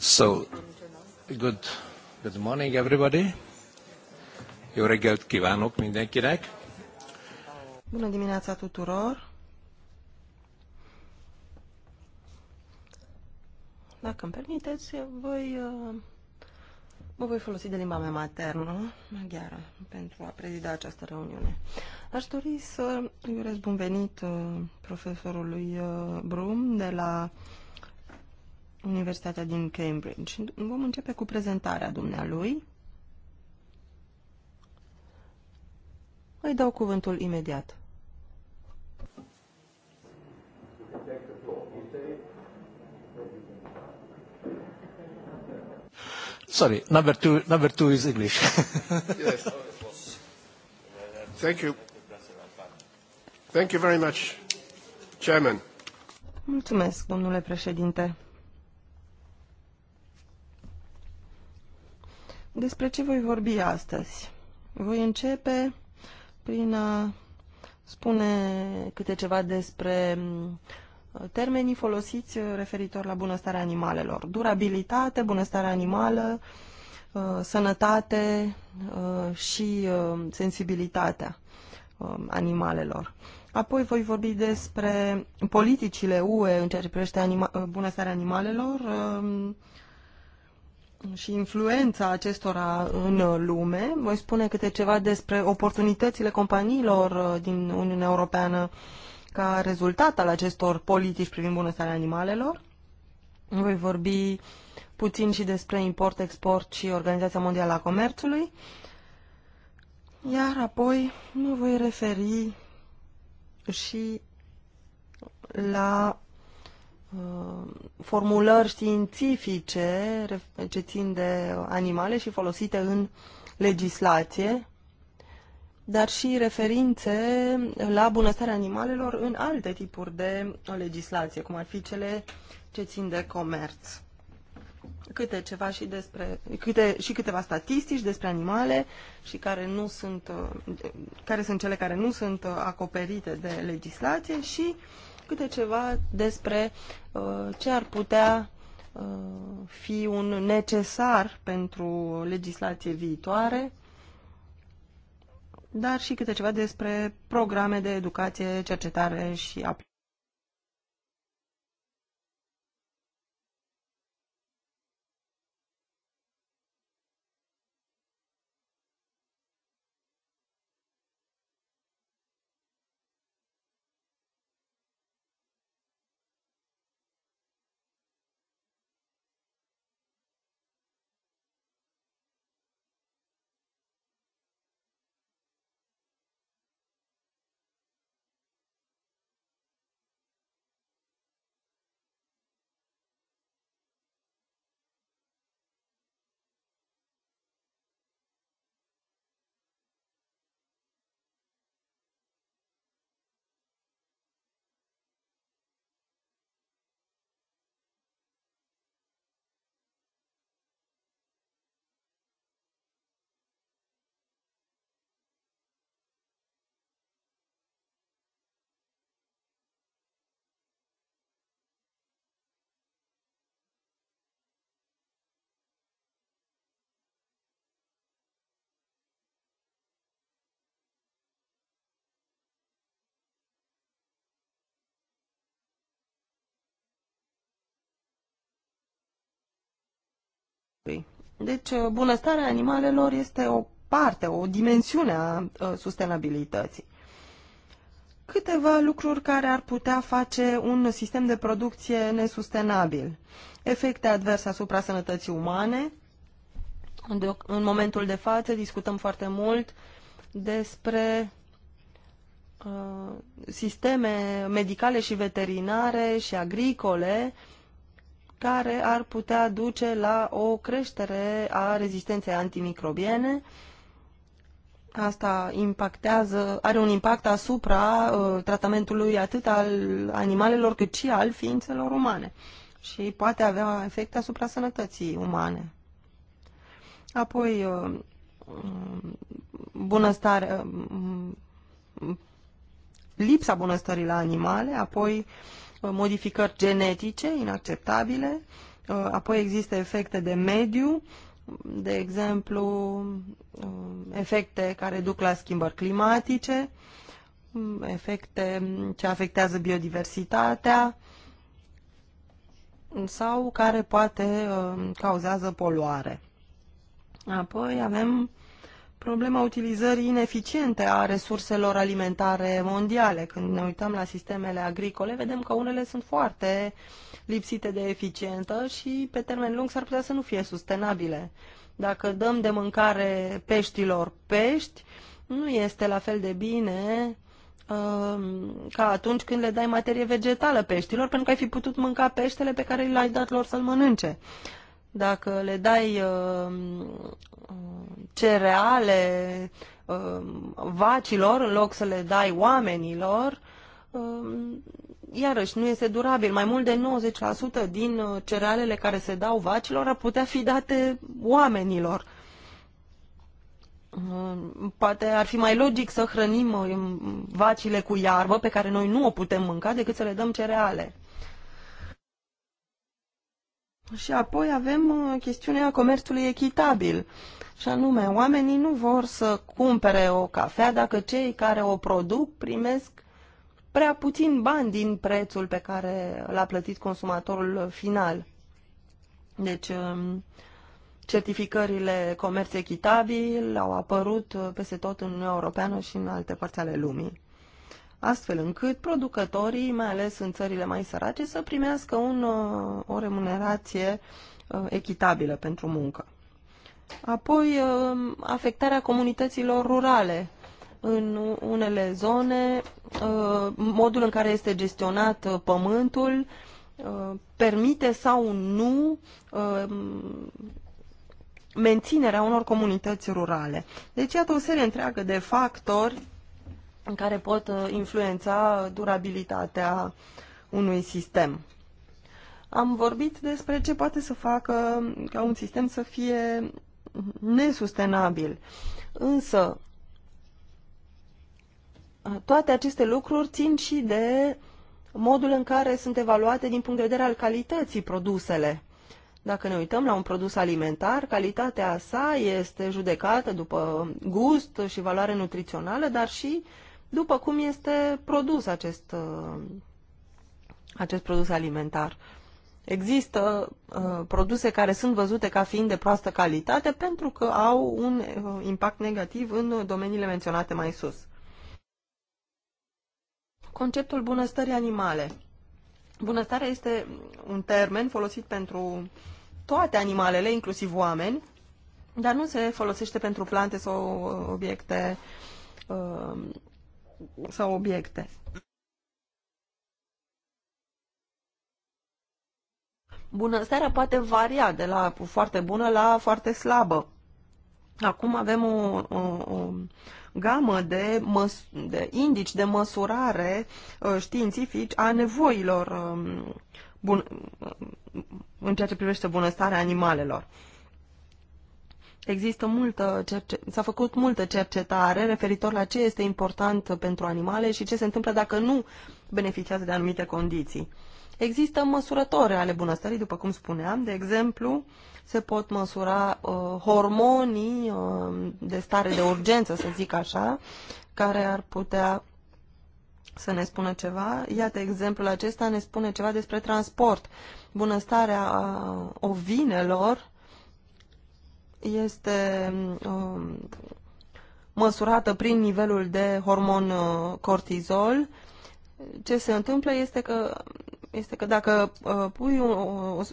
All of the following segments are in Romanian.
So, good, good morning everybody. Jó reggelt kívánok mindenkinek. Bună dimineața tuturor. Dacă îmi permiteți, voi, uh, mă voi folosi de limba mea maternă, maghiară, pentru a prezida această reuniune. Aș dori să îi urez bun venit uh, profesorului uh, Brum de la Universitatea din Cambridge. Vom începe cu prezentarea dumnealui. Îi dau cuvântul imediat. Sorry, number two, number two is English. yes. Thank you. Thank you very much, Chairman. Mulțumesc, domnule președinte. Despre ce voi vorbi astăzi? Voi începe prin a spune câte ceva despre mm, termenii folosiți uh, referitor la bunăstarea animalelor. Durabilitate, bunăstarea animală, uh, sănătate uh, și sensibilitatea um, animalelor. Apoi voi vorbi despre politicile UE în ceea ce privește anima- bunăstarea animalelor, um, și influența acestora în lume. Voi spune câte ceva despre oportunitățile companiilor uh, din Uniunea Europeană ca rezultat al acestor politici privind bunăstarea animalelor. Voi vorbi puțin și despre import-export și Organizația Mondială a Comerțului. Iar apoi mă voi referi și la Uh, formulări științifice ce țin de animale și folosite în legislație, dar și referințe la bunăstarea animalelor în alte tipuri de legislație, cum ar fi cele ce țin de comerț. Câte ceva și despre, câte, și câteva statistici despre animale și care nu sunt, uh, care sunt cele care nu sunt uh, acoperite de legislație și uh, câte ceva despre uh, ce ar putea uh, fi un necesar pentru legislație viitoare, dar și câte ceva despre programe de educație, cercetare și aplicare. Păi, deci, uh, bunăstarea animalelor este o parte, o dimensiune a uh, sustenabilității. Câteva lucruri care ar putea face un sistem de producție nesustenabil. Efecte adverse asupra sănătății umane. În momentul de față discutăm foarte mult despre uh, sisteme medicale și veterinare și agricole care ar putea duce la o creștere a rezistenței antimicrobiene. Asta impactează, are un impact asupra uh, tratamentului atât al animalelor cât și al ființelor umane și poate avea efecte asupra sănătății umane. Apoi, uh, mm, bunăstare, uh, mm, lipsa bunăstării la animale, apoi uh, Uh, modificări genetice inacceptabile, uh, apoi există efecte de mediu, de exemplu, uh, efecte care duc la schimbări climatice, um, efecte ce afectează biodiversitatea sau care poate cauzează poluare. Apoi avem problema utilizării ineficiente a resurselor alimentare mondiale. Când ne uităm la sistemele agricole, vedem că unele sunt foarte lipsite de eficientă și pe termen lung s-ar putea să nu fie sustenabile. Dacă dăm de mâncare peștilor pești, nu este la fel de bine um, ca atunci când le dai materie vegetală peștilor, pentru că ai fi putut mânca peștele pe care l-ai dat lor să-l mănânce. Dacă le dai uh, cereale uh, vacilor în loc să le dai oamenilor, uh, iarăși nu este durabil. Mai mult de 90% din cerealele care se dau vacilor ar putea fi date oamenilor. Poate ar fi mai logic să hrănim vacile cu iarbă pe care noi nu o putem mânca decât să le dăm cereale. Și apoi avem uh, chestiunea comerțului echitabil. Și anume, oamenii nu vor să cumpere o cafea dacă cei care o produc primesc prea puțin bani din prețul pe care l-a plătit consumatorul final. Deci, um, certificările comerț echitabil au apărut uh, peste tot în Uniunea Europeană și în alte părți ale lumii astfel încât producătorii, mai ales în țările mai sărace, să primească un, uh, o remunerație uh, echitabilă pentru muncă. Apoi, uh, afectarea comunităților rurale. În unele zone, modul în care este gestionat pământul permite sau nu menținerea unor comunități rurale. Deci, iată o serie întreagă de factori care pot uh, influența durabilitatea unui sistem. Am vorbit despre ce poate să facă ca un sistem să fie nesustenabil. Însă, uh, toate aceste lucruri țin și de modul în care sunt evaluate din punct de vedere al calității produsele. Dacă ne uităm la un produs alimentar, calitatea sa este judecată după gust și valoare nutrițională, dar și uh, după cum este produs acest, uh, acest produs alimentar. Există uh, produse care sunt văzute ca fiind de proastă calitate pentru că au un uh, impact negativ în domeniile menționate mai sus. Conceptul bunăstării animale. Bunăstarea este un termen folosit pentru toate animalele, inclusiv oameni, dar nu se folosește pentru plante sau uh, obiecte uh, sau obiecte. Bunăstarea poate varia de la foarte bună la foarte slabă. Acum avem o, o, o gamă de, măs- de indici de măsurare uh, științifici a nevoilor um, bun- uh, în ceea ce privește bunăstarea animalelor. Există multă s-a făcut multă cercetare referitor la ce este important pentru animale și ce se întâmplă dacă nu beneficiază de anumite condiții. Există măsurători ale bunăstării, după cum spuneam, de exemplu, se pot măsura uh, hormonii uh, de stare de urgență, să zic așa, care ar putea să ne spună ceva. Iată, exemplul acesta ne spune ceva despre transport. Bunăstarea uh, ovinelor este um, măsurată prin nivelul de hormon uh, cortizol. Ce se întâmplă este că, este că dacă uh, pui un,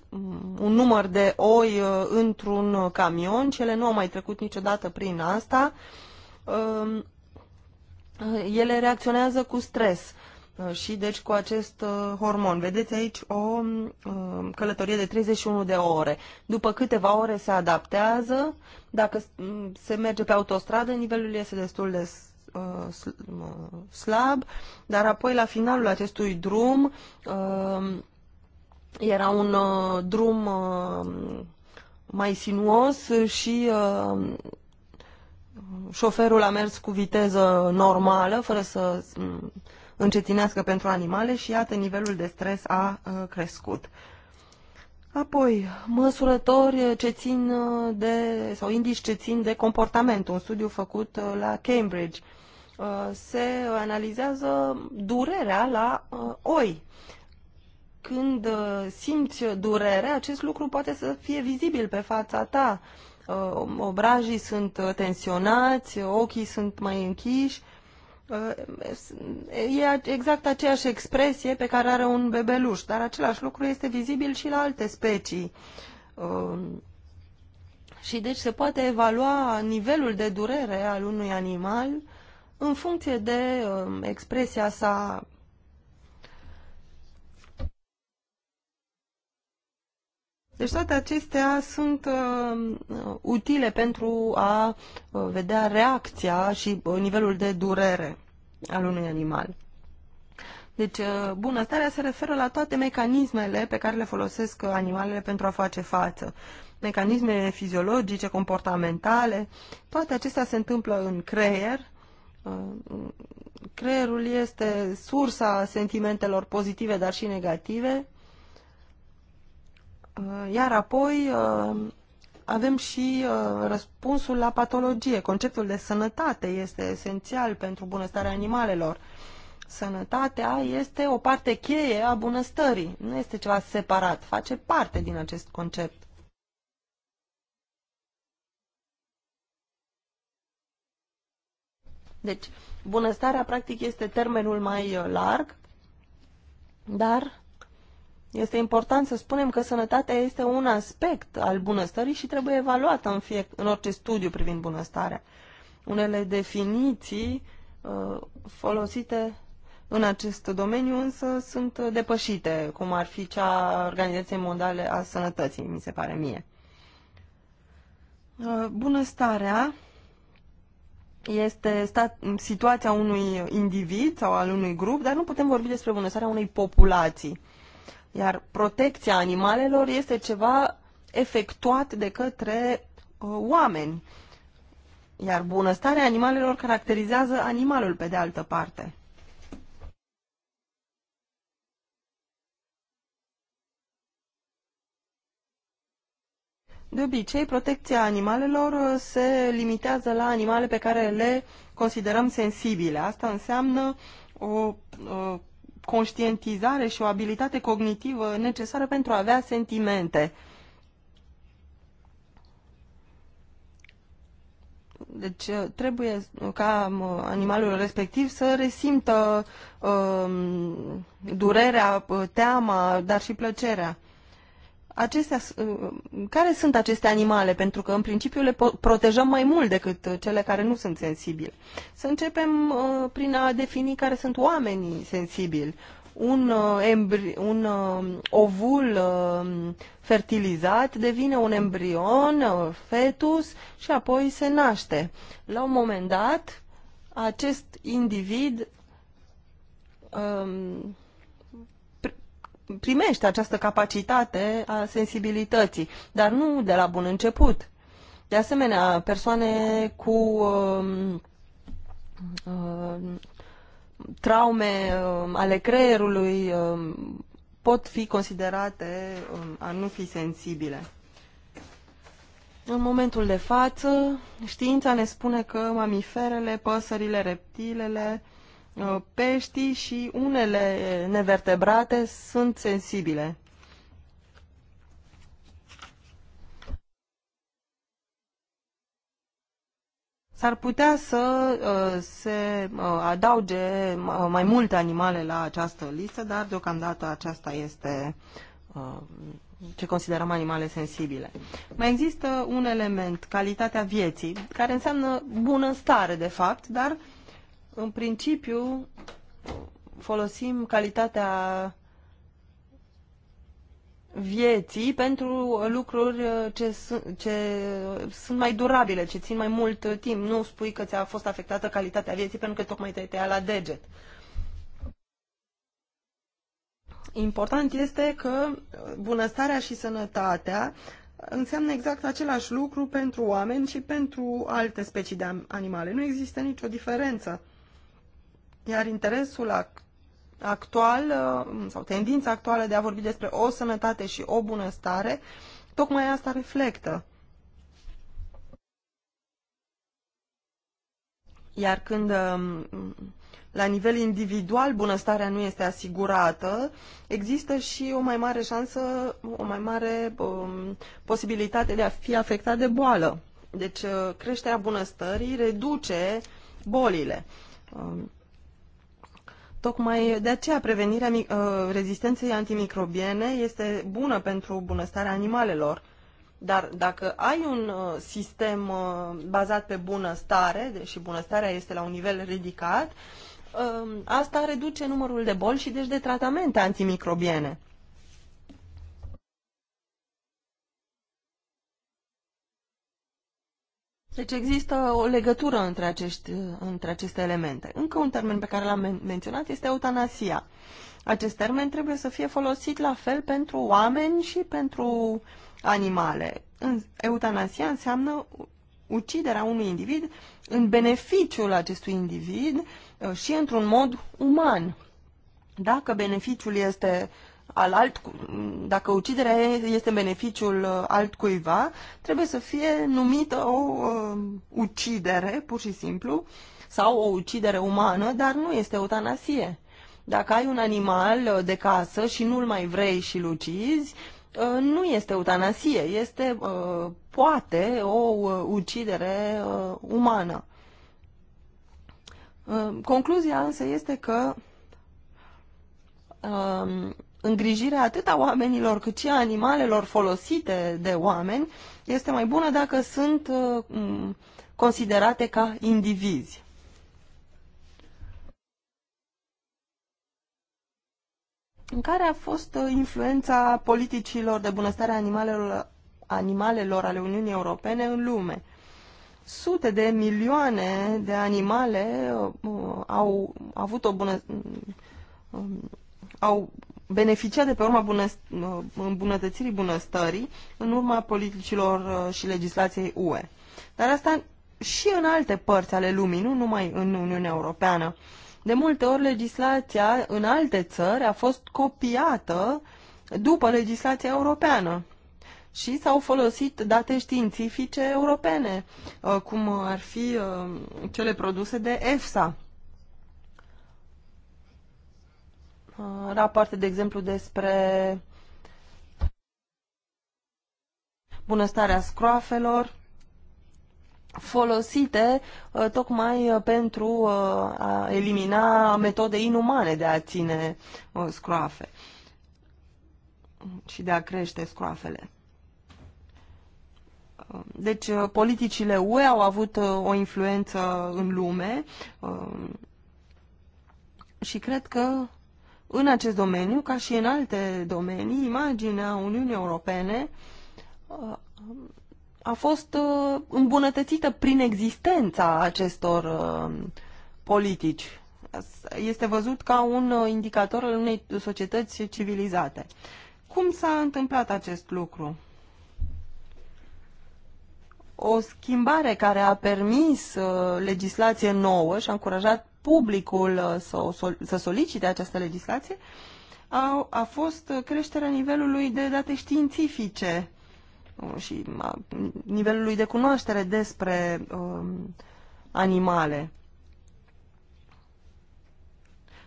un număr de oi uh, într-un camion, cele nu au mai trecut niciodată prin asta, um, ele reacționează cu stres Uh, și deci cu acest uh, hormon. Vedeți aici o uh, călătorie de 31 de ore. După câteva ore se adaptează, dacă mm, se merge pe autostradă, nivelul este destul de slab, dar apoi la finalul acestui drum era un drum mai sinuos și șoferul a mers cu viteză normală, fără să mm, încetinească pentru animale și iată nivelul de stres a uh, crescut. Apoi, măsurători ce țin uh, de, sau indici ce țin de comportament, un studiu făcut uh, la Cambridge. Se analizează durerea la oi. Când simți durere, acest lucru poate să fie vizibil pe fața ta. Obrajii sunt tensionați, ochii sunt mai închiși, Uh, e exact aceeași expresie pe care are un bebeluș, dar același lucru este vizibil și la alte specii. Um, și deci se poate evalua nivelul de durere al unui animal în funcție de um, expresia sa Deci toate acestea sunt uh, utile pentru a uh, vedea reacția și uh, nivelul de durere al unui animal. Deci, uh, bunăstarea se referă la toate mecanismele pe care le folosesc animalele pentru a face față. Mecanisme fiziologice, comportamentale, toate acestea se întâmplă în creier. Uh, creierul este sursa sentimentelor pozitive, dar și negative. Uh, iar apoi uh, avem și uh, răspunsul la patologie. Conceptul de sănătate este esențial pentru bunăstarea animalelor. Sănătatea este o parte cheie a bunăstării, nu este ceva separat, face parte din acest concept. Deci, bunăstarea practic este termenul mai larg, dar este important să spunem că sănătatea este un aspect al bunăstării și trebuie evaluată în, fie, în orice studiu privind bunăstarea. Unele definiții uh, folosite în acest domeniu însă sunt depășite, cum ar fi cea Organizației Mondiale a Sănătății, mi se pare mie. Uh, bunăstarea este stat, situația unui individ sau al unui grup, dar nu putem vorbi despre bunăstarea unei populații. Iar protecția animalelor este ceva efectuat de către uh, oameni. Iar bunăstarea animalelor caracterizează animalul pe de altă parte. De obicei, protecția animalelor uh, se limitează la animale pe care le considerăm sensibile. Asta înseamnă o, o uh, conștientizare și o abilitate cognitivă necesară pentru a avea sentimente. Deci uh, trebuie ca uh, animalul respectiv să resimtă um, uh, durerea, teama, dar și plăcerea acestea, uh, care sunt aceste animale, pentru că în principiu le protejăm mai mult decât uh, cele care nu sunt sensibile. Să începem uh, prin a defini care sunt oamenii sensibili. Un, uh, embri, un uh, ovul uh, fertilizat devine un embrion, fetus și apoi se naște. La un moment dat, acest individ um, primește această capacitate a sensibilității, dar nu de la bun început. De asemenea, persoane cu uh, uh, traume uh, ale creierului uh, pot fi considerate uh, a nu fi sensibile. În momentul de față, știința ne spune că mamiferele, păsările, reptilele, uh, Uh, peștii și unele nevertebrate sunt sensibile. S-ar putea să uh, se uh, adauge mai multe animale la această listă, dar deocamdată aceasta este ce considerăm animale sensibile. Mai există un element, calitatea vieții, care înseamnă bunăstare, de fapt, dar uh, în principiu, folosim calitatea vieții pentru lucruri uh, ce, ce sunt mai durabile, ce țin mai mult uh, timp. Nu spui că ți-a fost afectată calitatea vieții pentru că tocmai te-ai tăiat la deget. Important este că uh, bunăstarea și sănătatea înseamnă exact același lucru pentru oameni și pentru alte specii de animale. Nu există nicio diferență. Iar interesul actual uh, sau tendința actuală de a vorbi despre o sănătate și o bunăstare, tocmai asta reflectă. Iar când um, la nivel individual bunăstarea nu este asigurată, există și o mai mare șansă, o mai mare um, posibilitate de a fi afectat de boală. Deci uh, creșterea bunăstării reduce bolile. Um, Tocmai de aceea prevenirea uh, rezistenței antimicrobiene este bună pentru bunăstarea animalelor. Dar dacă ai un uh, sistem uh, bazat pe bunăstare, deși bunăstarea este la un nivel ridicat, uh, asta reduce numărul de boli și deci de tratamente antimicrobiene. Deci există o legătură între, acești, între aceste elemente. Încă un termen pe care l-am men menționat este eutanasia. Acest termen trebuie să fie folosit la fel pentru oameni și pentru animale. Eutanasia înseamnă uciderea unui individ în beneficiul acestui individ uh, și într-un mod uman. Dacă beneficiul este al alt, dacă uciderea este beneficiul uh, altcuiva, trebuie să fie numită o uh, ucidere, pur și simplu, sau o ucidere umană, dar nu este eutanasie. Dacă ai un animal uh, de casă și nu-l mai vrei și-l ucizi, uh, nu este eutanasie, este poate o ucidere umană. concluzia însă este că um, îngrijirea atât a oamenilor cât și a animalelor folosite de oameni este mai bună dacă sunt uh, considerate ca indivizi. În care a fost uh, influența politicilor de bunăstare a animalelor, animalelor ale Uniunii Europene în lume? Sute de milioane de animale uh, au avut o bună, au beneficia de pe urma bunăst îmbunătățirii bunăstării în urma politicilor uh, și legislației UE. Dar asta și în alte părți ale lumii, nu numai în Uniunea Europeană. De multe ori legislația în alte țări a fost copiată după legislația europeană și s-au folosit date științifice europene, uh, cum ar fi uh, cele produse de EFSA Uh, rapoarte, de exemplu, despre bunăstarea scroafelor folosite uh, tocmai uh, pentru a elimina metode inumane de a ține scroafe și de a crește scroafele. Deci, politicile UE au avut o influență în lume și cred că în acest domeniu, ca și în alte domenii, imaginea Uniunii Europene uh, a fost uh, îmbunătățită prin existența acestor uh, politici. Este văzut ca un indicator al unei societăți civilizate. Cum s-a întâmplat acest lucru? O schimbare care a permis legislație nouă și a încurajat publicul uh, să, să solicite această legislație, a, a fost creșterea nivelului de date științifice uh, și a, nivelului de cunoaștere despre um, animale.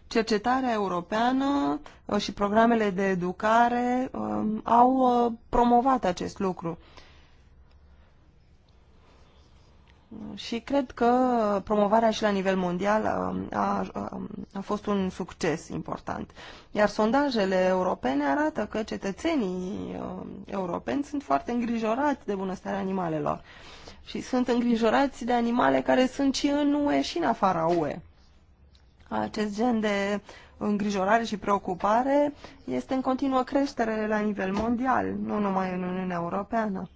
Cercetarea europeană uh, și programele de educare um, au promovat acest lucru. și cred că promovarea și la nivel mondial um, a, a, um, a fost un succes important. Iar sondajele europene arată că cetățenii um, europeni sunt foarte îngrijorați de bunăstarea animalelor și sunt îngrijorați de animale care sunt și în UE și în afara UE. Acest gen de îngrijorare și preocupare este în continuă creștere la nivel mondial, nu numai în Uniunea Europeană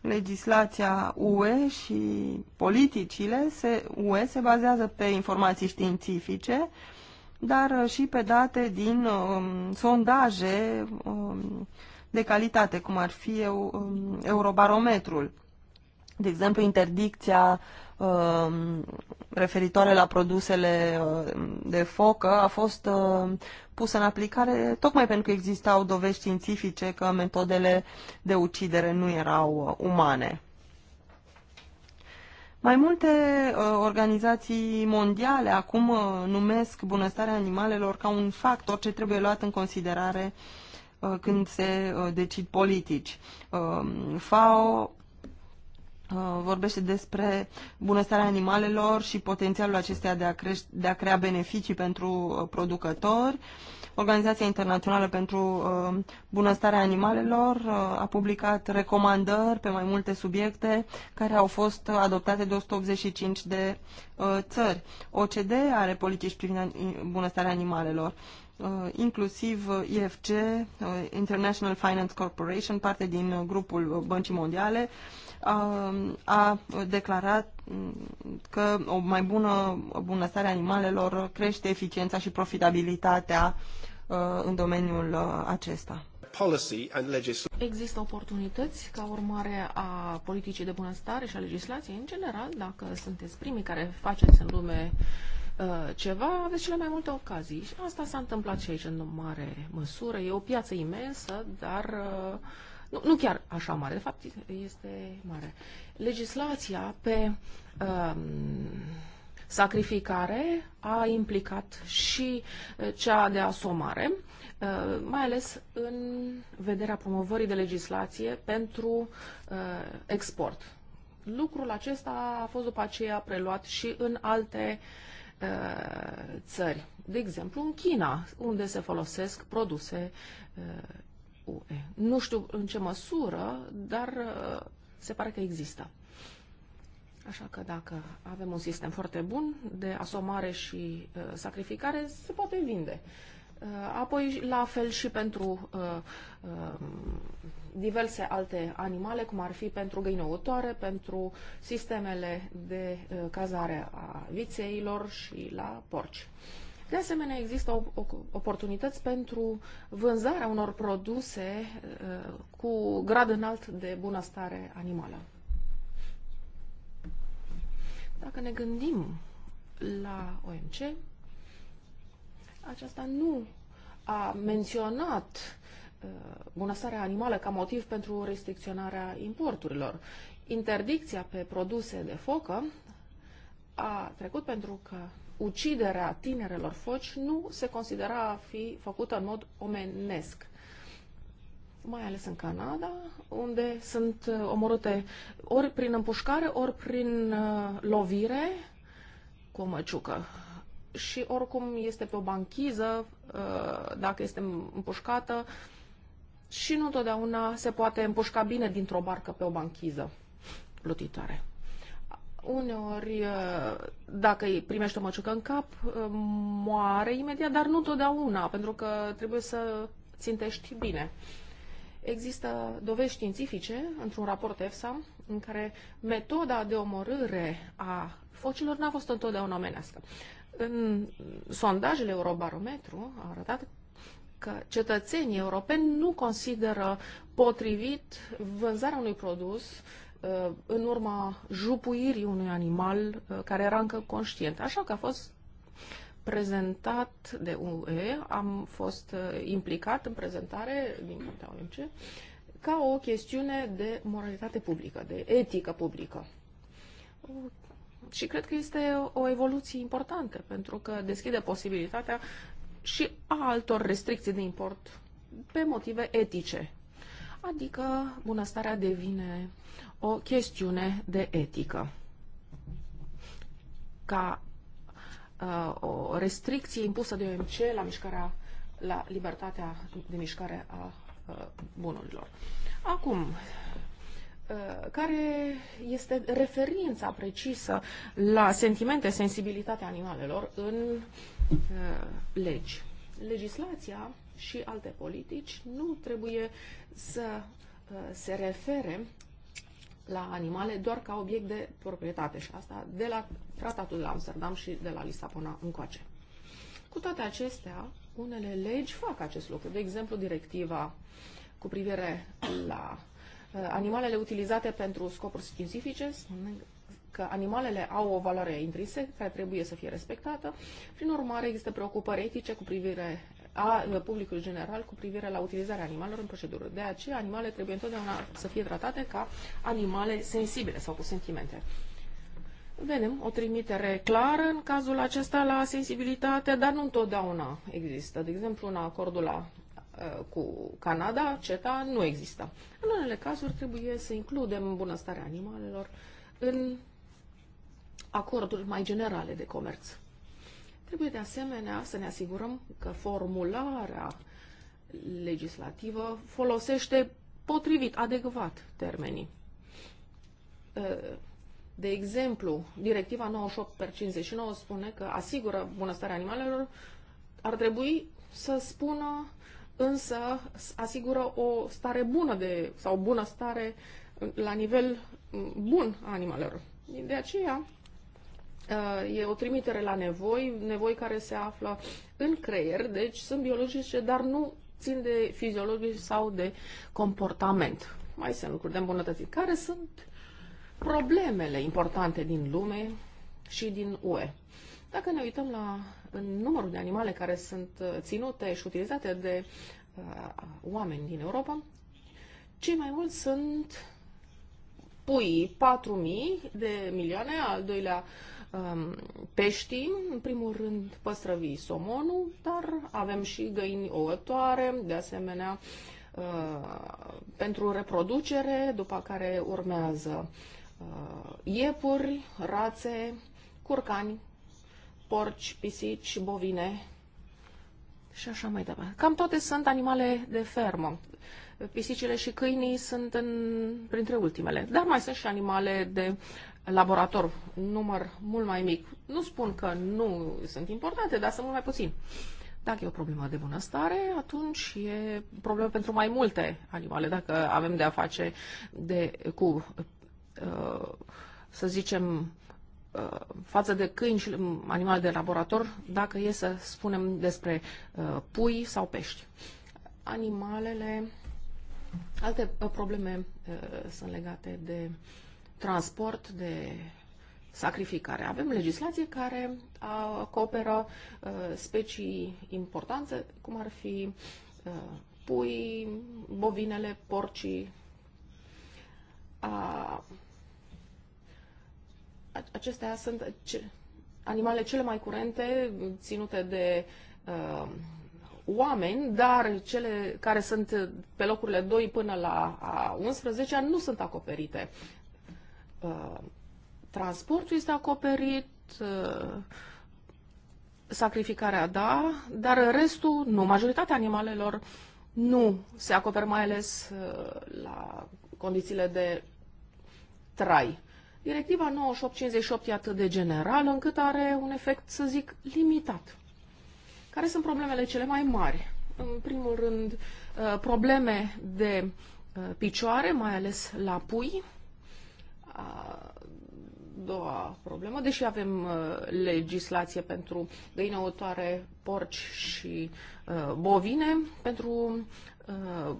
legislația UE și politicile se, UE se bazează pe informații științifice, dar uh, și pe date din um, sondaje um, de calitate, cum ar fi eu, um, Eurobarometrul. De exemplu, interdicția Um, referitoare la produsele uh, de focă a fost uh, pusă în aplicare tocmai pentru că existau dovești științifice că metodele de ucidere nu erau uh, umane. Mai multe organizații mondiale acum numesc bunăstarea animalelor ca un factor ce trebuie luat în considerare când se decid politici. FAO, Uh, vorbește despre bunăstarea animalelor și potențialul acesteia de a, creș- de a crea beneficii pentru uh, producători. Organizația Internațională pentru uh, Bunăstarea Animalelor a publicat recomandări pe mai multe subiecte care au fost adoptate de 185 de țări. OCD are politici privind bunăstarea animalelor inclusiv IFC, International Finance Corporation, parte din grupul Băncii Mondiale, Um, a declarat că o mai bună bunăstare a animalelor crește eficiența și profitabilitatea uh, în domeniul uh, acesta. Există oportunități ca urmare a politicii de bunăstare și a legislației în general, dacă sunteți primii care faceți în lume uh, ceva, aveți cele mai multe ocazii. Și asta s-a întâmplat și aici în mare măsură. E o piață imensă, dar uh, nu, nu chiar așa mare, de fapt este mare. Legislația pe um, sacrificare a implicat și uh, cea de asomare, uh, mai ales în vederea promovării de legislație pentru uh, export. Lucrul acesta a fost după aceea preluat și în alte țări. De exemplu, în China, unde se folosesc produse UE. Nu știu în ce măsură, dar uh, se pare că există. Așa că dacă avem un sistem foarte bun de asomare și uh, sacrificare, se poate vinde. Uh, apoi, la fel și pentru uh, uh, diverse alte animale, cum ar fi pentru găinăutoare, pentru sistemele de uh, cazare a vițeilor și la porci. Uh, de asemenea, există oportunități pentru vânzarea unor produse uh, cu grad înalt de bunăstare animală. Dacă ne gândim la OMC, aceasta nu a menționat uh, bunăstarea animală ca motiv pentru restricționarea importurilor. Interdicția pe produse de focă a trecut pentru că uciderea tinerelor foci nu se considera a fi făcută în mod omenesc mai ales în Canada, unde sunt uh, omorâte ori prin împușcare, ori prin uh, lovire cu o măciucă. Și oricum este pe o banchiză, uh, dacă este împușcată, și nu întotdeauna se poate împușca bine dintr-o barcă pe o banchiză plutitoare. Uneori, uh, dacă îi primește o măciucă în cap, uh, moare imediat, dar nu totdeauna, pentru că trebuie să țintești bine. Există dovești științifice într-un raport EFSA în care metoda de omorâre a focilor n-a fost întotdeauna omenească. În sondajele Eurobarometru a arătat că cetățenii europeni nu consideră potrivit vânzarea unui produs Uh, în urma jupuirii unui animal uh, care era încă conștient. Așa că a fost prezentat de UE, am fost uh, implicat în prezentare din partea OMC ca o chestiune de moralitate publică, de etică publică. Și cred că este o evoluție importantă, pentru că deschide posibilitatea și a altor restricții de import pe motive etice. Adică bunăstarea devine o chestiune de etică. Ca uh, o restricție impusă de OMC la mișcarea la libertatea de mișcare a uh, bunurilor. Acum, uh, care este referința precisă la sentimente, sensibilitatea animalelor în uh, legi. Legislația și alte politici nu trebuie să uh, se refere la animale doar ca obiect de proprietate și asta de la tratatul de la Amsterdam și de la Lisabona încoace. Cu toate acestea, unele legi fac acest lucru. De exemplu, directiva cu privire la uh, animalele utilizate pentru scopuri științifice spune că animalele au o valoare intrinsecă care trebuie să fie respectată. Prin urmare, există preocupări etice cu privire a uh, publicului general cu privire la utilizarea animalelor în procedură. De aceea, animale trebuie întotdeauna să fie tratate ca animale sensibile sau cu sentimente. Vedem o trimitere clară în cazul acesta la sensibilitate, dar nu întotdeauna există. De exemplu, în acordul la, uh, cu Canada, CETA, nu există. În unele cazuri trebuie să includem bunăstarea animalelor în acorduri mai generale de comerț. Trebuie de asemenea să ne asigurăm că formularea legislativă folosește potrivit, adecvat termenii. Ă, de exemplu, directiva 98 per 59 spune că asigură bunăstarea animalelor, ar trebui să spună însă asigură o stare bună de, sau bună stare la nivel bun a animalelor. De aceea Uh, e o trimitere la nevoi, nevoi care se află în creier, deci sunt biologice, dar nu țin de fiziologic sau de comportament. Mai sunt lucruri de îmbunătățit. Care sunt problemele importante din lume și din UE? Dacă ne uităm la numărul de animale care sunt uh, ținute și utilizate de uh, oameni din Europa, cei mai mulți sunt pui, 4.000 de milioane, al doilea uh, pești, um, peștii, în primul rând păstrăvii somonul, dar avem și găini ouătoare, de asemenea uh, pentru reproducere, după care urmează uh, iepuri, rațe, curcani, porci, pisici, bovine și așa mai departe. Cam toate sunt animale de fermă. Pisicile și câinii sunt în, printre ultimele, dar mai sunt și animale de laborator, un număr mult mai mic. Nu spun că nu sunt importante, dar sunt mult mai puțin. Dacă e o problemă de bunăstare, atunci e problemă pentru mai multe animale. Dacă avem de a face de, cu, uh, să zicem, uh, față de câini și animale de laborator, dacă e să spunem despre uh, pui sau pești. Animalele, alte probleme sunt legate de uh, transport, de sacrificare. Avem legislație care acoperă specii importante, cum ar fi pui, bovinele, porcii. Acestea sunt animale cele mai curente ținute de oameni, dar cele care sunt pe locurile 2 până la 11 nu sunt acoperite Uh, transportul este acoperit, uh, sacrificarea da, dar restul nu. Majoritatea animalelor nu se acoperă mai ales uh, la condițiile de trai. Directiva 9858 e atât de generală încât are un efect, să zic, limitat. Care sunt problemele cele mai mari? În primul rând, probleme de picioare, mai ales la pui, a doua problemă, deși avem uh, legislație pentru găinăutoare, porci și uh, bovine, pentru uh,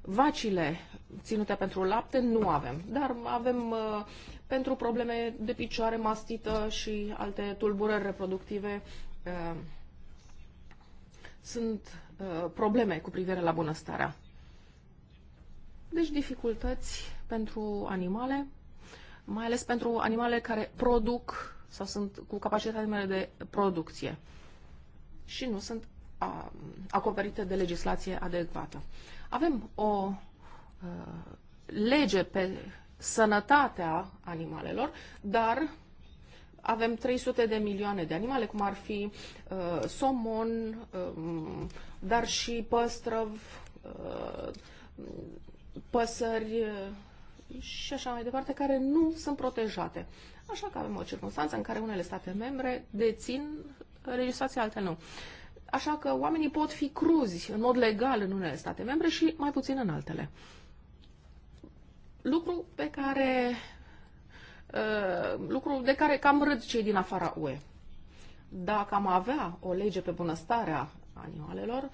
vacile ținute pentru lapte nu avem, dar avem uh, pentru probleme de picioare, mastită și alte tulburări reproductive uh, sunt uh, probleme cu privire la bunăstarea. Deci dificultăți pentru animale mai ales pentru animale care produc sau sunt cu capacitatea de producție și nu sunt a, acoperite de legislație adecvată. Avem o a, lege pe sănătatea animalelor, dar avem 300 de milioane de animale, cum ar fi a, somon, a, dar și păstrăv, a, păsări, și așa mai departe, care nu sunt protejate. Așa că avem o circunstanță în care unele state membre dețin legislația, altele nu. Așa că oamenii pot fi cruzi în mod legal în unele state membre și mai puțin în altele. Lucru pe care uh, lucru de care cam râd cei din afara UE. Dacă am avea o lege pe bunăstarea animalelor,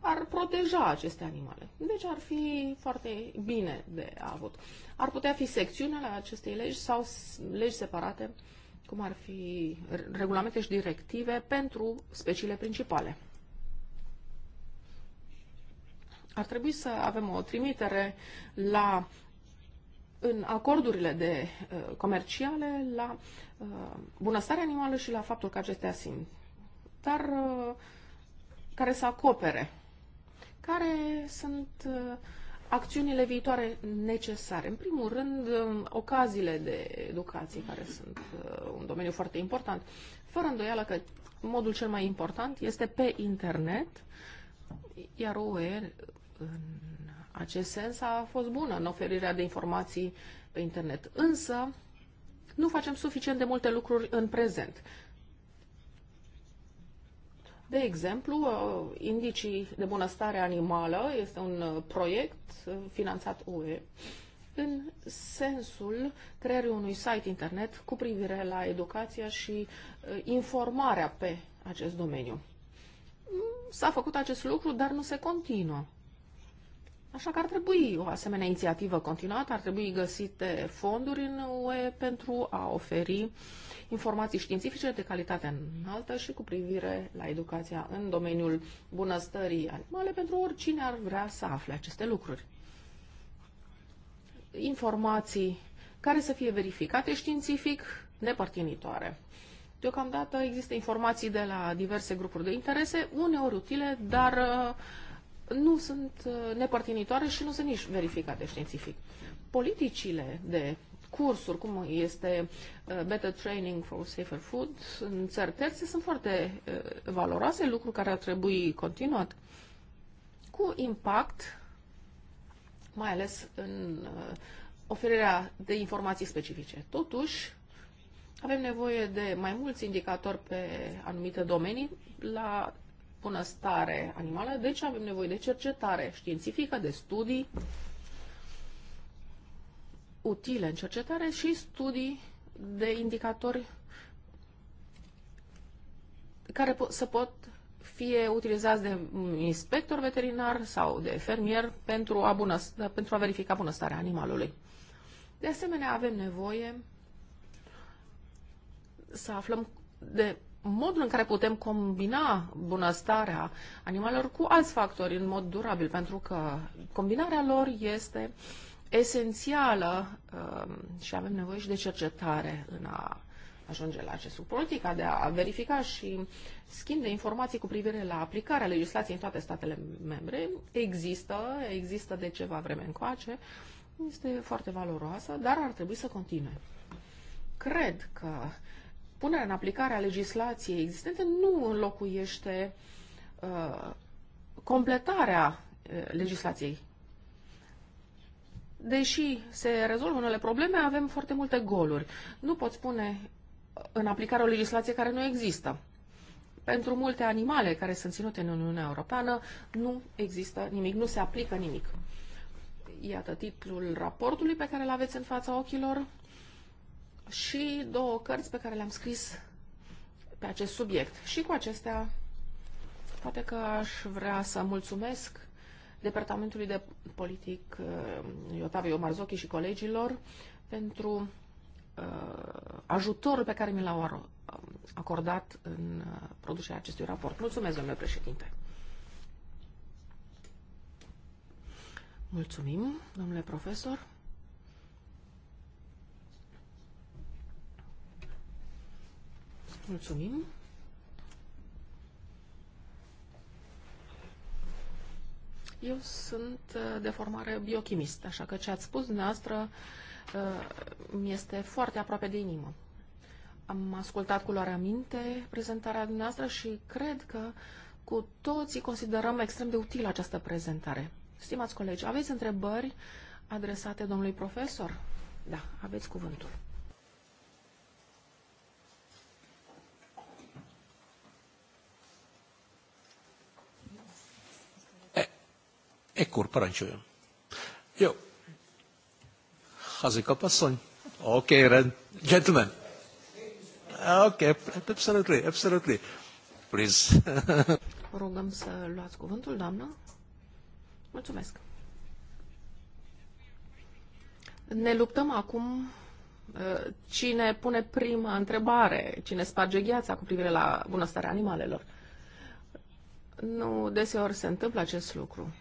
ar proteja aceste animale. Deci ar fi foarte bine de avut. Ar putea fi secțiune la acestei legi sau legi separate, cum ar fi regulamente și directive pentru speciile principale. Ar trebui să avem o trimitere la în acordurile de uh, comerciale la uh, bunăstarea animală și la faptul că acestea simt. Dar uh, care să acopere care sunt uh, acțiunile viitoare necesare? În primul rând, um, ocaziile de educație, care sunt uh, un domeniu foarte important. Fără îndoială că modul cel mai important este pe internet, iar UE în acest sens a fost bună în oferirea de informații pe internet. Însă, nu facem suficient de multe lucruri în prezent. De exemplu, uh, Indicii de Bunăstare Animală este un uh, proiect uh, finanțat UE în sensul creării unui site internet cu privire la educația și informarea pe acest domeniu. Mm, s-a făcut acest lucru, dar nu se continuă. Așa că ar trebui o asemenea inițiativă continuată, ar trebui găsite fonduri în UE pentru a oferi informații științifice de calitate înaltă și cu privire la educația în domeniul bunăstării animale pentru oricine ar vrea să afle aceste lucruri. Informații care să fie verificate științific, nepartinitoare. Deocamdată există informații de la diverse grupuri de interese, uneori utile, dar uh, nu sunt uh, nepărtinitoare și nu sunt nici verificate științific. Politicile de cursuri, cum este uh, Better Training for Safer Food, în țări terțe, sunt foarte uh, valoroase, lucruri care ar trebui continuat, cu impact, mai ales în oferirea de informații specifice. Totuși, avem nevoie de mai mulți indicatori pe anumite domenii la bunăstare animală, deci avem nevoie de cercetare științifică, de studii utile în cercetare și studii de indicatori care po- să pot fie utilizați de inspector veterinar sau de fermier pentru a, bună, pentru a verifica bunăstarea animalului. De asemenea, avem nevoie să aflăm de modul în care putem combina bunăstarea animalelor cu alți factori în mod durabil, pentru că combinarea lor este esențială um, și avem nevoie și de cercetare în a ajunge la acest Politica de a verifica și schimb de informații cu privire la aplicarea legislației în toate statele membre există, există de ceva vreme încoace, este foarte valoroasă, dar ar trebui să continue. Cred că punerea în aplicare a legislației existente nu înlocuiește uh, completarea uh, legislației. Deși se rezolvă unele probleme, avem foarte multe goluri. Nu pot spune uh, în aplicare o legislație care nu există. Pentru multe animale care sunt ținute în Uniunea Europeană, nu există nimic, nu se aplică nimic. Iată titlul raportului pe care îl aveți în fața ochilor și două cărți pe care le-am scris pe acest subiect. Și cu acestea, poate că aș vrea să mulțumesc Departamentului de Politic Iotavio eh, Marzocchi și colegilor pentru eh, ajutorul pe care mi l-au acordat în eh, producerea acestui raport. Mulțumesc, domnule președinte! Mulțumim, domnule profesor! Mulțumim. Eu sunt uh, de formare biochimist, așa că ce ați spus dumneavoastră uh, mi este foarte aproape de inimă. Am ascultat cu luarea minte prezentarea dumneavoastră și cred că cu toții considerăm extrem de utilă această prezentare. Stimați colegi, aveți întrebări adresate domnului profesor? Da, aveți cuvântul. Ekkor parancsoljon. Jó. Hazikap asszony? Oké, okay, rend. Gentlemen. Okay, absolutely, absolutely. Please. Rugăm să luați cuvântul, doamnă. Mulțumesc. Ne luptăm acum ă, cine pune prima întrebare, cine sparge gheața cu privire la bunăstarea animalelor. Nu deseori se întâmplă acest lucru.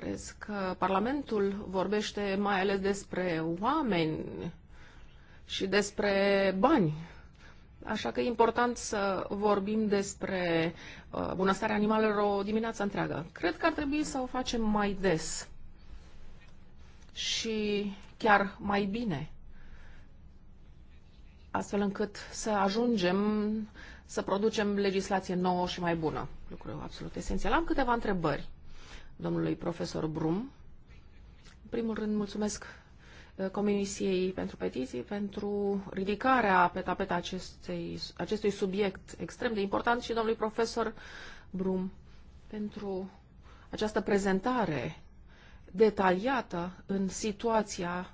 Crezi că Parlamentul vorbește mai ales despre oameni și despre bani. Așa că e important să vorbim despre uh, bunăstarea animalelor o dimineață întreagă. Cred că ar trebui să o facem mai des și chiar mai bine, astfel încât să ajungem să producem legislație nouă și mai bună. Lucru absolut esențial. Am câteva întrebări domnului profesor Brum. În primul rând, mulțumesc uh, Comisiei pentru Petiții pentru ridicarea pe tapet acestei, acestui subiect extrem de important și domnului profesor Brum pentru această prezentare detaliată în situația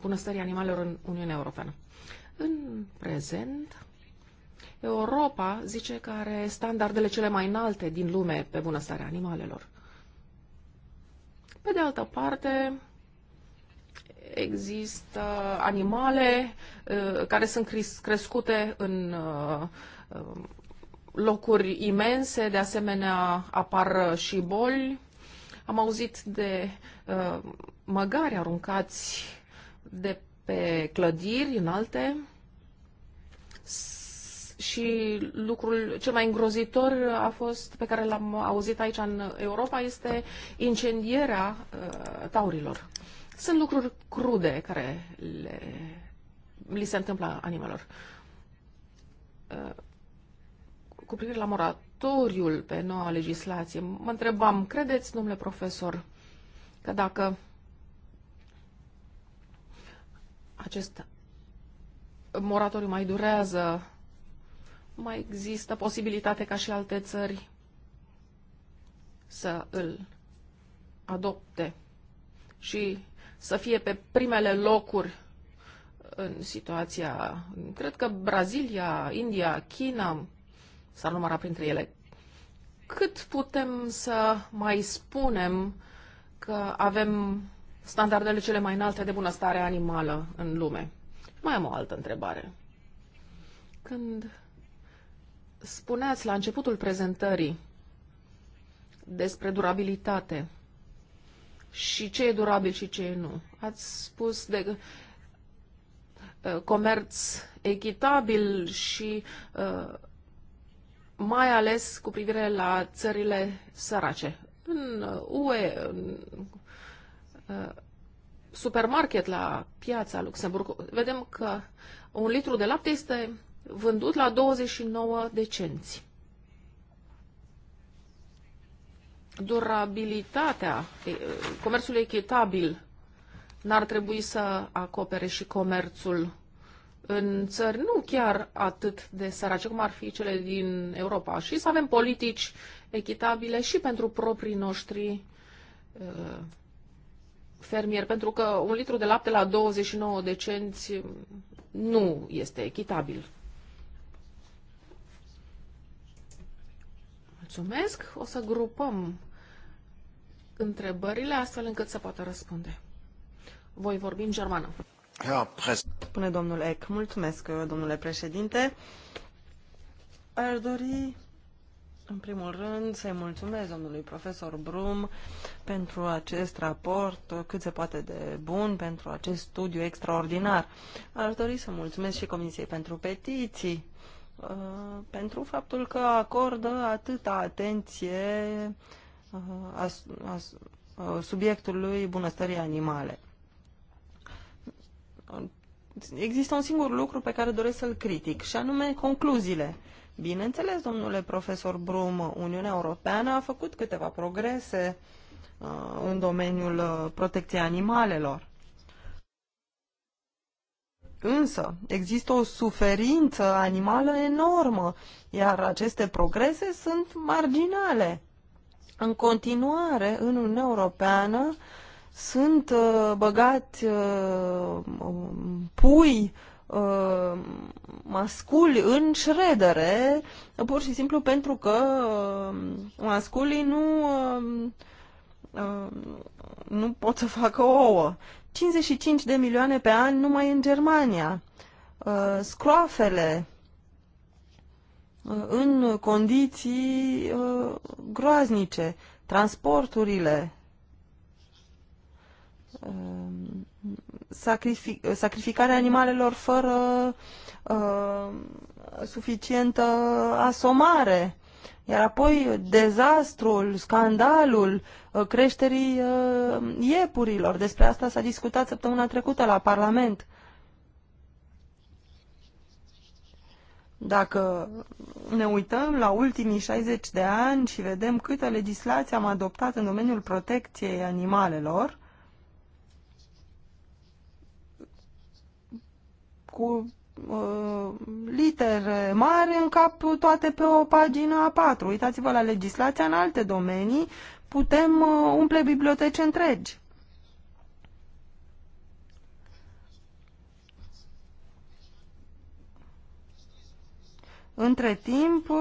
bunăstării animalelor în Uniunea Europeană. În prezent, Europa zice că are standardele cele mai înalte din lume pe bunăstarea animalelor. Pe de altă parte, există animale uh, care sunt crescute în uh, locuri imense, de asemenea apar și boli. Am auzit de uh, măgari aruncați de pe clădiri înalte și lucrul cel mai îngrozitor a fost, pe care l-am auzit aici în Europa, este incendierea uh, taurilor. Sunt lucruri crude care le, li se întâmplă animalor. Uh, cu privire la moratoriul pe noua legislație, mă întrebam, credeți, domnule profesor, că dacă acest moratoriu mai durează mai există posibilitate ca și alte țări să îl adopte și să fie pe primele locuri în situația, cred că Brazilia, India, China s-ar număra printre ele. Cât putem să mai spunem că avem standardele cele mai înalte de bunăstare animală în lume? Mai am o altă întrebare. Când spuneați la începutul prezentării despre durabilitate și ce e durabil și ce e nu. Ați spus de uh, comerț echitabil și uh, mai ales cu privire la țările sărace. În UE, uh, în supermarket la piața Luxemburg, vedem că un litru de lapte este vândut la 29 de cenți. Durabilitatea comerțului echitabil n-ar trebui să acopere și comerțul în țări nu chiar atât de sărace cum ar fi cele din Europa și să avem politici echitabile și pentru proprii noștri uh, fermieri, pentru că un litru de lapte la 29 de cenți nu este echitabil. Mulțumesc. O să grupăm întrebările astfel încât să poată răspunde. Voi vorbi în germană. Spune domnul Eck. Mulțumesc, domnule președinte. Aș dori, în primul rând, să-i mulțumesc domnului profesor Brum pentru acest raport cât se poate de bun, pentru acest studiu extraordinar. Aș dori să mulțumesc și Comisiei pentru petiții Uh, pentru faptul că acordă atâta atenție a, a, a subiectului bunăstării animale. Există un singur lucru pe care doresc să-l critic, și anume concluziile. Bineînțeles, domnule profesor Brum, Uniunea Europeană a făcut câteva progrese uh, în domeniul uh, protecției animalelor. Însă, există o suferință animală enormă, iar aceste progrese sunt marginale. În continuare, în Uniunea Europeană, sunt uh, băgați uh, pui uh, masculi în șredere, pur și simplu pentru că uh, masculii nu uh, uh, nu pot să facă ouă. 55 de milioane pe an numai în Germania. Uh, scroafele uh, în condiții uh, groaznice, transporturile, sacrific sacrificarea animalelor fără suficientă asomare, iar apoi dezastrul, scandalul uh, creșterii uh, iepurilor. Despre asta s-a discutat săptămâna trecută la Parlament. Dacă ne uităm la ultimii 60 de ani și vedem câtă legislație am adoptat în domeniul protecției animalelor, cu Uh, litere mari în cap toate pe o pagină A4. Uitați-vă la legislația în alte domenii, putem uh, umple biblioteci întregi. Între timp, uh,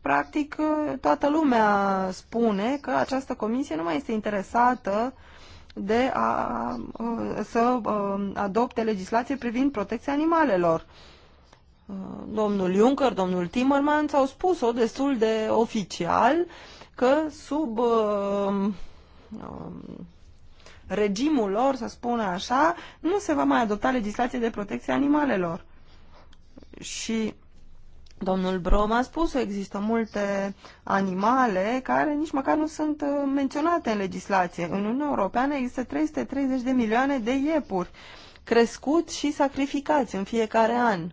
practic, toată lumea spune că această comisie nu mai este interesată de a, să adopte legislație privind protecția animalelor. Domnul Juncker, domnul Timmermans au spus-o destul de oficial că sub uh, uh, regimul lor, să spună așa, nu se va mai adopta legislație de protecție animalelor. Și Domnul Brom a spus, că există multe animale care nici măcar nu sunt uh, menționate în legislație. În Uniunea Europeană există 330 de milioane de iepuri crescuți și sacrificați în fiecare an. 99%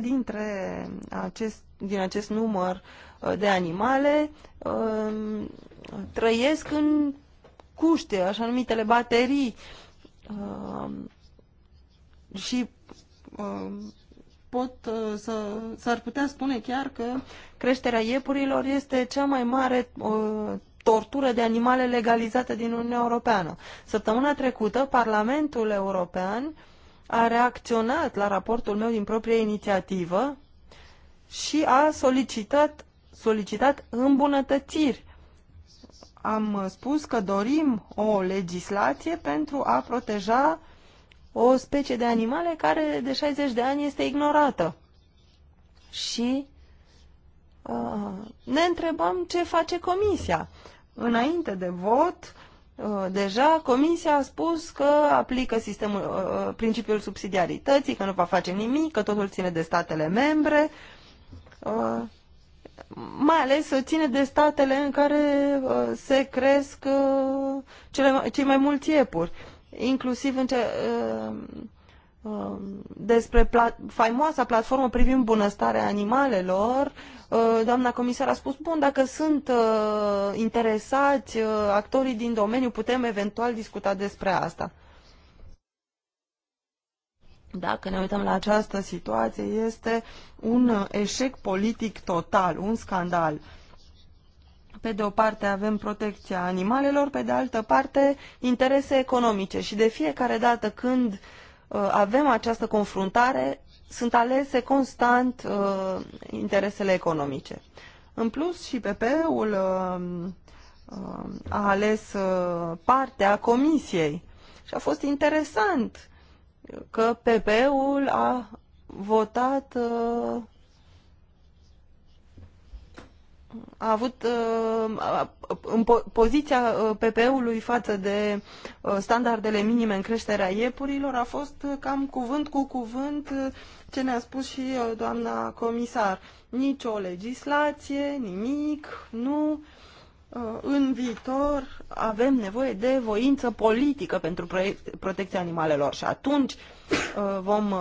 dintre acest, din acest număr uh, de animale um, trăiesc în cuște, așa numitele baterii um, și uh, pot uh, să, s-ar putea spune chiar că creșterea iepurilor este cea mai mare uh, tortură de animale legalizată din Uniunea Europeană. Săptămâna trecută, Parlamentul European a reacționat la raportul meu din proprie inițiativă și a solicitat, solicitat îmbunătățiri. Am spus că dorim o legislație pentru a proteja uh, o specie de animale care de 60 de ani este ignorată. Și uh, ne întrebăm ce face comisia. Înainte de vot, uh, deja comisia a spus că aplică sistemul, uh, uh, principiul subsidiarității, că nu va face nimic, că totul ține de statele membre. Uh, mai ales ține de statele în care uh, se cresc uh, cele, cei mai mulți iepuri. Uh, inclusiv în ce, uh, uh, despre faimoasa platformă privind bunăstarea animalelor. Uh, doamna comisar a spus, bun, dacă sunt interesați actorii din domeniu, putem eventual discuta despre asta. Dacă ne uităm la această situație, este un eșec politic total, un scandal. Uh, pe de o parte avem protecția animalelor, pe de altă parte interese economice și de fiecare dată când uh, avem această confruntare, sunt alese constant uh, interesele economice. În plus, și PP-ul uh, uh, a ales uh, partea comisiei și a fost interesant că PP-ul a votat uh, a avut uh, în poziția uh, PPE-ului față de uh, standardele minime în creșterea iepurilor a fost cam cuvânt cu cuvânt ce ne-a spus și doamna comisar. Nici o legislație, nimic, nu. În viitor avem nevoie de voință politică pentru protecția animalelor și atunci vom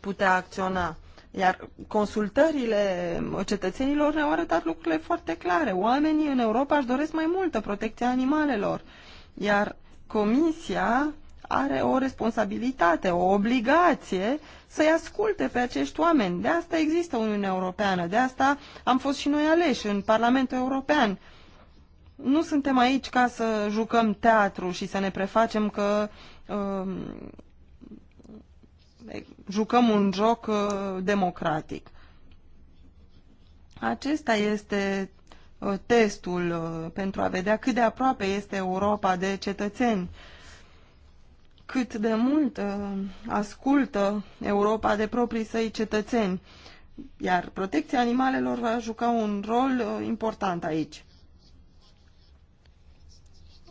putea acționa iar consultările cetățenilor ne-au arătat lucrurile foarte clare. Oamenii în Europa își doresc mai multă protecție a animalelor. Iar Comisia are o responsabilitate, o obligație să-i asculte pe acești oameni. De asta există Uniunea Europeană, de asta am fost și noi aleși în Parlamentul European. Nu suntem aici ca să jucăm teatru și să ne prefacem că uh, jucăm un joc uh, democratic. Acesta este uh, testul uh, pentru a vedea cât de aproape este Europa de cetățeni, cât de mult ascultă Europa de proprii săi cetățeni, iar protecția animalelor va juca un rol important aici.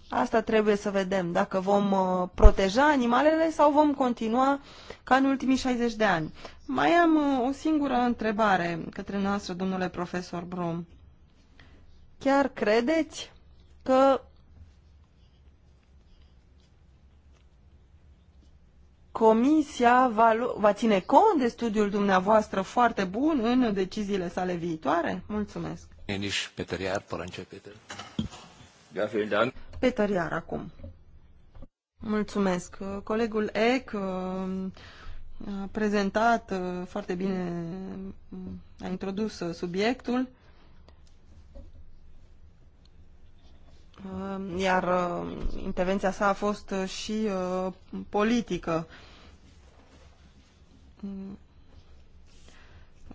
Asta trebuie să vedem, dacă vom uh, proteja animalele sau vom continua ca în ultimii 60 de ani. Mai am uh, o singură întrebare către noastră, domnule profesor Brom. Chiar credeți că Comisia va, va ține cont de studiul dumneavoastră foarte bun în deciziile sale viitoare? Mulțumesc. Peter da, Iar, Peter Iar acum. Mulțumesc. Colegul Eck uh, a prezentat uh, foarte bine, uh, a introdus subiectul. Iar intervenția sa a fost și politică mm.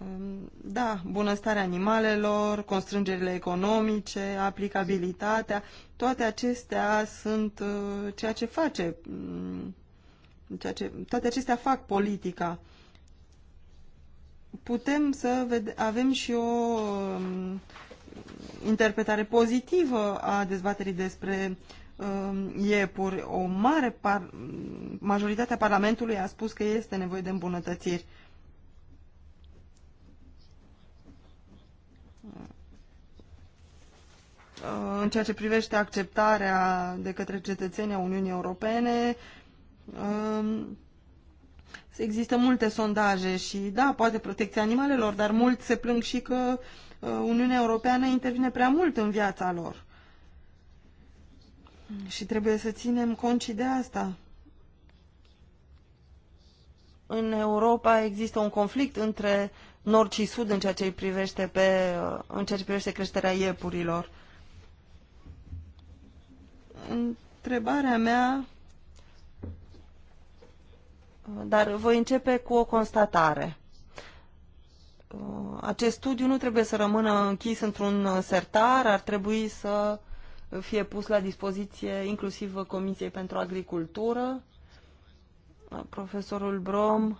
Ehm, da, bunăstarea animalelor, constrângerile economice, aplicabilitatea, toate acestea sunt uh, ceea ce face, mm, ceea ce, toate acestea fac politica. Putem să vede, avem și o mm, interpretare pozitivă a dezbaterii despre ehm, iepuri. O mare par, majoritatea Parlamentului a spus că este nevoie de îmbunătățiri. Uh, în ceea ce privește acceptarea de către cetățenii a Uniunii Europene, um, există multe sondaje și, da, poate protecția animalelor, dar mulți se plâng și că uh, Uniunea Europeană intervine prea mult în viața lor. Și trebuie să ținem cont și de asta. În Europa există un conflict între nord și sud în ceea ce îi privește, pe, uh, în ceea ce privește creșterea iepurilor. Întrebarea mea, uh, dar voi începe cu o constatare. Uh, acest studiu nu trebuie să rămână închis într-un sertar, ar trebui să fie pus la dispoziție inclusiv Comisiei pentru Agricultură. Profesorul Brom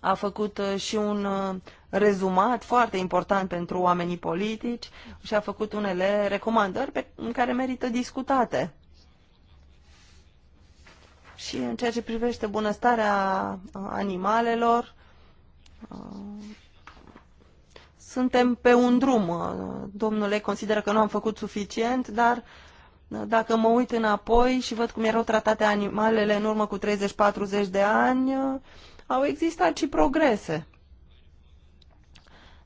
a făcut uh, și un uh, rezumat foarte important pentru oamenii politici și a făcut unele recomandări pe care merită discutate. Și în ceea ce privește bunăstarea uh, animalelor, suntem pe un drum. Domnule, consideră că nu am făcut suficient, dar dacă mă uit înapoi și văd cum erau tratate animalele în urmă cu 30-40 de ani, au existat și progrese.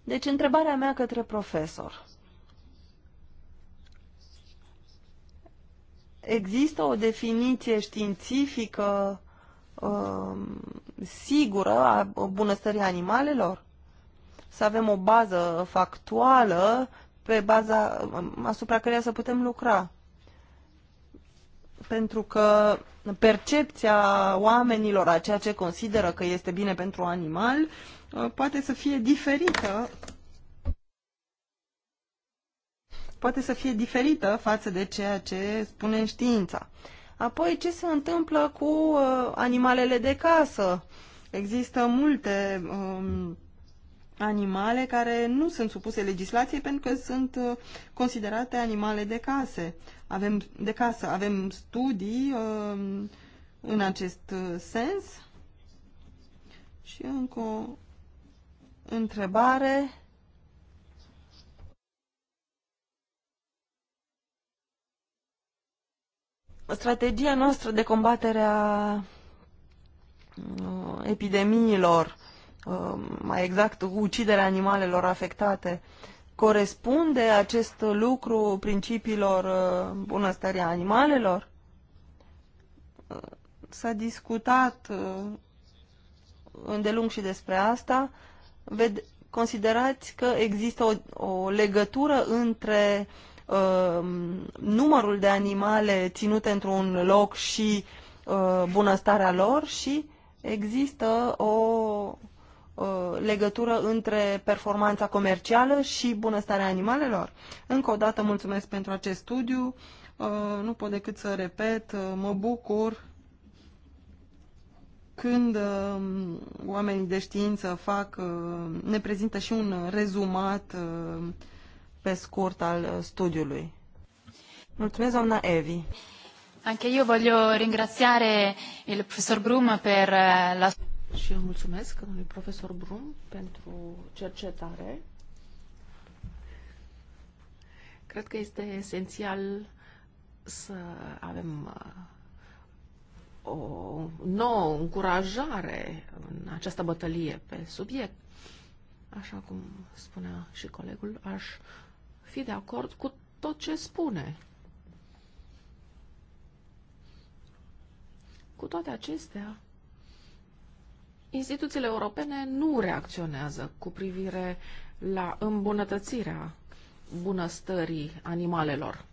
Deci, întrebarea mea către profesor. Există o definiție științifică um, sigură a bunăstării animalelor? Să avem o bază factuală pe baza um, asupra căreia să putem lucra pentru că percepția oamenilor a ceea ce consideră că este bine pentru animal uh, poate să fie diferită poate să fie diferită față de ceea ce spune știința. Apoi, ce se întâmplă cu uh, animalele de casă? Există multe um, animale care nu sunt supuse legislației pentru că sunt uh, considerate animale de case avem de casă, avem studii uh, în acest uh, sens. Și încă o întrebare. Strategia noastră de combatere a uh, epidemiilor, uh, mai exact uciderea animalelor afectate, uh, Corespunde acest lucru principiilor uh, bunăstării animalelor? Uh, s-a discutat uh, îndelung și despre asta. Ved considerați că există o, o legătură între uh, numărul de animale ținute într-un loc și uh, bunăstarea lor și există o Uh, legătură între performanța comercială și bunăstarea animalelor. Încă o dată mulțumesc pentru acest studiu. Uh, nu pot decât să repet, uh, mă bucur când oamenii de știință fac, ne prezintă și un rezumat pe scurt al studiului. Mulțumesc, doamna Evi. Anche io voglio ringraziare il professor Brum per la și eu mulțumesc domnului profesor Brum pentru cercetare. Cred că este esențial să avem uh, o nouă încurajare în această bătălie pe subiect. Așa cum spunea și colegul, aș fi de acord cu tot ce spune. Cu toate acestea, instituțiile europene nu reacționează cu privire la îmbunătățirea bunăstării animalelor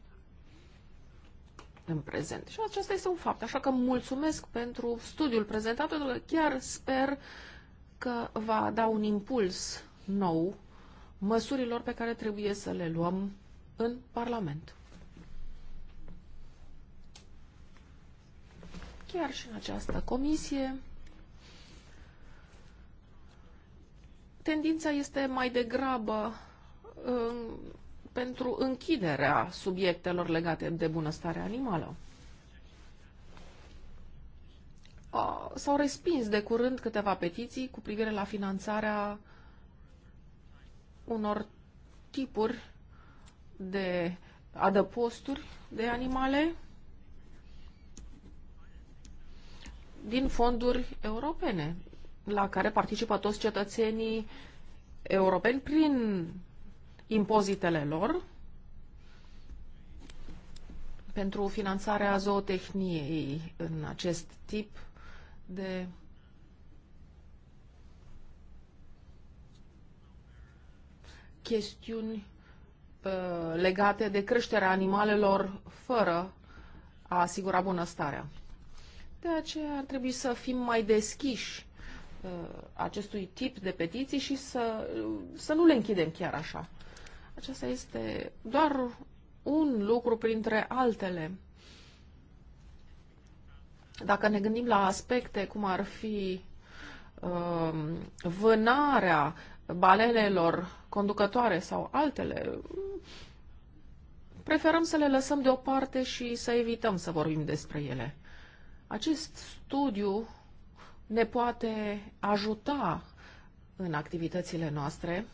în prezent. Și acesta este un fapt. Așa că mulțumesc pentru studiul prezentat, pentru că chiar sper că va da un impuls nou măsurilor pe care trebuie să le luăm în Parlament. Chiar și în această comisie tendința este mai degrabă um, pentru închiderea subiectelor legate de bunăstarea animală. S-au respins de curând câteva petiții cu privire la finanțarea unor tipuri de adăposturi de animale din fonduri europene la care participă toți cetățenii europeni prin impozitele lor pentru finanțarea zootehniei în acest tip de chestiuni uh, legate de creșterea animalelor fără a asigura bunăstarea. De aceea ar trebui să fim mai deschiși Uh, acestui tip de petiții și să, uh, să nu le închidem chiar așa. Acesta este doar un lucru printre altele. Dacă ne gândim la aspecte cum ar fi uh, vânarea balenelor conducătoare sau altele, preferăm să le lăsăm deoparte și să evităm să vorbim despre ele. Acest studiu ne poate ajuta în activitățile noastre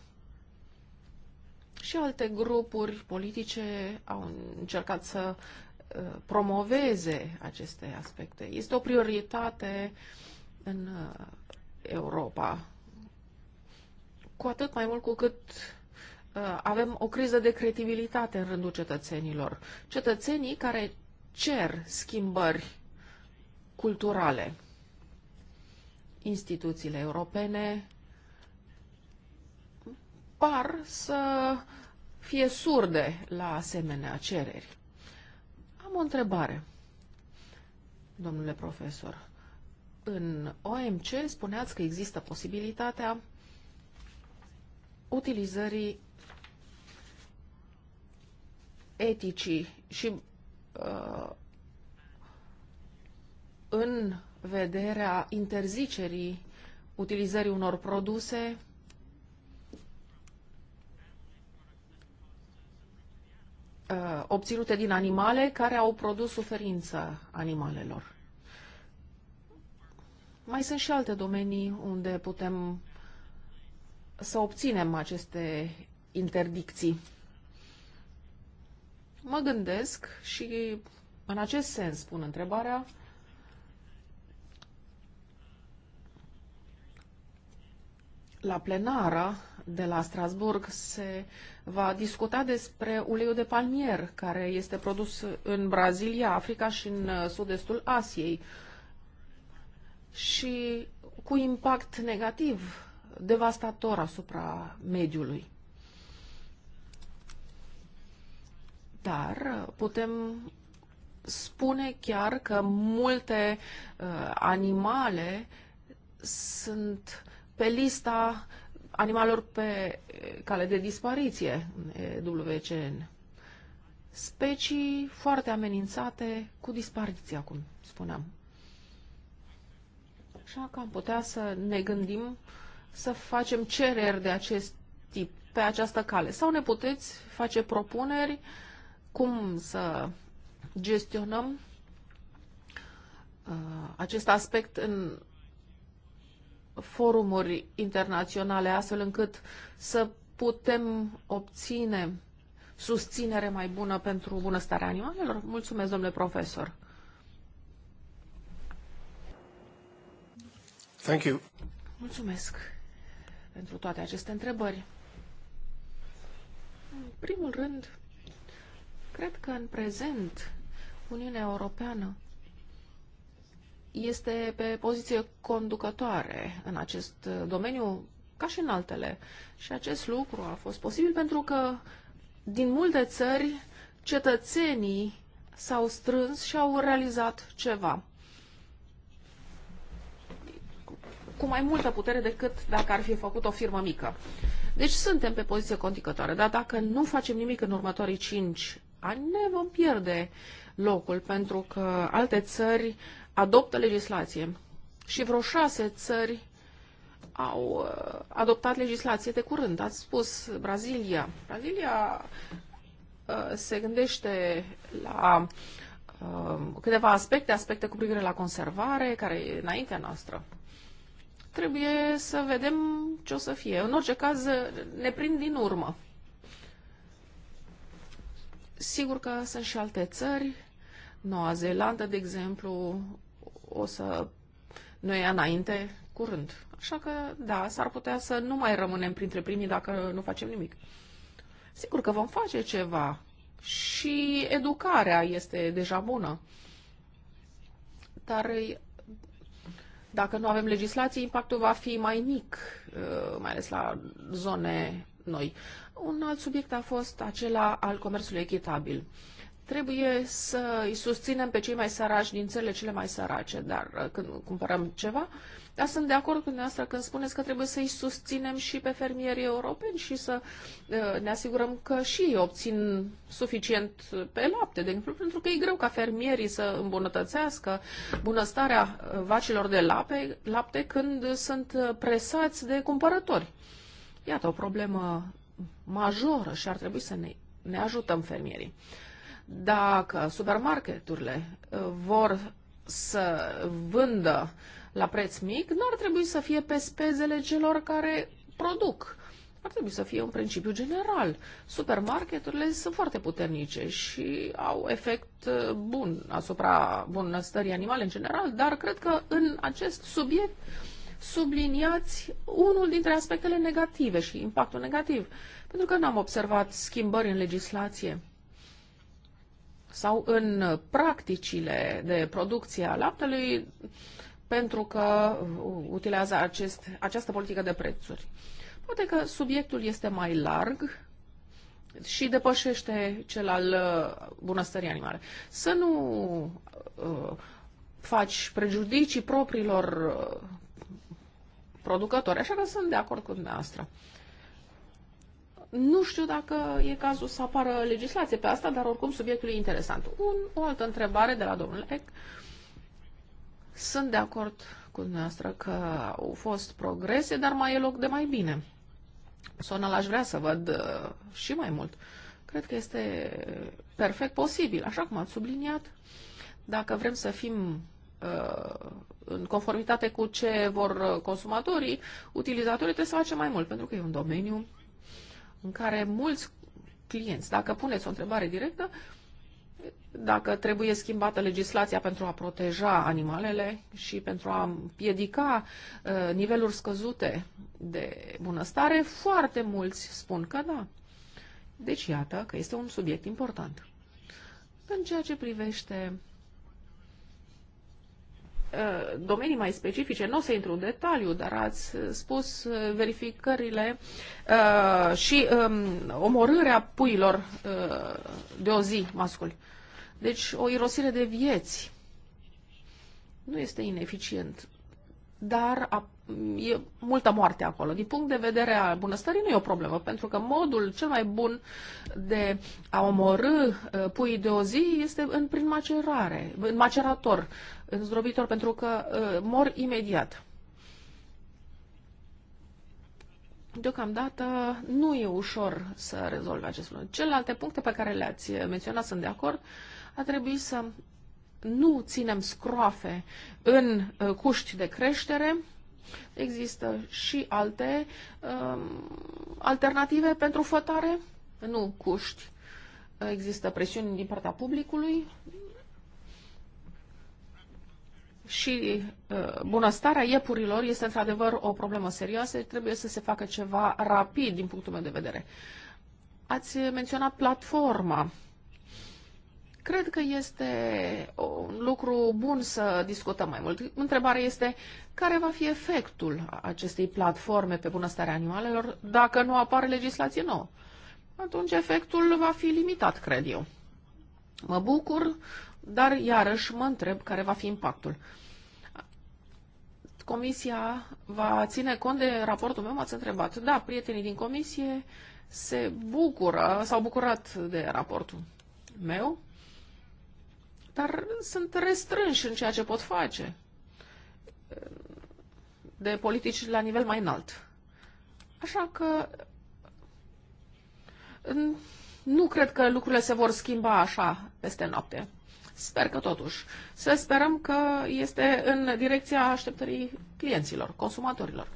și alte grupuri politice au încercat să uh, promoveze aceste aspecte. Este o prioritate în uh, Europa. Cu atât mai mult cu cât uh, avem o criză de credibilitate în rândul cetățenilor. Cetățenii care cer schimbări culturale instituțiile europene par să fie surde la asemenea cereri. Am o întrebare, domnule profesor. În OMC spuneați că există posibilitatea utilizării eticii și uh, în vederea interzicerii utilizării unor produse uh, obținute din animale care au produs suferință animalelor. Mai sunt și alte domenii unde putem să obținem aceste interdicții. Mă gândesc și în acest sens pun întrebarea la plenara de la Strasburg se va discuta despre uleiul de palmier, care este produs în Brazilia, Africa și în uh, sud-estul Asiei și cu impact negativ, devastator asupra mediului. Dar uh, putem spune chiar că multe uh, animale sunt uh, pe lista animalelor pe eh, cale de dispariție WCN. Eh, Specii foarte amenințate cu dispariția, cum spuneam. Așa că am putea să ne gândim să facem cereri de acest tip pe această cale. Sau ne puteți face propuneri cum să gestionăm uh, acest aspect în forumuri internaționale, astfel încât să putem obține susținere mai bună pentru bunăstarea animalelor? Mulțumesc, domnule profesor. Thank you. Mulțumesc pentru toate aceste întrebări. În primul rând, cred că în prezent Uniunea Europeană este pe poziție conducătoare în acest domeniu, ca și în altele. Și acest lucru a fost posibil pentru că din multe țări cetățenii s-au strâns și au realizat ceva. Cu mai multă putere decât dacă ar fi făcut o firmă mică. Deci suntem pe poziție conducătoare, dar dacă nu facem nimic în următorii 5 ani, ne vom pierde locul, pentru că alte țări adoptă legislație și vreo șase țări au uh, adoptat legislație de curând. Ați spus Brazilia. Brazilia uh, se gândește la uh, câteva aspecte, aspecte cu privire la conservare, care e înaintea noastră. Trebuie să vedem ce o să fie. În orice caz, ne prind din urmă. Sigur că sunt și alte țări Noua Zeelandă, de exemplu, o să nu ia înainte curând. Așa că, da, s-ar putea să nu mai rămânem printre primii dacă nu facem nimic. Sigur că vom face ceva. Și educarea este deja bună. Dar dacă nu avem legislație, impactul va fi mai mic, mai ales la zone noi. Un alt subiect a fost acela al comerțului echitabil. Trebuie să îi susținem pe cei mai săraci din țările cele mai sărace, dar uh, când cumpărăm ceva, dar sunt de acord cu dumneavoastră când spuneți că trebuie să îi susținem și pe fermierii europeni și să uh, ne asigurăm că și ei obțin suficient pe lapte, de exemplu, pentru că e greu ca fermierii să îmbunătățească bunăstarea uh, vacilor de lapte, lapte când sunt presați de cumpărători. Iată o problemă majoră și ar trebui să ne, ne ajutăm fermierii. Dacă supermarketurile uh, vor să vândă la preț mic, nu ar trebui să fie pe spezele celor care produc. Ar trebui să fie un principiu general. Supermarketurile sunt foarte puternice și au efect uh, bun asupra bunăstării animale în general, dar cred că în acest subiect subliniați unul dintre aspectele negative și impactul negativ, pentru că n-am observat schimbări în legislație sau în practicile de producție a laptelui pentru că utilează acest, această politică de prețuri. Poate că subiectul este mai larg și depășește cel al uh, bunăstării animale. Să nu uh, faci prejudicii propriilor uh, producători, așa că sunt de acord cu dumneavoastră. Nu știu dacă e cazul să apară legislație pe asta, dar oricum subiectul e interesant. Un, o altă întrebare de la domnul Eck. Sunt de acord cu dumneavoastră că au fost progrese, dar mai e loc de mai bine. Sonal, aș vrea să văd uh, și mai mult. Cred că este perfect posibil, așa cum ați subliniat. Dacă vrem să fim uh, în conformitate cu ce vor consumatorii, utilizatorii trebuie să facem mai mult, pentru că e un domeniu în care mulți clienți, dacă puneți o întrebare directă, dacă trebuie schimbată legislația pentru a proteja animalele și pentru a împiedica uh, niveluri scăzute de bunăstare, foarte mulți spun că da. Deci iată că este un subiect important. În ceea ce privește Uh, domenii mai specifice, nu o să intru în detaliu, dar ați spus uh, verificările uh, și um, omorârea puilor de o zi masculi. Deci o irosire de vieți nu este ineficient, dar e multă moarte acolo. Din punct de vedere al bunăstării nu e o problemă, pentru că modul cel mai bun de a omorâ uh, puii de o zi este în, prin macerare, în macerator, în zdrobitor, pentru că uh, mor imediat. Deocamdată nu e ușor să rezolve acest lucru. Celelalte puncte pe care le-ați menționat sunt de acord. A trebuit să nu ținem scroafe în uh, cuști de creștere, Există și alte uh, alternative pentru fătare, nu cuști. Există presiuni din partea publicului și uh, bunăstarea iepurilor este într-adevăr o problemă serioasă trebuie să se facă ceva rapid din punctul meu de vedere. Ați menționat platforma Cred că este un lucru bun să discutăm mai mult. Întrebarea este care va fi efectul acestei platforme pe bunăstarea animalelor dacă nu apare legislație nouă. Atunci efectul va fi limitat, cred eu. Mă bucur, dar iarăși mă întreb care va fi impactul. Comisia va ține cont de raportul meu, m-ați întrebat. Da, prietenii din comisie se bucură, s-au bucurat de raportul meu dar sunt restrânși în ceea ce pot face de politici la nivel mai înalt. Așa că nu cred că lucrurile se vor schimba așa peste noapte. Sper că totuși. Să sperăm că este în direcția așteptării clienților, consumatorilor.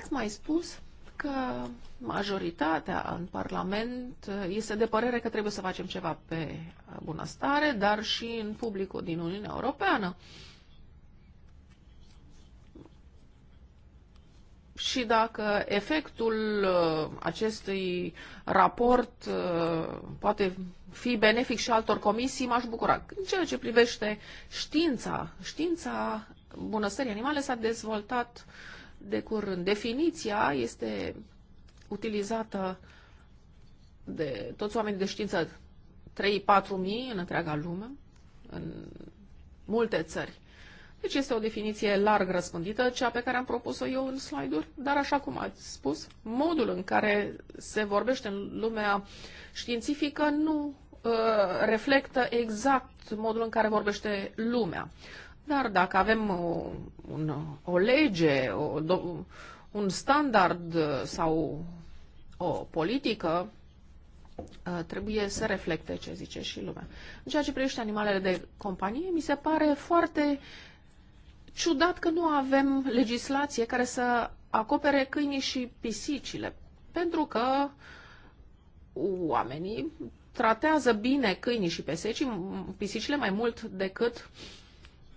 Ați mai spus că majoritatea în Parlament uh, este de părere că trebuie să facem ceva pe bunăstare, dar și în publicul din Uniunea Europeană. Și dacă efectul uh, acestui raport uh, poate fi benefic și altor comisii, m-aș bucura. În ceea ce privește știința, știința bunăstării animale s-a dezvoltat uh, de curând. Definiția este utilizată de toți oamenii de știință, 3-4 mii în întreaga lume, în multe țări. Deci este o definiție larg răspândită, cea pe care am propus-o eu în slide-uri, dar așa cum ați spus, modul în care se vorbește în lumea științifică nu uh, reflectă exact modul în care vorbește lumea. Dar dacă avem o, un, o lege, o, un standard sau o politică, uh, trebuie să reflecte ce zice și lumea. În ceea ce privește animalele de companie, mi se pare foarte ciudat că nu avem legislație care să acopere câinii și pisicile, pentru că oamenii tratează bine câinii și pisicile mai mult decât uh,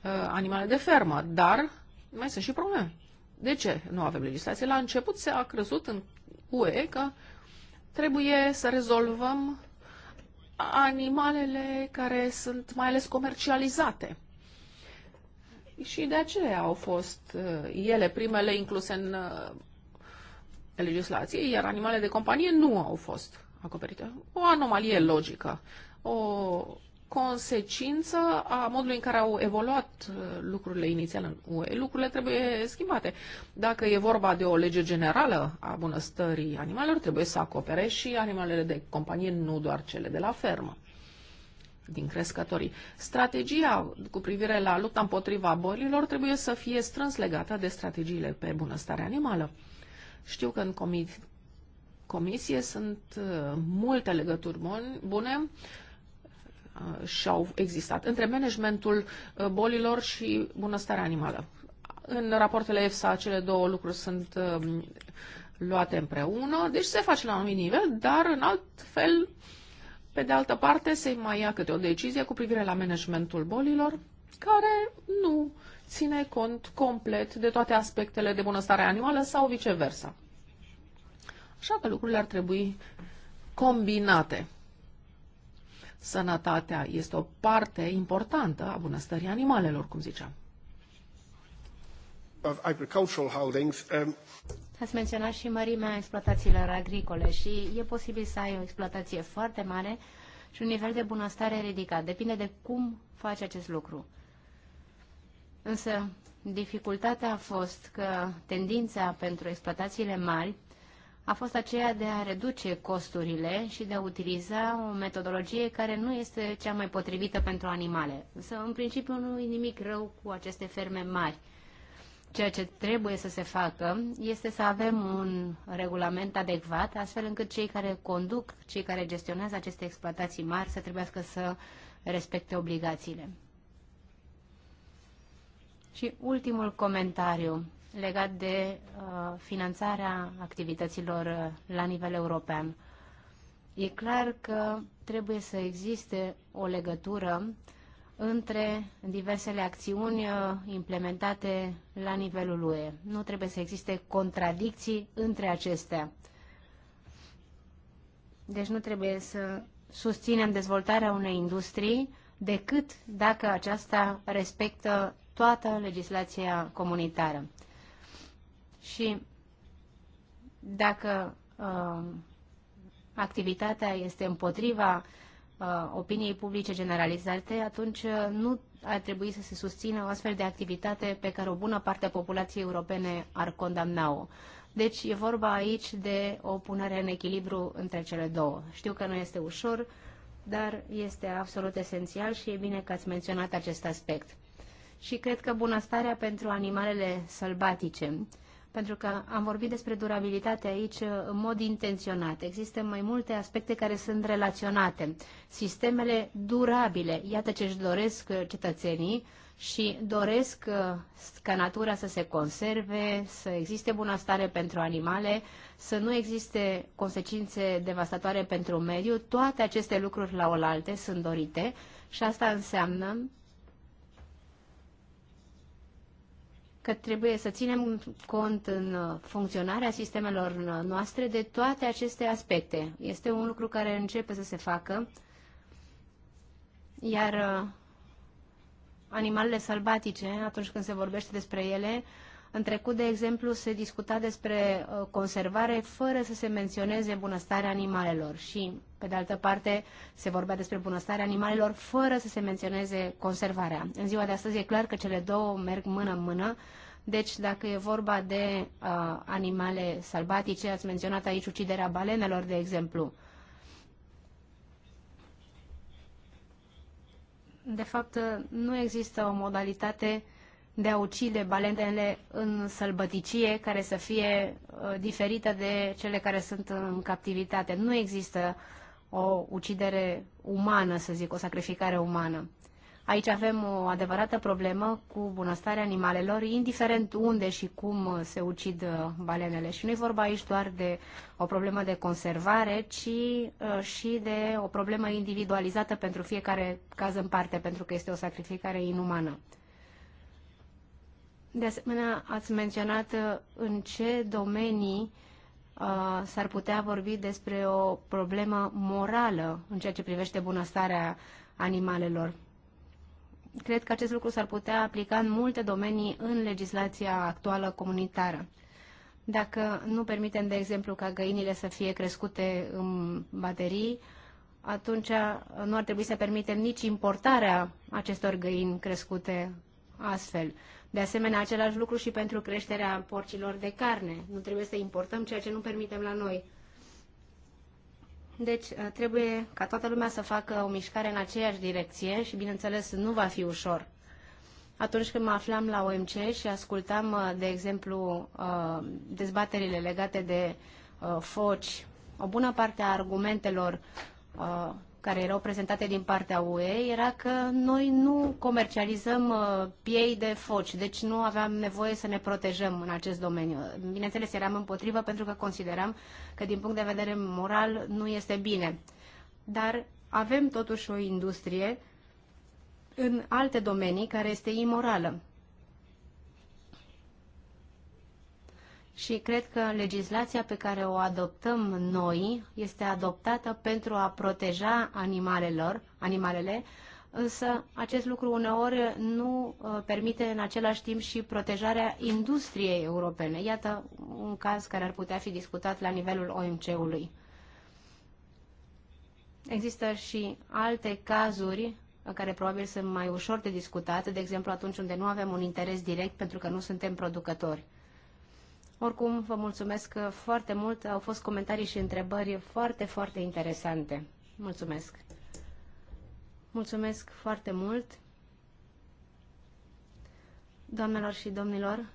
Uh, animale de fermă, dar mai sunt și probleme. De ce nu avem legislație? La început se a crezut în UE că trebuie să rezolvăm animalele care sunt mai ales comercializate. Și de aceea au fost uh, ele primele incluse în uh, legislație, iar animalele de companie nu au fost acoperite. O anomalie logică, o consecință a modului în care au evoluat uh, lucrurile inițiale în UE, lucrurile trebuie schimbate. Dacă e vorba de o lege generală a bunăstării animalelor, trebuie să acopere și animalele de companie, nu doar cele de la fermă din crescătorii. Strategia cu privire la lupta împotriva bolilor trebuie să fie strâns legată de strategiile pe bunăstare animală. Știu că în comisie sunt uh, multe legături bune Uh, și au existat, între managementul uh, bolilor și bunăstarea animală. În rapoartele EFSA cele două lucruri sunt um, luate împreună, deci se face la un anumit nivel, dar în alt fel, pe de altă parte, se mai ia câte o decizie cu privire la managementul bolilor, care nu ține cont complet de toate aspectele de bunăstare animală sau viceversa. Așa că lucrurile ar trebui combinate sănătatea este o parte importantă a bunăstării animalelor, cum ziceam. Um, Ați menționat și mărimea exploatațiilor agricole și e posibil să ai o exploatație foarte mare și un nivel de bunăstare ridicat. Depinde de cum faci acest lucru. Însă, dificultatea a fost că tendința pentru exploatațiile mari a fost aceea de a reduce costurile și de a utiliza o metodologie care nu este cea mai potrivită pentru animale. Însă, în principiu, nu e nimic rău cu aceste ferme mari. Ceea ce trebuie să se facă este să avem un regulament adecvat, astfel încât cei care conduc, cei care gestionează aceste exploatații mari, să trebuiască să respecte obligațiile. Și ultimul comentariu legat de uh, finanțarea activităților uh, la nivel european. E clar că trebuie să existe o legătură între diversele acțiuni uh, implementate la nivelul UE. Nu trebuie să existe contradicții între acestea. Deci nu trebuie să susținem dezvoltarea unei industrii decât dacă aceasta respectă toată legislația comunitară. Și dacă uh, activitatea este împotriva uh, opiniei publice generalizate, atunci uh, nu ar trebui să se susțină o astfel de activitate pe care o bună parte a populației europene ar condamna-o. Deci e vorba aici de o punere în echilibru între cele două. Știu că nu este ușor, dar este absolut esențial și e bine că ați menționat acest aspect. Și cred că bunăstarea pentru animalele sălbatice pentru că am vorbit despre durabilitate aici uh, în mod intenționat. Există mai multe aspecte care sunt relaționate. Sistemele durabile, iată ce își doresc uh, cetățenii și doresc uh, ca natura să se conserve, să existe bunăstare pentru animale, să nu existe consecințe devastatoare pentru mediu. Toate aceste lucruri la oaltă sunt dorite și asta înseamnă că trebuie să ținem cont în uh, funcționarea sistemelor uh, noastre de toate aceste aspecte. Este un lucru care începe să se facă, iar uh, animalele sălbatice, atunci când se vorbește despre ele, în trecut, de exemplu, se discuta despre uh, conservare fără să se menționeze bunăstarea animalelor și, pe de altă parte, se vorbea despre bunăstarea animalelor fără să se menționeze conservarea. În ziua de astăzi e clar că cele două merg mână-mână, deci, dacă e vorba de uh, animale sălbatice, ați menționat aici uciderea balenelor, de exemplu. De fapt, uh, nu există o modalitate de a ucide balenele în sălbăticie care să fie uh, diferită de cele care sunt în captivitate. Nu există o ucidere umană, să zic, o sacrificare umană. Aici avem o adevărată problemă cu bunăstarea animalelor, indiferent unde și cum uh, se ucid uh, balenele. Și nu e vorba aici doar de o problemă de conservare, ci și de o problemă individualizată pentru fiecare caz în parte, pentru că este o sacrificare inumană. De asemenea, ați menționat uh, în ce domenii uh, s-ar putea vorbi despre o problemă morală în ceea ce privește bunăstarea animalelor. Cred că acest lucru s-ar putea aplica în multe domenii în legislația actuală comunitară. Dacă nu permitem, de exemplu, ca găinile să fie crescute în baterii, atunci uh, nu ar trebui să permitem nici importarea acestor găini crescute astfel. De asemenea, același lucru și pentru creșterea porcilor de carne. Nu trebuie să importăm ceea ce nu permitem la noi. Deci uh, trebuie ca toată lumea să facă o mișcare în aceeași direcție și, bineînțeles, nu va fi ușor. Atunci când mă aflam la OMC și ascultam, uh, de exemplu, uh, dezbaterile legate de foci, o bună parte a argumentelor care erau prezentate din partea UE era că noi nu comercializăm uh, piei de foci, deci nu aveam nevoie să ne protejăm în acest domeniu. Bineînțeles, eram împotrivă pentru că consideram că din punct de vedere moral nu este bine. Dar avem totuși o industrie în alte domenii care este imorală. și cred că legislația pe care o adoptăm noi este adoptată pentru a proteja animalelor, animalele, însă acest lucru uneori nu uh, permite în același timp și protejarea industriei europene. Iată un caz care ar putea fi discutat la nivelul OMC-ului. Există și alte cazuri uh, care probabil sunt mai ușor de discutat, de exemplu atunci unde nu avem un interes direct pentru că nu suntem producători. Oricum, vă mulțumesc foarte mult. Au fost comentarii și întrebări foarte, foarte interesante. Mulțumesc! Mulțumesc foarte mult! Doamnelor și domnilor,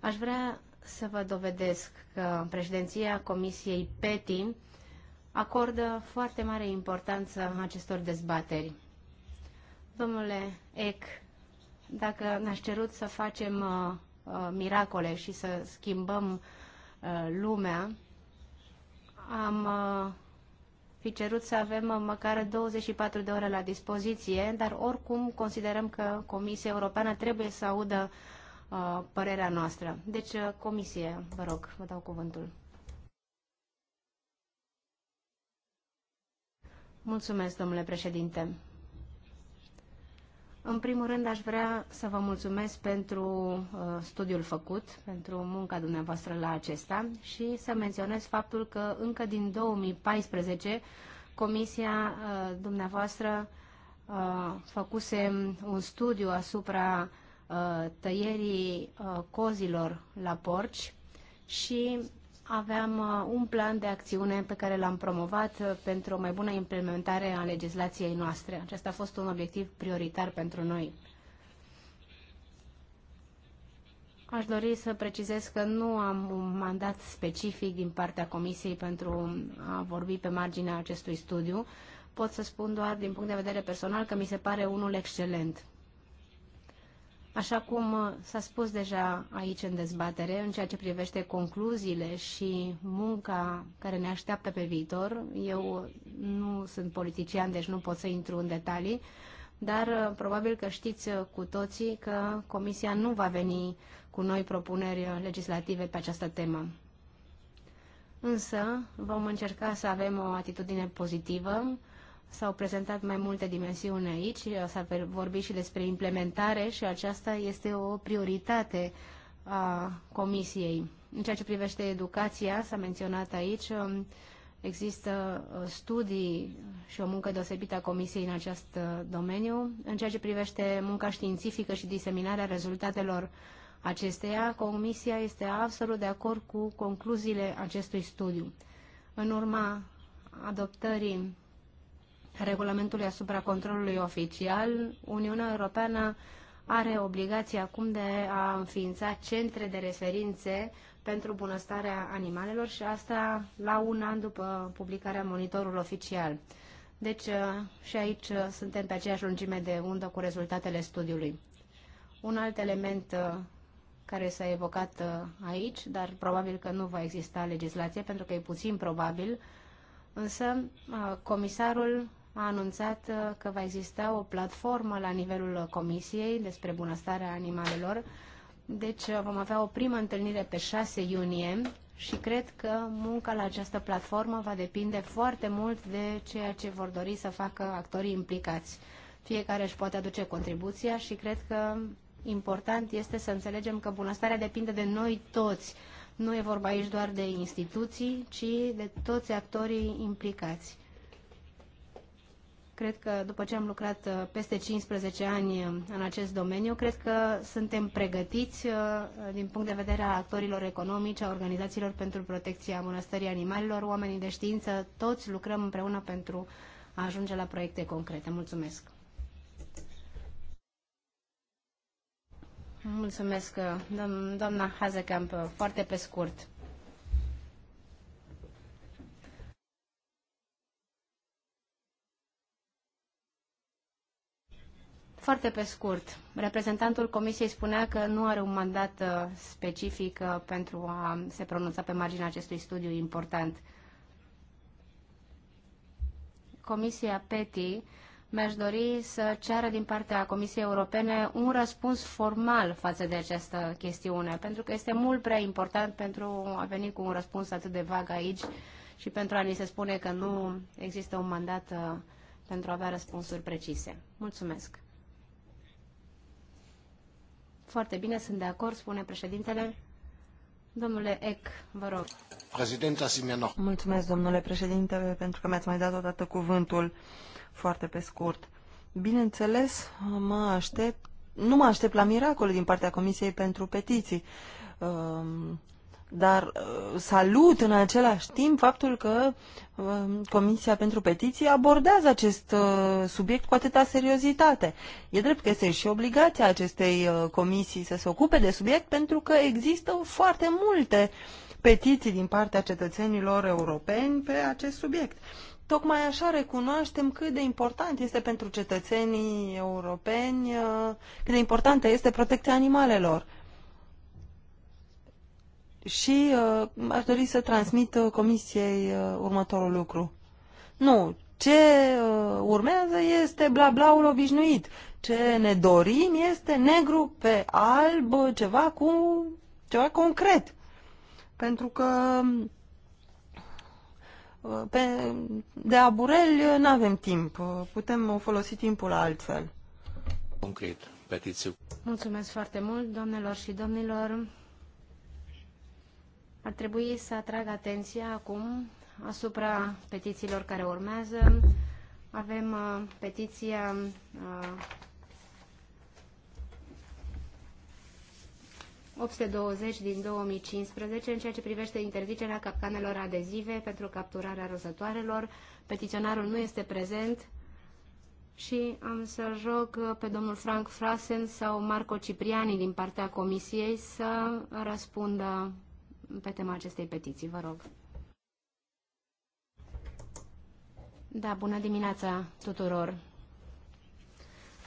aș vrea să vă dovedesc că președinția Comisiei PETI acordă foarte mare importanță acestor dezbateri. Domnule Ec, dacă ne-aș cerut să facem uh, Uh, miracole și să schimbăm uh, lumea, am uh, fi cerut să avem măcar 24 de ore la dispoziție, dar oricum considerăm că Comisia Europeană trebuie să audă părerea noastră. Deci, Comisie, vă rog, vă dau cuvântul. Mulțumesc, domnule președinte. În primul rând, aș vrea să vă mulțumesc pentru uh, studiul făcut, pentru munca dumneavoastră la acesta și să menționez faptul că încă din 2014 Comisia uh, dumneavoastră uh, făcuse un studiu asupra uh, tăierii uh, cozilor la porci și aveam uh, un plan de acțiune pe care l-am promovat uh, pentru o mai bună implementare a legislației noastre. Acesta a fost un obiectiv prioritar pentru noi. Aș dori să precizez că nu am un mandat specific din partea Comisiei pentru a vorbi pe marginea acestui studiu. Pot să spun doar din punct de vedere personal că mi se pare unul excelent. Așa cum uh, s-a spus deja aici în dezbatere, în ceea ce privește concluziile și munca care ne așteaptă pe viitor, eu nu sunt politician, deci nu pot să intru în detalii, dar uh, probabil că știți uh, cu toții că Comisia nu va veni cu noi propuneri legislative pe această temă. Însă vom încerca să avem o atitudine pozitivă, S-au prezentat mai multe dimensiuni aici, s-a vorbit și despre implementare și aceasta este o prioritate a Comisiei. În ceea ce privește educația, s-a menționat aici, um, există uh, studii și o muncă deosebită a Comisiei în acest uh, domeniu. În ceea ce privește munca științifică și diseminarea rezultatelor acesteia, Comisia este absolut de acord cu concluziile acestui studiu. În urma adoptării regulamentului asupra controlului oficial, Uniunea Europeană are obligația acum de a înființa centre de referințe pentru bunăstarea animalelor și asta la un an după publicarea monitorului oficial. Deci uh, și aici uh, suntem pe aceeași lungime de undă cu rezultatele studiului. Un alt element uh, care s-a evocat aici, dar probabil că nu va exista legislație pentru că e puțin probabil, însă comisarul a anunțat uh, că va exista o platformă la nivelul Comisiei despre bunăstarea animalelor. Deci uh, vom avea o primă întâlnire pe 6 iunie și cred că munca la această platformă va depinde foarte mult de ceea ce vor dori să facă actorii implicați. Fiecare își poate aduce contribuția și cred că important este să înțelegem că bunăstarea depinde de noi toți. Nu e vorba aici doar de instituții, ci de toți actorii implicați. Cred că după ce am lucrat uh, peste 15 ani uh, în acest domeniu, cred că suntem pregătiți uh, din punct de vedere al actorilor economici, a organizațiilor pentru protecția mănăstării animalelor, oamenii de știință, toți lucrăm împreună pentru a ajunge la proiecte concrete. Mulțumesc! Mulțumesc, doamna Hazekamp, foarte pe scurt. Foarte pe scurt, reprezentantul Comisiei spunea că nu are un mandat uh, specific uh, pentru a se pronunța pe marginea acestui studiu important. Comisia PETI mi-aș dori să ceară din partea Comisiei Europene un răspuns formal față de această chestiune, pentru că este mult prea important pentru a veni cu un răspuns atât de vag aici și pentru a ni se spune că nu există un mandat uh, pentru a avea răspunsuri precise. Mulțumesc! Foarte bine, sunt de acord, spune președintele. Domnule Eck, vă rog. Președinta Simenov. Mulțumesc, domnule președinte, pentru că mi-ați mai dat o dată cuvântul foarte pe scurt. Bineînțeles, mă aștept, nu mă aștept la miracole din partea Comisiei pentru Petiții. Ehm, dar uh, salut în același timp faptul că uh, Comisia pentru Petiții abordează acest uh, subiect cu atâta seriozitate. E drept că este și obligația acestei comisii să se ocupe de subiect pentru că există foarte multe petiții din partea cetățenilor europeni pe acest subiect. Tocmai așa recunoaștem cât de important este pentru cetățenii europeni, cât de importantă este protecția animalelor și uh, aș dori să transmit uh, comisiei uh, următorul lucru. Nu, ce uh, urmează este bla blaul obișnuit. Ce ne dorim este negru pe alb, ceva cu ceva concret. Pentru că uh, pe, de abureli uh, nu avem timp. Uh, putem folosi timpul altfel. Concret, petiție. Mulțumesc foarte mult, doamnelor și domnilor. Ar trebui să atrag atenția acum asupra petițiilor care urmează. Avem uh, petiția uh, 820 din 2015 în ceea ce privește interzicerea capcanelor adezive pentru capturarea rozătoarelor. Petiționarul nu este prezent și am să rog uh, pe domnul Frank Frasen sau Marco Cipriani din partea comisiei să răspundă pe tema acestei petiții. Vă rog. Da, bună dimineața tuturor.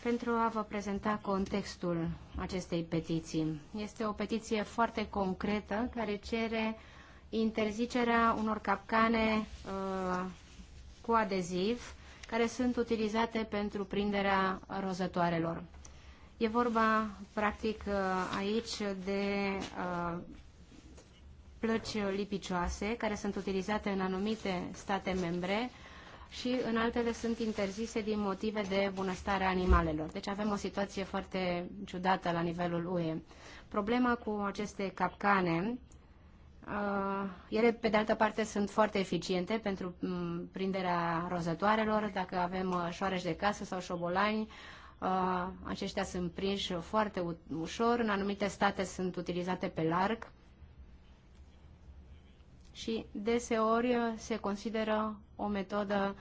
Pentru a vă prezenta contextul acestei petiții. Este o petiție foarte concretă care cere interzicerea unor capcane uh, cu adeziv care sunt utilizate pentru prinderea rozătoarelor. E vorba, practic, uh, aici de uh, plăci lipicioase care sunt utilizate în anumite state membre și în altele sunt interzise din motive de bunăstare a animalelor. Deci avem o situație foarte ciudată la nivelul UE. Problema cu aceste capcane, uh, ele pe de altă parte sunt foarte eficiente pentru mm, prinderea rozătoarelor, dacă avem uh, șoareci de casă sau șobolani, uh, aceștia sunt prinși foarte ușor, în anumite state sunt utilizate pe larg și deseori se consideră o metodă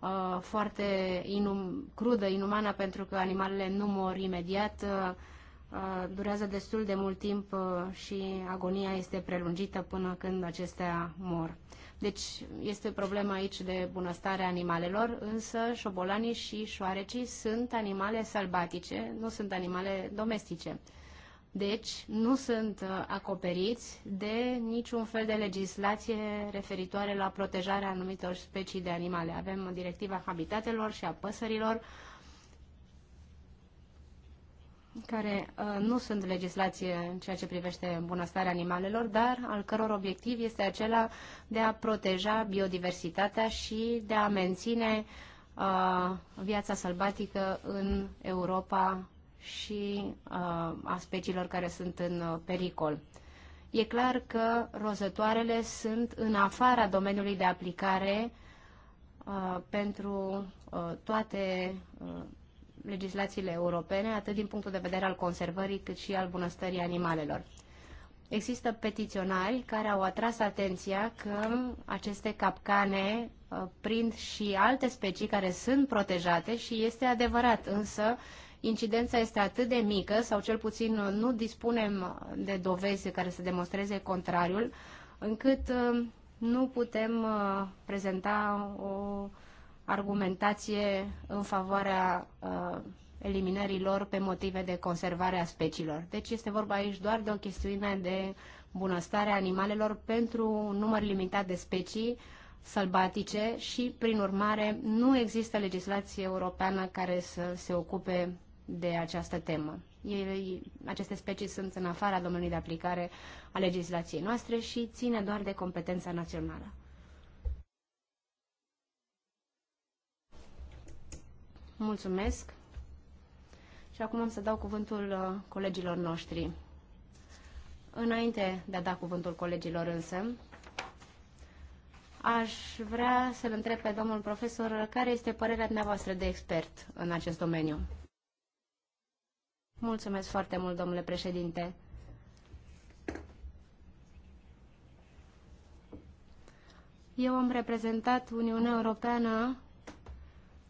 uh, foarte inum, crudă, inumană, pentru că animalele nu mor imediat, uh, uh, durează destul de mult timp uh, și agonia este prelungită până când acestea mor. Deci este problema aici de bunăstare animalelor, însă șobolanii și șoarecii sunt animale sălbatice, nu sunt animale domestice deci nu sunt uh, acoperiți de niciun fel de legislație referitoare la protejarea anumitor specii de animale. Avem directiva habitatelor și a păsărilor, care uh, nu sunt legislație în ceea ce privește bunăstarea animalelor, dar al căror obiectiv este acela de a proteja biodiversitatea și de a menține uh, viața sălbatică în Europa și uh, a speciilor care sunt în uh, pericol. E clar că rozătoarele sunt în afara domeniului de aplicare uh, pentru uh, toate uh, legislațiile europene, atât din punctul de vedere al conservării, cât și al bunăstării animalelor. Există petiționari care au atras atenția că aceste capcane prind și alte specii care sunt protejate și este adevărat, însă incidența este atât de mică, sau cel puțin uh, nu dispunem uh, de dovezi care să demonstreze contrariul, încât uh, nu putem prezenta o argumentație în favoarea eliminării lor pe motive de conservare a speciilor. Deci este vorba aici doar de o chestiune de bunăstare a animalelor pentru un număr limitat de specii sălbatice și, prin urmare, nu există legislație europeană care să se ocupe de această temă. Ele, aceste specii sunt în afara domeniului de aplicare a legislației noastre și ține doar de competența națională. Mulțumesc. Și acum am să dau cuvântul uh, colegilor noștri. Înainte de a da cuvântul colegilor însă, aș vrea să-l întreb pe domnul profesor care este părerea dumneavoastră de expert în acest domeniu. Mulțumesc foarte mult, domnule președinte. Eu am reprezentat Uniunea Europeană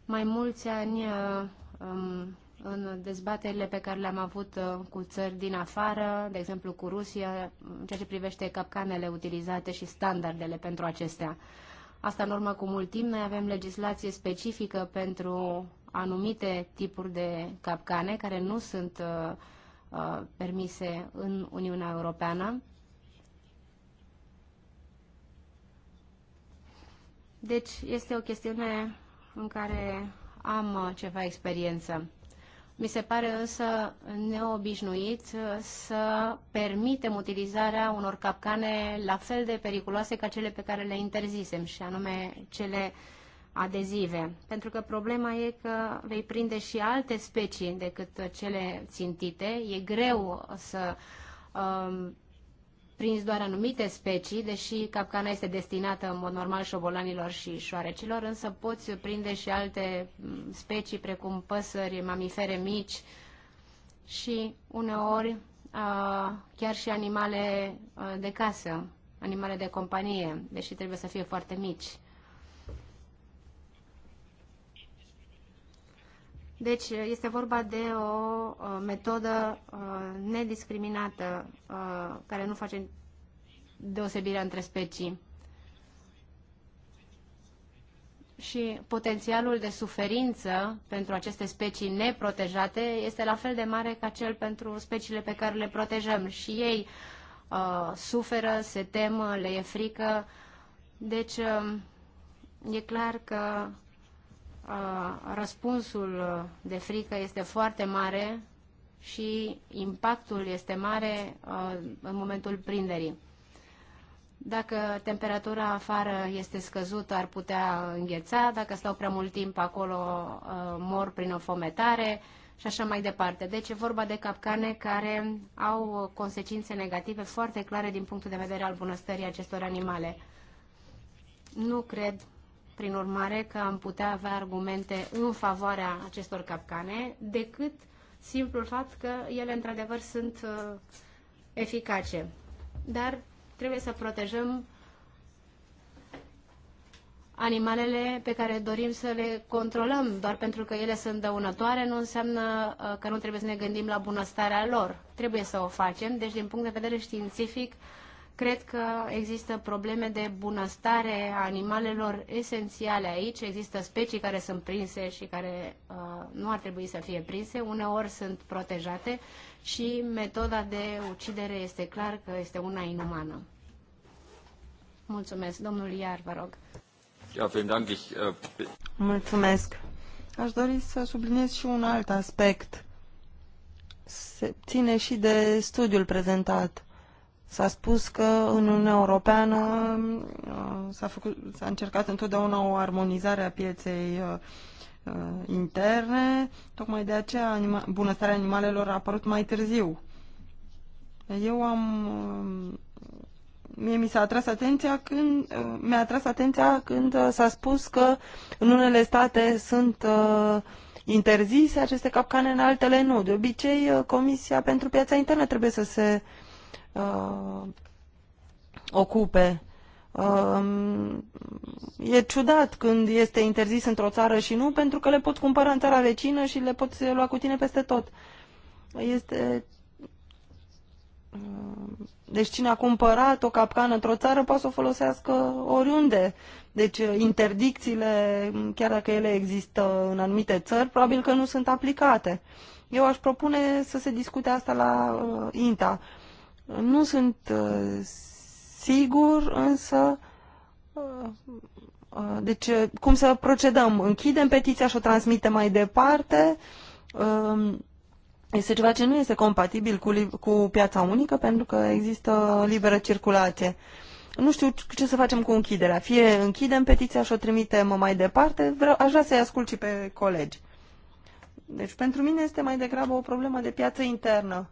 mai mulți ani uh, um, în dezbaterile pe care le-am avut uh, cu țări din afară, de exemplu cu Rusia, în ceea ce privește capcanele utilizate și standardele pentru acestea. Asta în urmă cu mult timp. Noi avem legislație specifică pentru anumite tipuri de capcane care nu sunt uh, uh, permise în Uniunea Europeană. Deci este o chestiune în care am uh, ceva experiență. Mi se pare însă neobișnuit să permitem utilizarea unor capcane la fel de periculoase ca cele pe care le interzisem, și anume cele uh, adezive. Pentru că problema e că vei prinde și alte specii decât cele țintite. E greu să um, prinzi doar anumite specii, deși capcana este destinată în mod normal șobolanilor și șoarecilor, însă poți prinde și alte mm, specii precum păsări, mamifere mici și uneori chiar și animale de casă, animale de companie, deși trebuie să fie foarte mici. Deci este vorba de o uh, metodă uh, nediscriminată uh, care nu face deosebirea între specii. Și potențialul de suferință pentru aceste specii neprotejate este la fel de mare ca cel pentru speciile pe care le protejăm. Și ei uh, suferă, se temă, le e frică. Deci uh, e clar că răspunsul de frică este foarte mare și impactul este mare în momentul prinderii. Dacă temperatura afară este scăzută, ar putea îngheța, dacă stau prea mult timp acolo, mor prin ofometare și așa mai departe. Deci e vorba de capcane care au consecințe negative foarte clare din punctul de vedere al bunăstării acestor animale. Nu cred prin urmare, că am putea avea argumente în favoarea acestor capcane, decât simplul fapt că ele, într-adevăr, sunt uh, eficace. Dar trebuie să protejăm animalele pe care dorim să le controlăm, doar pentru că ele sunt dăunătoare, nu înseamnă uh, că nu trebuie să ne gândim la bunăstarea lor. Trebuie să o facem, deci din punct de vedere științific, uh, Cred că există probleme de bunăstare a animalelor esențiale aici. Există specii care sunt prinse și care uh, nu ar trebui să fie prinse. Uneori sunt protejate și metoda de ucidere este clar că este una inumană. Mulțumesc. Domnul Iar, vă rog. Äh, Mulțumesc. Aș dori să subliniez și un alt aspect. Se ține și de studiul prezentat. S-a spus că în Uniunea Europeană uh, s-a, făcut, s-a încercat întotdeauna o armonizare a pieței uh, uh, interne, tocmai de aceea anima- bunăstarea animalelor a apărut mai târziu. Eu am... Uh, mie mi s-a atras atenția când uh, mi-a atras atenția când s-a spus că în unele state sunt uh, interzise aceste capcane, în altele nu. De obicei, Comisia pentru Piața Internă trebuie să se uh, uh, ocupe. Uh, e ciudat când este interzis într-o țară și nu, pentru că le poți cumpăra în țara vecină și le poți lua cu tine peste tot. Este... Uh, deci cine a cumpărat o capcană într-o țară poate să o folosească oriunde. Deci uh, interdicțiile, chiar dacă ele există în anumite țări, probabil că nu sunt aplicate. Eu aș propune să se discute asta la uh, INTA. Nu sunt uh, sigur, însă, uh, uh, deci cum să procedăm? Închidem petiția și o transmitem mai departe? Um, este ceva ce nu este compatibil cu, cu piața unică pentru că există liberă circulație. Nu știu ce să facem cu închiderea. Fie închidem petiția și o trimitem mai departe, vreau, aș vrea să-i ascult și pe colegi. Deci pentru mine este mai degrabă o problemă de piață internă.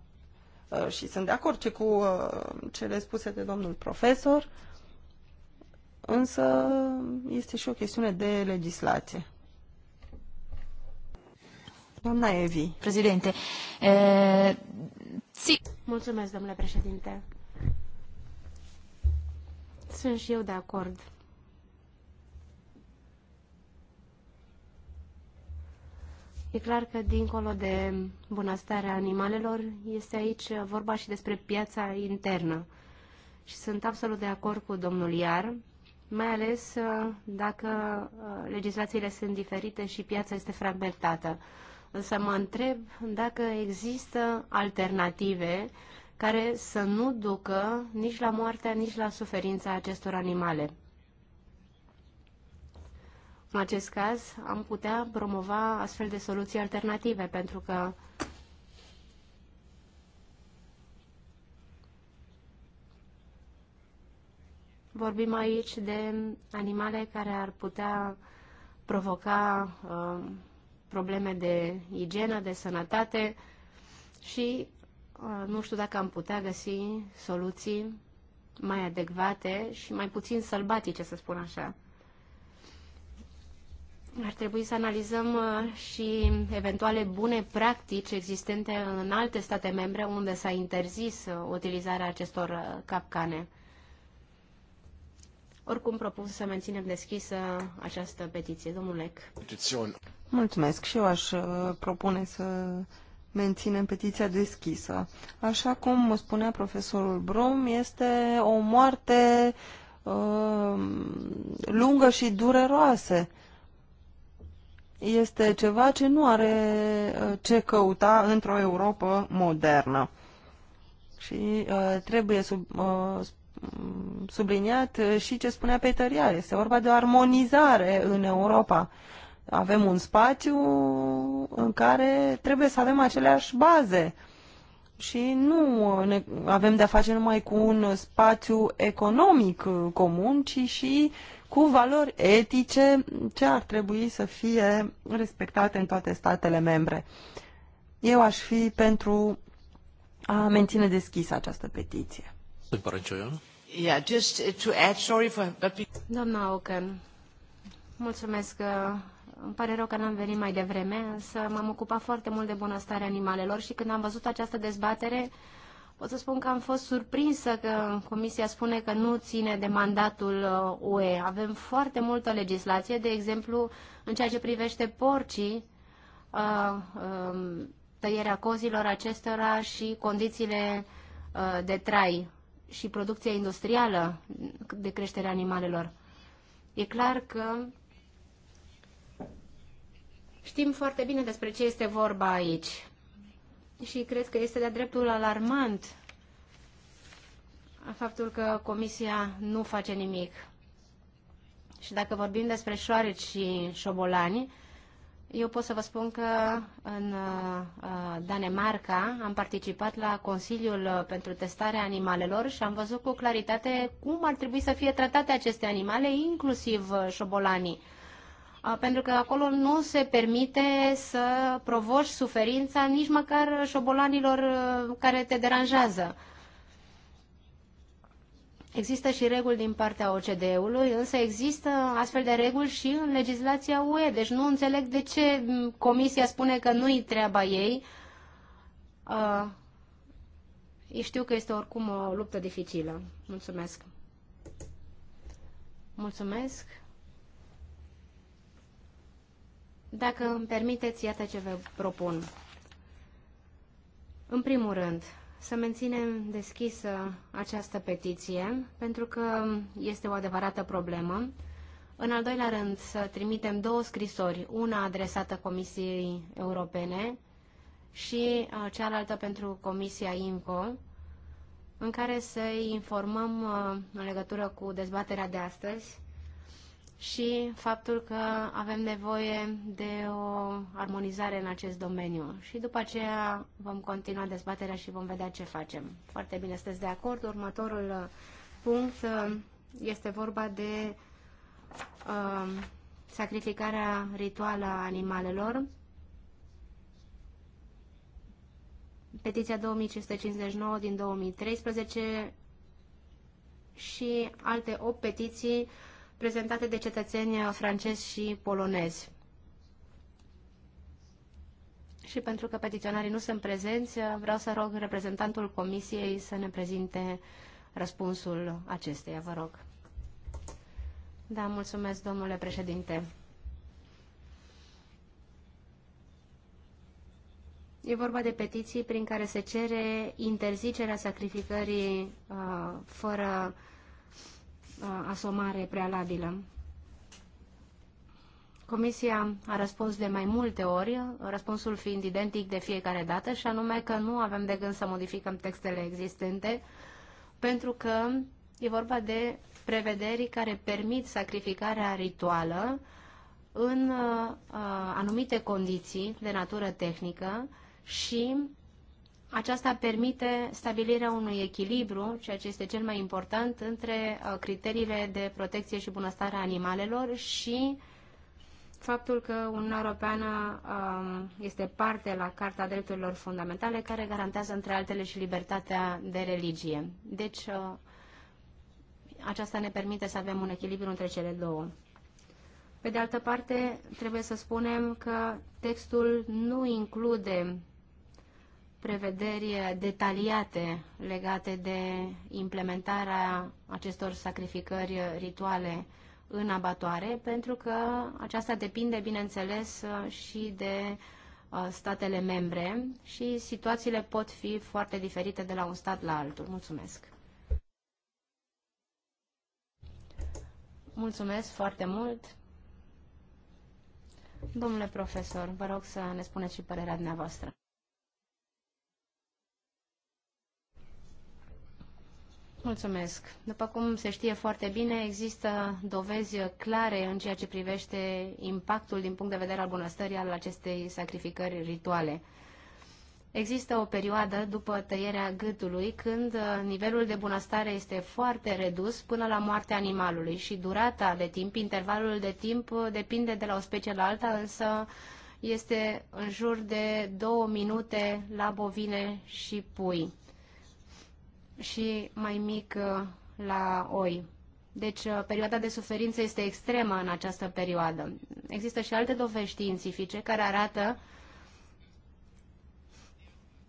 Uh, și sunt de acord ce cu uh, cele spuse de domnul profesor, însă este și o chestiune de legislație. Doamna Evi. Președinte. E, uh, si. Mulțumesc, domnule președinte. Sunt și eu de acord E clar că, dincolo de bunăstarea animalelor, este aici vorba și despre piața internă. Și sunt absolut de acord cu domnul Iar, mai ales uh, dacă uh, legislațiile sunt diferite și piața este fragmentată. Însă mă întreb dacă există alternative care să nu ducă nici la moartea, nici la suferința acestor animale. În acest caz, am putea promova astfel de soluții alternative, pentru că vorbim aici de animale care ar putea provoca uh, probleme de igienă, de sănătate și uh, nu știu dacă am putea găsi soluții mai adecvate și mai puțin sălbatice, să spun așa ar trebui să analizăm uh, și eventuale bune practici existente în alte state membre unde s-a interzis uh, utilizarea acestor uh, capcane. Oricum propun să menținem deschisă această petiție. Domnule Petițion. Mulțumesc și eu aș propune să menținem petiția deschisă. Așa cum spunea profesorul Brom, este o moarte uh, lungă și dureroasă este ceva ce nu are uh, ce căuta într-o Europa modernă. Și uh, trebuie sub, uh, subliniat uh, și ce spunea Peter Iar. Este vorba de o armonizare în Europa. Avem un spațiu în care trebuie să avem aceleași baze și nu ne, avem de-a face numai cu un spațiu economic uh, comun, ci și uh, cu valori etice ce ar trebui să fie respectate în toate statele membre. Eu aș fi pentru a menține deschisă această petiție. just to add, sorry for... Doamna Ocan, mulțumesc că... Uh, îmi pare rău că n-am venit mai devreme, însă m-am ocupat foarte mult de bunăstarea animalelor și când am văzut această dezbatere, Pot să spun că am fost surprinsă că Comisia spune că nu ține de mandatul uh, UE. Avem foarte multă legislație, de exemplu, în ceea ce privește porcii, uh, um, tăierea cozilor acestora și condițiile uh, de trai și producția industrială de creștere animalelor. E clar că știm foarte bine despre ce este vorba aici și cred că este de-a dreptul alarmant faptul că Comisia nu face nimic. Și dacă vorbim despre șoareci și șobolani, eu pot să vă spun că în uh, Danemarca am participat la Consiliul pentru Testarea Animalelor și am văzut cu claritate cum ar trebui să fie tratate aceste animale, inclusiv șobolanii pentru că acolo nu se permite să provoși suferința nici măcar șobolanilor uh, care te deranjează. Există și reguli din partea OCDE-ului, însă există astfel de reguli și în legislația UE. Deci nu înțeleg de ce mm, Comisia spune că nu-i treaba ei. Uh, știu că este oricum o luptă dificilă. Mulțumesc. Mulțumesc. Dacă îmi permiteți, iată ce vă propun. În primul rând, să menținem deschisă această petiție, pentru că este o adevărată problemă. În al doilea rând, să trimitem două scrisori, una adresată Comisiei Europene și uh, cealaltă pentru Comisia IMCO, în care să informăm uh, în legătură cu dezbaterea de astăzi și faptul că avem nevoie de o armonizare în acest domeniu. Și după aceea vom continua dezbaterea și vom vedea ce facem. Foarte bine, sunteți de acord. Următorul uh, punct uh, este vorba de uh, sacrificarea rituală a animalelor. Petiția 2559 din 2013 și alte 8 petiții uh, prezentate de cetățeni francezi și polonezi. Și pentru că petiționarii nu sunt prezenți, vreau să rog reprezentantul Comisiei să ne prezinte răspunsul acesteia, vă rog. Da, mulțumesc, domnule președinte. E vorba de petiții prin care se cere interzicerea sacrificării uh, fără uh, asomare prealabilă. Comisia a răspuns de mai multe ori, răspunsul fiind identic de fiecare dată, și anume că nu avem de gând să modificăm textele existente, pentru că e vorba de prevederi care permit sacrificarea rituală în uh, anumite condiții de natură tehnică și aceasta permite stabilirea unui echilibru, ceea ce este cel mai important, între uh, criteriile de protecție și bunăstare a animalelor și faptul că Uniunea Europeană um, este parte la Carta Drepturilor Fundamentale, care garantează, între altele, și libertatea de religie. Deci, uh, aceasta ne permite să avem un echilibru între cele două. Pe de altă parte, trebuie să spunem că textul nu include prevederi detaliate legate de implementarea acestor sacrificări rituale în abatoare, pentru că aceasta depinde, bineînțeles, și de uh, statele membre și situațiile pot fi foarte diferite de la un stat la altul. Mulțumesc! Mulțumesc foarte mult! Domnule profesor, vă rog să ne spuneți și părerea dumneavoastră. Mulțumesc. După cum se știe foarte bine, există dovezi clare în ceea ce privește impactul din punct de vedere al bunăstării al acestei sacrificări rituale. Există o perioadă după tăierea gâtului când nivelul de bunăstare este foarte redus până la moartea animalului și durata de timp, intervalul de timp depinde de la o specie la alta, însă este în jur de două minute la bovine și pui și mai mic uh, la oi. Deci uh, perioada de suferință este extremă în această perioadă. Există și alte dovești științifice care arată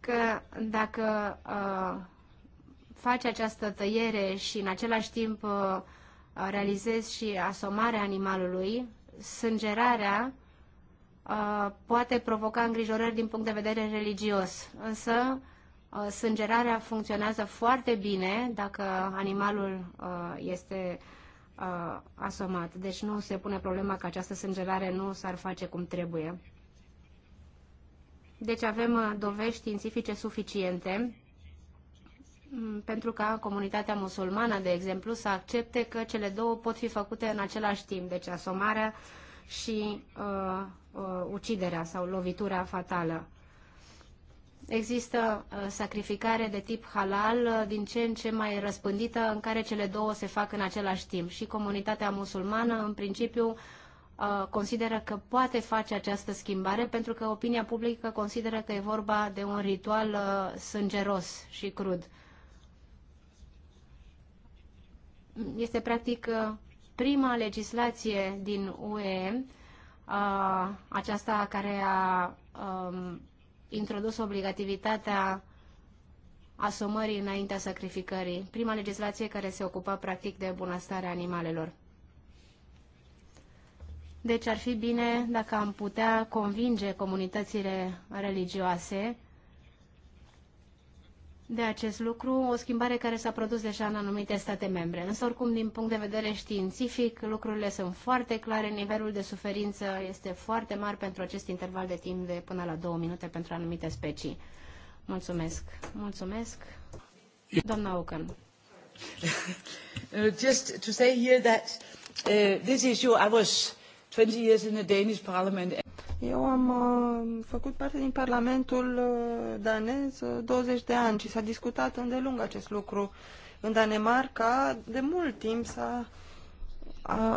că dacă uh, faci această tăiere și în același timp uh, realizezi și asomarea animalului, sângerarea uh, poate provoca îngrijorări din punct de vedere religios. Însă, uh, Uh, sângerarea funcționează foarte bine dacă animalul uh, este uh, asomat. Deci nu se pune problema că această sângerare nu s-ar face cum trebuie. Deci avem dovești științifice suficiente mm, pentru ca comunitatea musulmană, de exemplu, să accepte că cele două pot fi făcute în același timp, deci asomarea și uh, uh, uciderea sau lovitura fatală. Există uh, sacrificare de tip halal uh, din ce în ce mai răspândită în care cele două se fac în același timp și comunitatea musulmană în principiu uh, consideră că poate face această schimbare pentru că opinia publică consideră că e vorba de un ritual sângeros și crud. Este practic prima legislație din UE, aceasta care a um, introdus obligativitatea asumării înaintea sacrificării, prima legislație care se ocupa practic de bunăstarea animalelor. Deci ar fi bine dacă am putea convinge comunitățile religioase de acest lucru, o schimbare care s-a produs deja în anumite state membre. Însă, oricum, din punct de vedere științific, lucrurile sunt foarte clare, nivelul de suferință este foarte mare pentru acest interval de timp de până la două minute pentru anumite specii. Mulțumesc. Mulțumesc. Doamna Ocan. Uh, just to say here that uh, this issue, I was 20 years in the Danish parliament. Eu am uh, făcut parte din Parlamentul uh, danez 20 uh, de ani și s-a discutat îndelung acest lucru. În Danemarca, de mult timp s-a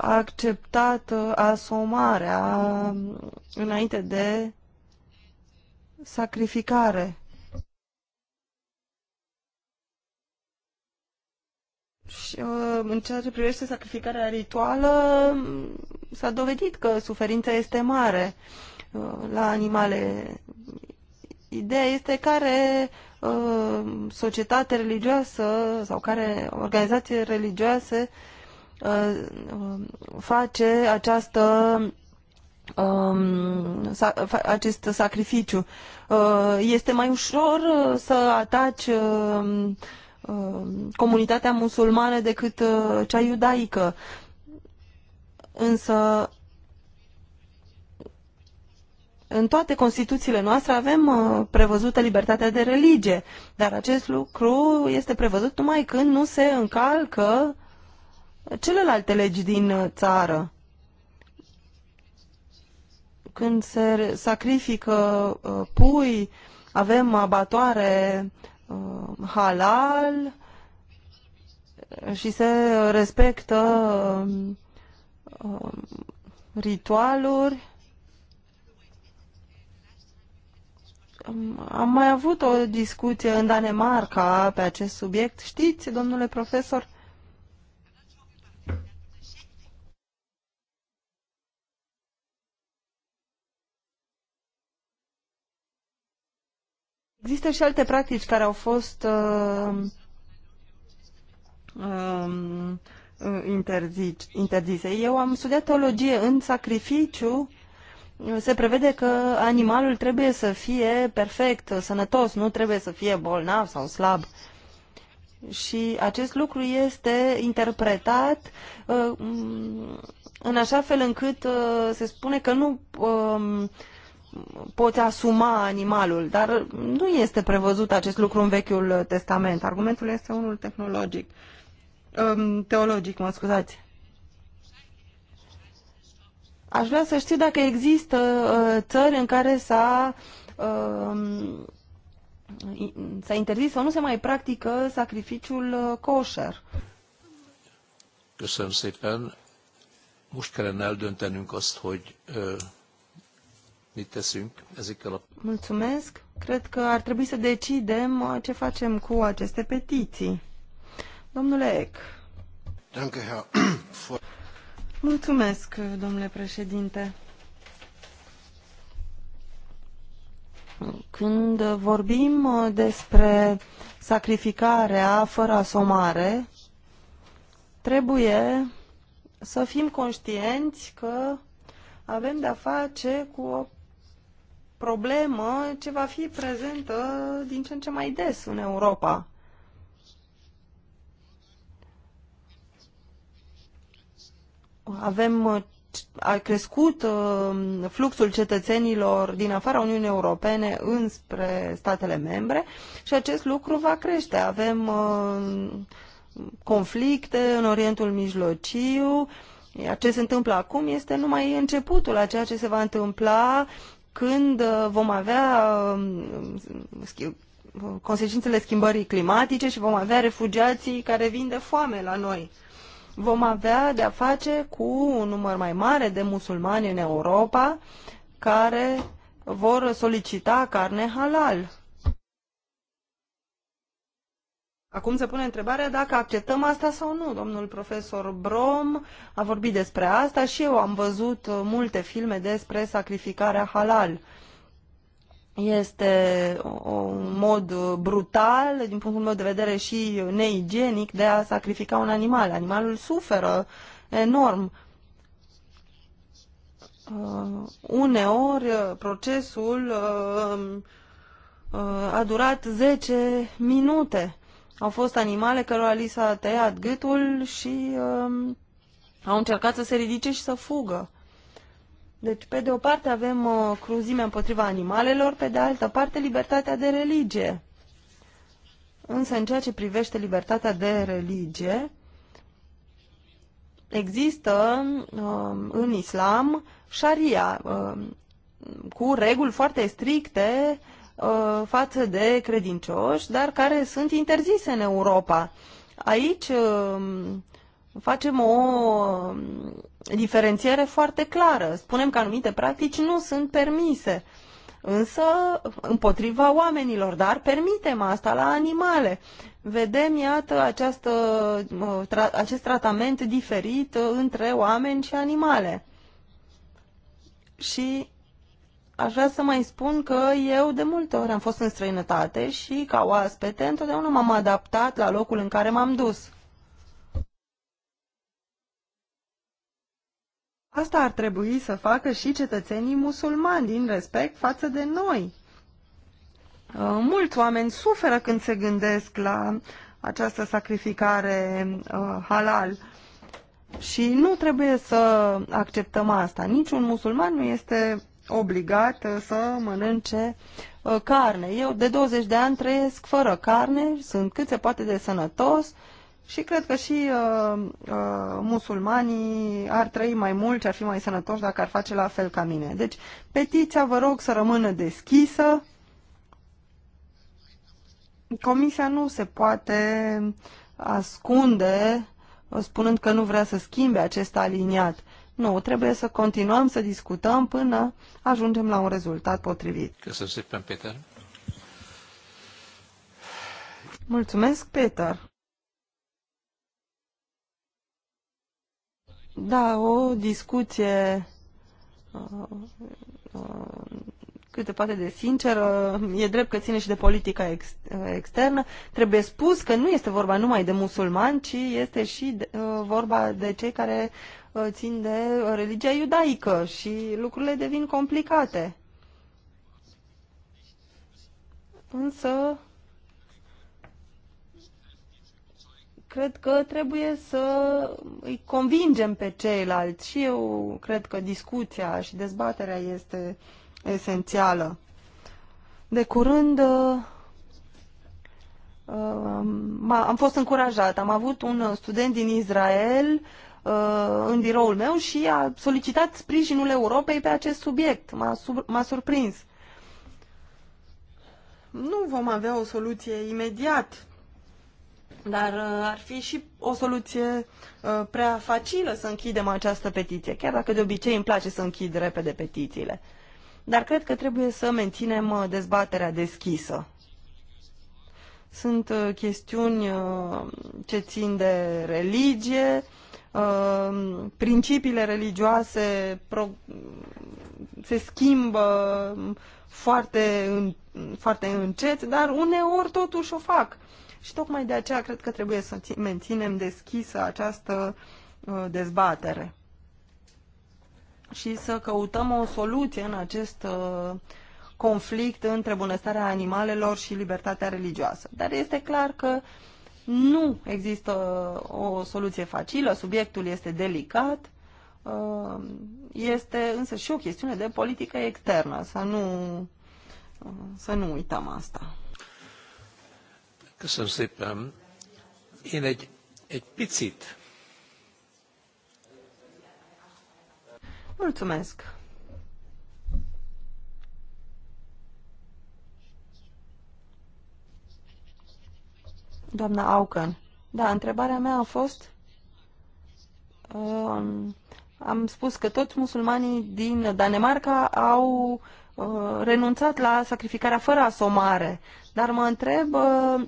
acceptat uh, asomarea um, înainte de sacrificare. Și în ceea ce privește sacrificarea rituală, s-a dovedit că suferința este mare. Uh, Uh, la animale. Ideea este care uh, societate religioasă sau care organizație religioase uh, face această um, acest sacrificiu. Este mai ușor să ataci comunitatea musulmană decât cea iudaică. Însă în toate Constituțiile noastre avem uh, prevăzută libertatea de religie, dar acest lucru este prevăzut numai când nu se încalcă celelalte legi din uh, țară. Când se sacrifică uh, pui, avem abatoare halal și se respectă ritualuri Am mai avut o discuție în Danemarca pe acest subiect. Știți, domnule profesor? Există și alte practici care au fost uh, um, uh, interzise. Eu am studiat teologie în sacrificiu se prevede că animalul trebuie să fie perfect, sănătos, nu trebuie să fie bolnav sau slab. Și acest lucru este interpretat uh, în așa fel încât uh, se spune că nu uh, poți asuma animalul, dar nu este prevăzut acest lucru în Vechiul Testament. Argumentul este unul tehnologic, um, teologic, mă scuzați. Aș vrea să știu dacă există uh, țări în care s-a um, s-a interzis sau nu se mai practică sacrificiul uh, kosher. Köszönöm szépen. Most kellene eldöntenünk azt, hogy uh, mit teszünk ezekkel a... Mulțumesc. Cred că ar trebui să decidem uh, ce facem cu aceste petiții. Domnule Eck. Danke, Herr. Mulțumesc, domnule președinte. Când vorbim uh, despre sacrificarea fără asomare, trebuie să fim conștienți că avem de-a face cu o problemă ce va fi prezentă din ce în ce mai des în Europa. avem uh, a crescut uh, fluxul cetățenilor din afara Uniunii Europene înspre statele membre și acest lucru va crește. Avem uh, conflicte în Orientul Mijlociu. Ce se întâmplă acum este numai începutul a ceea ce se va întâmpla când vom avea consecințele schimbării climatice și vom avea refugiații care vin de foame la noi vom avea de-a face cu un număr mai mare de musulmani în Europa care vor solicita carne halal. Acum se pune întrebarea dacă acceptăm asta sau nu. Domnul profesor Brom a vorbit despre asta și eu am văzut multe filme despre sacrificarea halal. Este un mod brutal, din punctul meu de vedere și neigienic, de a sacrifica un animal. Animalul suferă enorm. Uh, uneori uh, procesul uh, uh, a durat 10 minute. Au fost animale cărora li s-a tăiat gâtul și uh, au încercat să se ridice și să fugă. Deci, pe de o parte avem uh, cruzimea împotriva animalelor, pe de altă parte libertatea de religie. Însă, în ceea ce privește libertatea de religie, există uh, în islam șaria, uh, cu reguli foarte stricte uh, față de credincioși, dar care sunt interzise în Europa. Aici uh, facem o diferențiere foarte clară. Spunem că anumite practici nu sunt permise, însă împotriva oamenilor, dar permitem asta la animale. Vedem, iată, această, tra, acest tratament diferit între oameni și animale. Și aș vrea să mai spun că eu de multe ori am fost în străinătate și ca oaspete întotdeauna m-am adaptat la locul în care m-am dus Asta ar trebui să facă și cetățenii musulmani din respect față de noi. Uh, mulți oameni suferă când se gândesc la această sacrificare uh, halal și nu trebuie să acceptăm asta. Niciun musulman nu este obligat uh, să mănânce carne. Eu de 20 de ani trăiesc fără carne, sunt cât se poate de sănătos, și cred că și uh, uh, musulmanii ar trăi mai mult și ar fi mai sănătoși dacă ar face la fel ca mine. Deci, petiția vă rog să rămână deschisă. Comisia nu se poate ascunde uh, spunând că nu vrea să schimbe acest aliniat. Nu, trebuie să continuăm să discutăm până ajungem la un rezultat potrivit. Că să Peter. Mulțumesc, Peter. Da, o discuție uh, uh, cât de poate de sinceră, e drept că ține și de politica ex, uh, externă. Trebuie spus că nu este vorba numai de musulmani, ci este și de, uh, vorba de cei care uh, țin de religia iudaică și lucrurile devin complicate. Însă cred că trebuie să îi convingem pe ceilalți și eu cred că discuția și dezbaterea este esențială. De curând uh, uh, am fost încurajat. Am avut un student din Israel uh, în biroul meu și a solicitat sprijinul Europei pe acest subiect. M-a surprins. Nu vom avea o soluție imediat dar uh, ar fi și o soluție uh, prea facilă să închidem această petiție, chiar dacă de obicei îmi place să închid repede petițiile. Dar cred că trebuie să menținem uh, dezbaterea deschisă. Sunt chestiuni ce țin de religie, principiile religioase se schimbă foarte, foarte încet, dar uneori totuși o fac și tocmai de aceea cred că trebuie să menținem deschisă această uh, dezbatere și să căutăm o soluție în acest uh, conflict între bunăstarea animalelor și libertatea religioasă. Dar este clar că nu există uh, o soluție facilă, subiectul este delicat, este însă și o chestiune de politică externă, să nu, să nu uităm asta. Köszönöm szépen. Én egy, egy picit. Mulțumesc. Doamna Aucan, da, întrebarea mea a fost... Uh, am spus că toți musulmanii din Danemarca au uh, renunțat la sacrificarea fără asomare, dar mă întreb... Uh,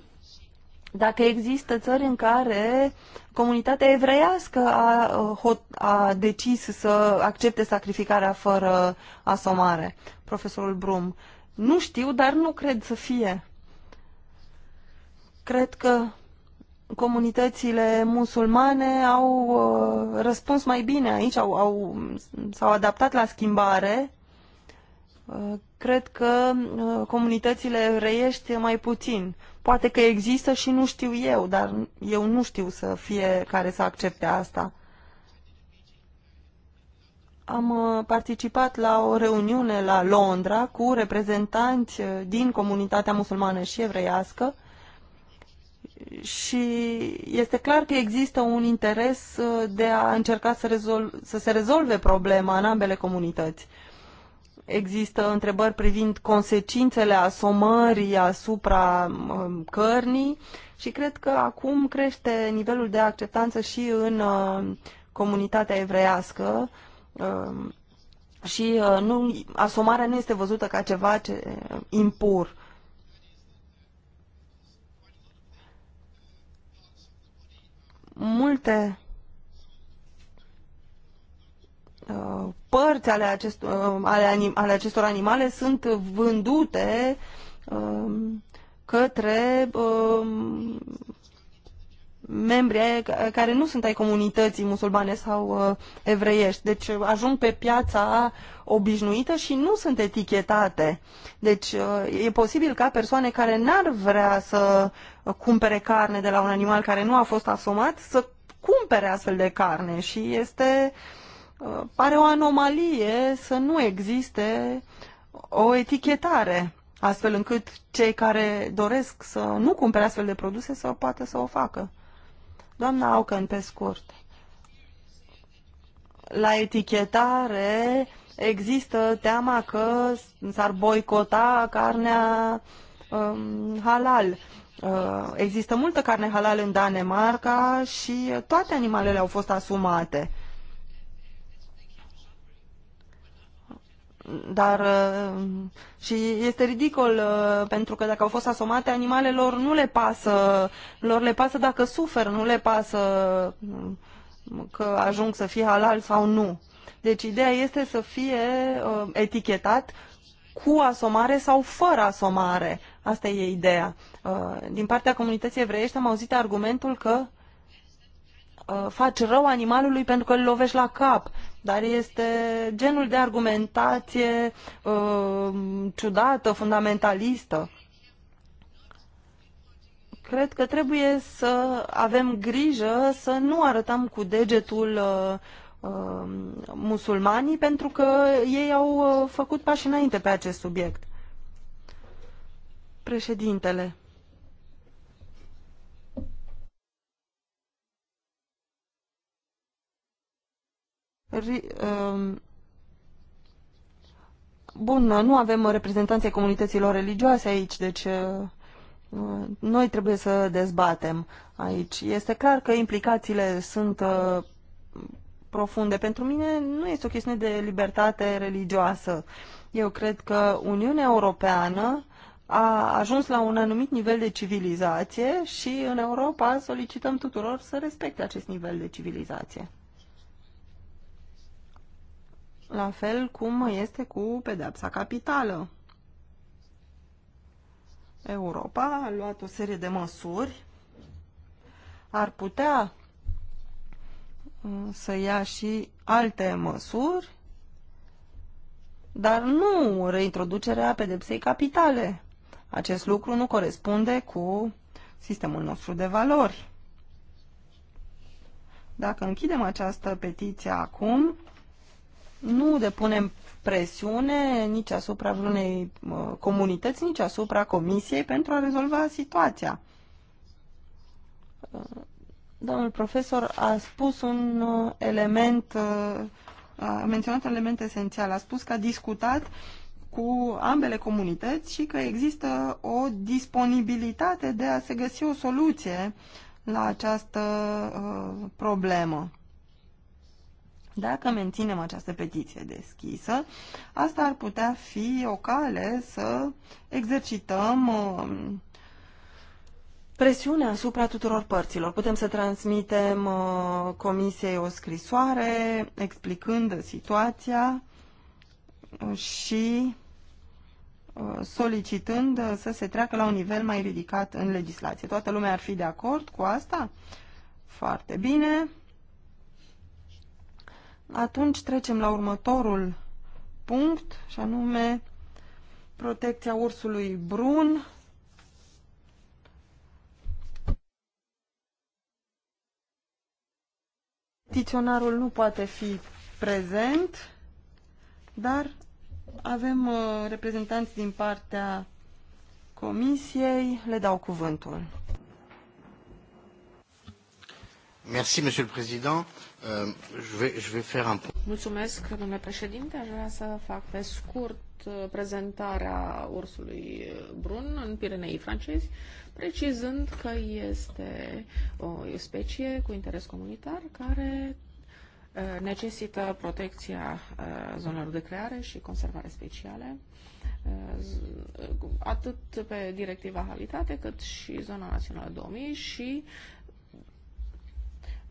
dacă există țări în care comunitatea evreiască a, a decis să accepte sacrificarea fără asomare. Profesorul Brum. Nu știu, dar nu cred să fie. Cred că comunitățile musulmane au uh, răspuns mai bine aici, au, au, s-au adaptat la schimbare. Uh, cred că uh, comunitățile reiește mai puțin. Poate că există și nu știu eu, dar eu nu știu să fie care să accepte asta. Am uh, participat la o reuniune la Londra cu reprezentanți uh, din comunitatea musulmană și evreiască și este clar că există un interes uh, de a încerca să, rezol- să se rezolve problema în ambele comunități. Există întrebări privind consecințele asomării asupra um, cărnii și cred că acum crește nivelul de acceptanță și în um, comunitatea evreiască um, și uh, nu, asomarea nu este văzută ca ceva ce, uh, impur. Multe părți ale, acest, uh, ale, anim, ale acestor animale sunt vândute um, către um, membri care nu sunt ai comunității musulmane sau uh, evreiești. Deci uh, ajung pe piața obișnuită și nu sunt etichetate. Deci e posibil ca persoane care n-ar vrea să cumpere carne de la un animal care nu a fost asomat să cumpere astfel de carne și este uh, pare o anomalie să nu existe o etichetare, astfel încât cei care doresc să nu cumpere astfel de produse să poată să o facă. Doamna Aucan, pe scurt, la etichetare există teama că s-ar boicota carnea um, halal. Uh, există multă carne halal în Danemarca și toate animalele au fost asumate. Dar uh, și este ridicol uh, pentru că dacă au fost asomate animalelor nu le pasă, lor le pasă dacă sufer, nu le pasă uh, că ajung să fie halal sau nu. Deci ideea este să fie etichetat cu asomare sau fără asomare. Asta e ideea. Din partea comunității evreiești am auzit argumentul că faci rău animalului pentru că îl lovești la cap dar este genul de argumentație uh, ciudată, fundamentalistă. Cred că trebuie să avem grijă să nu arătăm cu degetul uh, uh musulmanii, pentru că ei au uh, făcut pași înainte pe acest subiect. Președintele. Um, bun, nu avem reprezentanții comunităților religioase aici, deci uh, noi trebuie să dezbatem aici. Este clar că implicațiile sunt uh, profunde. Pentru mine nu este o chestiune de libertate religioasă. Eu cred că Uniunea Europeană a ajuns la un anumit nivel de civilizație și în Europa solicităm tuturor să respecte acest nivel de civilizație la fel cum este cu pedepsa capitală. Europa a luat o serie de măsuri, ar putea mm, să ia și alte măsuri, dar nu reintroducerea pedepsei capitale. Acest lucru nu corespunde cu sistemul nostru de valori. Dacă închidem această petiție acum, nu depunem presiune nici asupra vreunei uh, comunități, nici asupra comisiei pentru a rezolva situația. Uh, domnul profesor a spus un uh, element, a menționat un element esențial, a spus că a discutat cu ambele comunități și că există o disponibilitate de a se găsi o soluție la această problemă. Dacă menținem această petiție deschisă, asta ar putea fi o cale să exercităm um, presiunea asupra tuturor părților. Putem să transmitem uh, comisiei o scrisoare explicând situația și uh, solicitând să se treacă la un nivel mai ridicat în legislație. Toată lumea ar fi de acord cu asta? Foarte bine. Atunci trecem la următorul punct, și anume protecția ursului brun. Petiționarul nu poate fi prezent, dar avem uh, reprezentanți din partea comisiei, le dau cuvântul. Merci, Monsieur le Président. Euh, je vais, je vais faire un... Mulțumesc, domnule președinte. Aș vrea să fac pe scurt uh, prezentarea ursului uh, brun în Pirenei francezi, precizând că este o specie cu interes comunitar care uh, necesită protecția zonelor de creare și conservare speciale, atât pe directiva Habitate, cât și zona națională 2000 și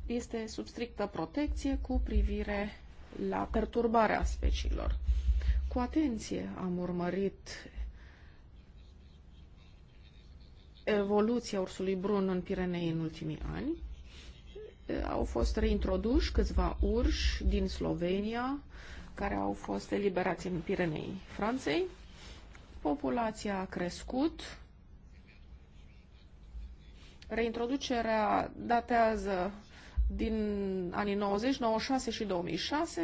este sub strictă protecție cu privire la perturbarea speciilor. Cu atenție am urmărit evoluția ursului brun în Pirenei în ultimii ani. Au fost reintroduși câțiva urși din Slovenia care au fost eliberați în Pirenei Franței. Populația a crescut. Reintroducerea datează din anii 90, 96 și 2006,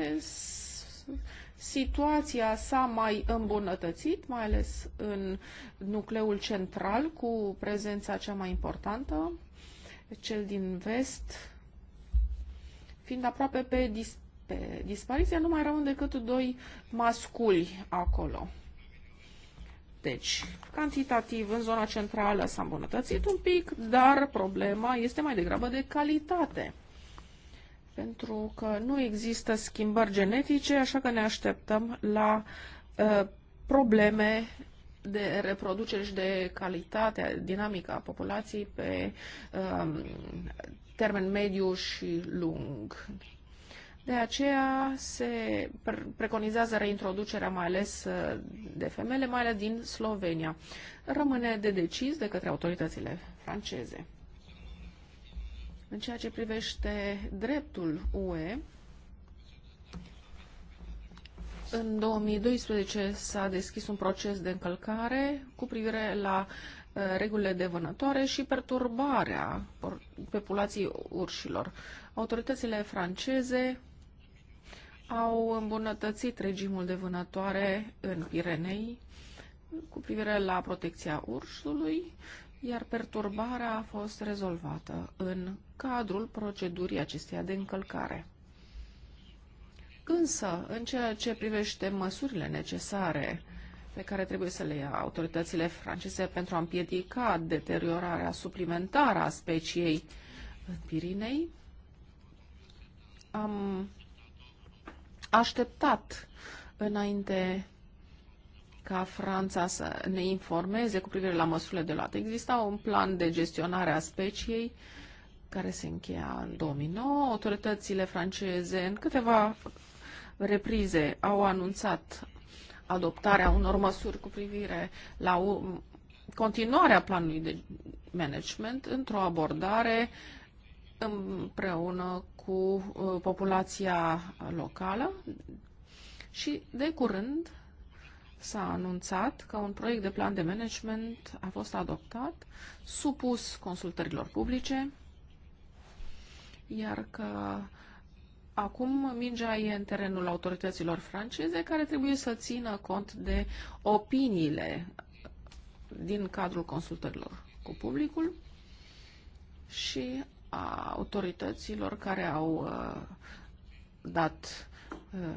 situația s-a mai îmbunătățit, mai ales în nucleul central, cu prezența cea mai importantă, cel din vest, fiind aproape pe, dis- pe dispariție, nu mai rămân decât doi masculi acolo. Deci, cantitativ în zona centrală s-a îmbunătățit un pic, dar problema este mai degrabă de calitate pentru că nu există schimbări genetice, așa că ne așteptăm la uh, probleme de reproducere și de calitate dinamică a populației pe um, termen mediu și lung. De aceea se preconizează reintroducerea mai ales uh, de femele, mai ales din Slovenia. Rămâne de decis de către autoritățile franceze. În ceea ce privește dreptul UE, în 2012 s-a deschis un proces de încălcare cu privire la uh, regulile de vânătoare și perturbarea populației urșilor. Autoritățile franceze au îmbunătățit regimul de vânătoare în Pirenei cu privire la protecția ursului iar perturbarea a fost rezolvată în cadrul procedurii acesteia de încălcare. Însă, în ceea ce privește măsurile necesare pe care trebuie să le ia autoritățile franceze pentru a împiedica deteriorarea suplimentară a speciei în Pirinei, am așteptat înainte ca Franța să ne informeze cu privire la măsurile de luat. Exista un plan de gestionare a speciei care se încheia în 2009. Autoritățile franceze în câteva reprize au anunțat adoptarea unor măsuri cu privire la continuarea planului de management într-o abordare împreună cu uh, populația locală și de curând s-a anunțat că un proiect de plan de management a fost adoptat, supus consultărilor publice, iar că acum mingea e în terenul autorităților franceze care trebuie să țină cont de opiniile din cadrul consultărilor cu publicul și a autorităților care au uh, dat uh,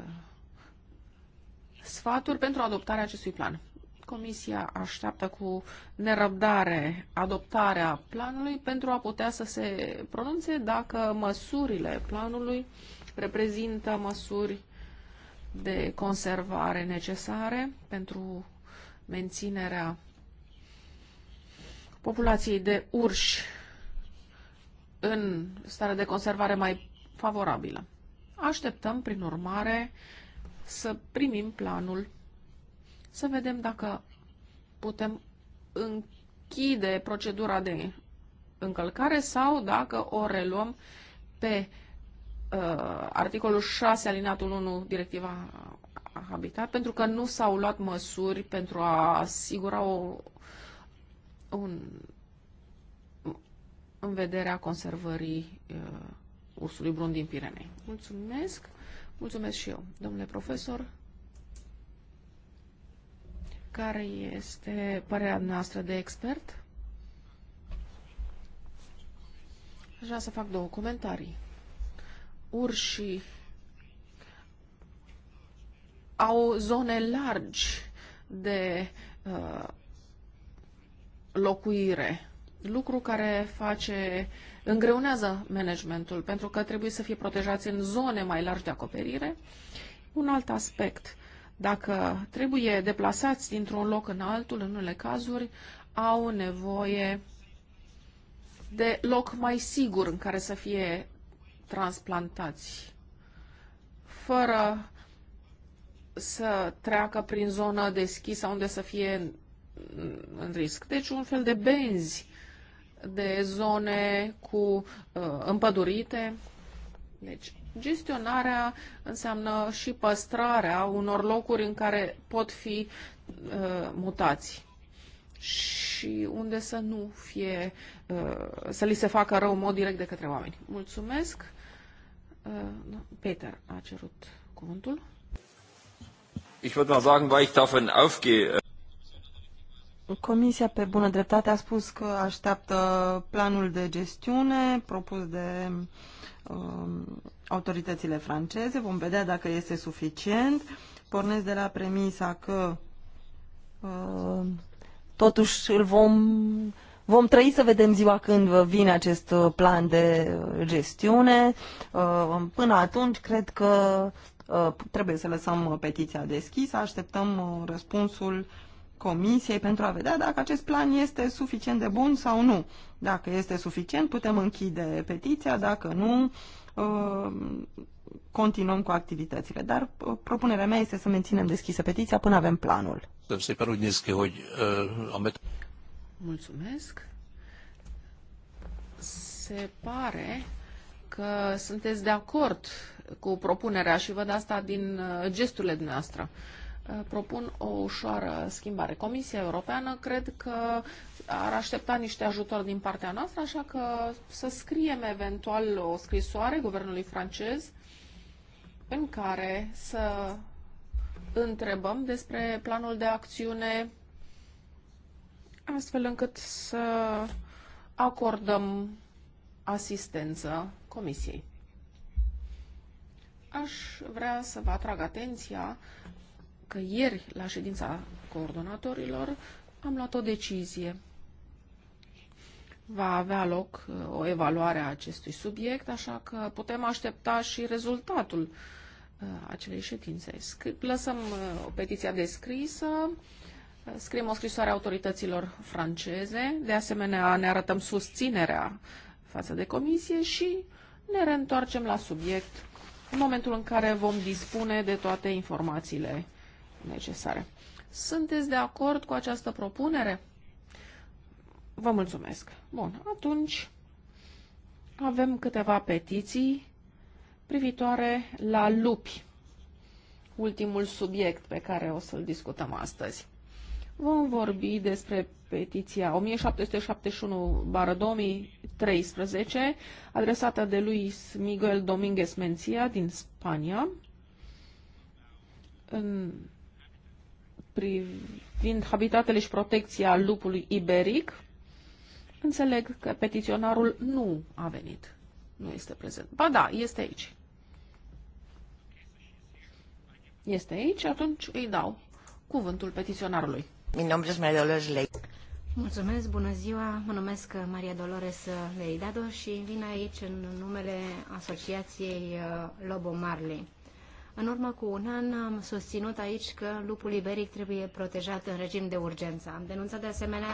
sfaturi pentru adoptarea acestui plan. Comisia așteaptă cu nerăbdare adoptarea planului pentru a putea să se pronunțe dacă măsurile planului reprezintă măsuri de conservare necesare pentru menținerea populației de urși în stare de conservare mai favorabilă. Așteptăm, prin urmare, să primim planul, să vedem dacă putem închide procedura de încălcare sau dacă o reluăm pe uh, articolul 6 alinatul 1 directiva Habitat, pentru că nu s-au luat măsuri pentru a asigura o, un, în vederea conservării uh, ursului brun din Pirenei. Mulțumesc! Mulțumesc și eu, domnule profesor. Care este părerea noastră de expert? Aș vrea să fac două comentarii. Urșii au zone largi de uh, locuire, lucru care face uh, îngreunează managementul pentru că trebuie să fie protejați în zone mai largi de acoperire. Un alt aspect, dacă trebuie deplasați dintr-un loc în altul, în unele cazuri, au nevoie de loc mai sigur în care să fie transplantați, fără să treacă prin zonă deschisă unde să fie în risc. Deci un fel de benzi de zone cu uh, împădurite. Deci, gestionarea înseamnă și păstrarea unor locuri în care pot fi uh, mutați și unde să nu fie, uh, să li se facă rău în mod direct de către oameni. Mulțumesc. Uh, Peter a cerut cuvântul. Ich würde mal sagen, weil ich davon aufgehe. Comisia pe bună dreptate a spus că așteaptă planul de gestiune propus de um, autoritățile franceze. Vom vedea dacă este suficient. Pornesc de la premisa că um, totuși îl vom, vom trăi să vedem ziua când vine acest plan de gestiune. Um, până atunci, cred că uh, trebuie să lăsăm petiția deschisă, așteptăm uh, răspunsul uh, Comisiei pentru a vedea dacă acest plan este suficient de bun sau nu. Dacă este suficient, putem închide petiția, dacă nu, uh, continuăm cu activitățile. Dar uh, propunerea mea este să menținem deschisă petiția până avem planul. Uh, Mulțumesc. Se pare că sunteți de acord cu propunerea și văd asta din gesturile dumneavoastră. Uh, Eh, propun o ușoară schimbare. Comisia Europeană cred că ar aștepta niște ajutor din partea noastră, așa că să scriem eventual o scrisoare guvernului francez în care să întrebăm despre planul de acțiune astfel încât să acordăm asistență Comisiei. Aș vrea să vă atrag atenția că ieri, la ședința coordonatorilor, am luat o decizie. Va avea loc uh, o evaluare a acestui subiect, așa că putem aștepta și rezultatul uh, acelei ședințe. Lăsăm uh, petiție descrisă, scriem o scrisoare autorităților franceze, de asemenea ne arătăm susținerea față de comisie și ne reîntoarcem la subiect în momentul în care vom dispune de toate informațiile necesare. Sunteți de acord cu această propunere? Vă mulțumesc. Bun, atunci avem câteva petiții privitoare la lupi, ultimul subiect pe care o să-l discutăm astăzi. Vom vorbi despre petiția 1771-2013, adresată de Luis Miguel Domínguez Mencia din Spania. În privind habitatele și protecția lupului iberic, înțeleg că petiționarul nu a venit. Nu este prezent. Ba da, este aici. Este aici, atunci îi dau cuvântul petiționarului. Mi numesc Maria Dolores Lei. Mulțumesc, bună ziua, mă numesc Maria Dolores Leidado și vin aici în numele Asociației uh, Lobo Marley. În urmă cu un an am susținut aici că lupul iberic trebuie protejat în regim de urgență. Am denunțat de asemenea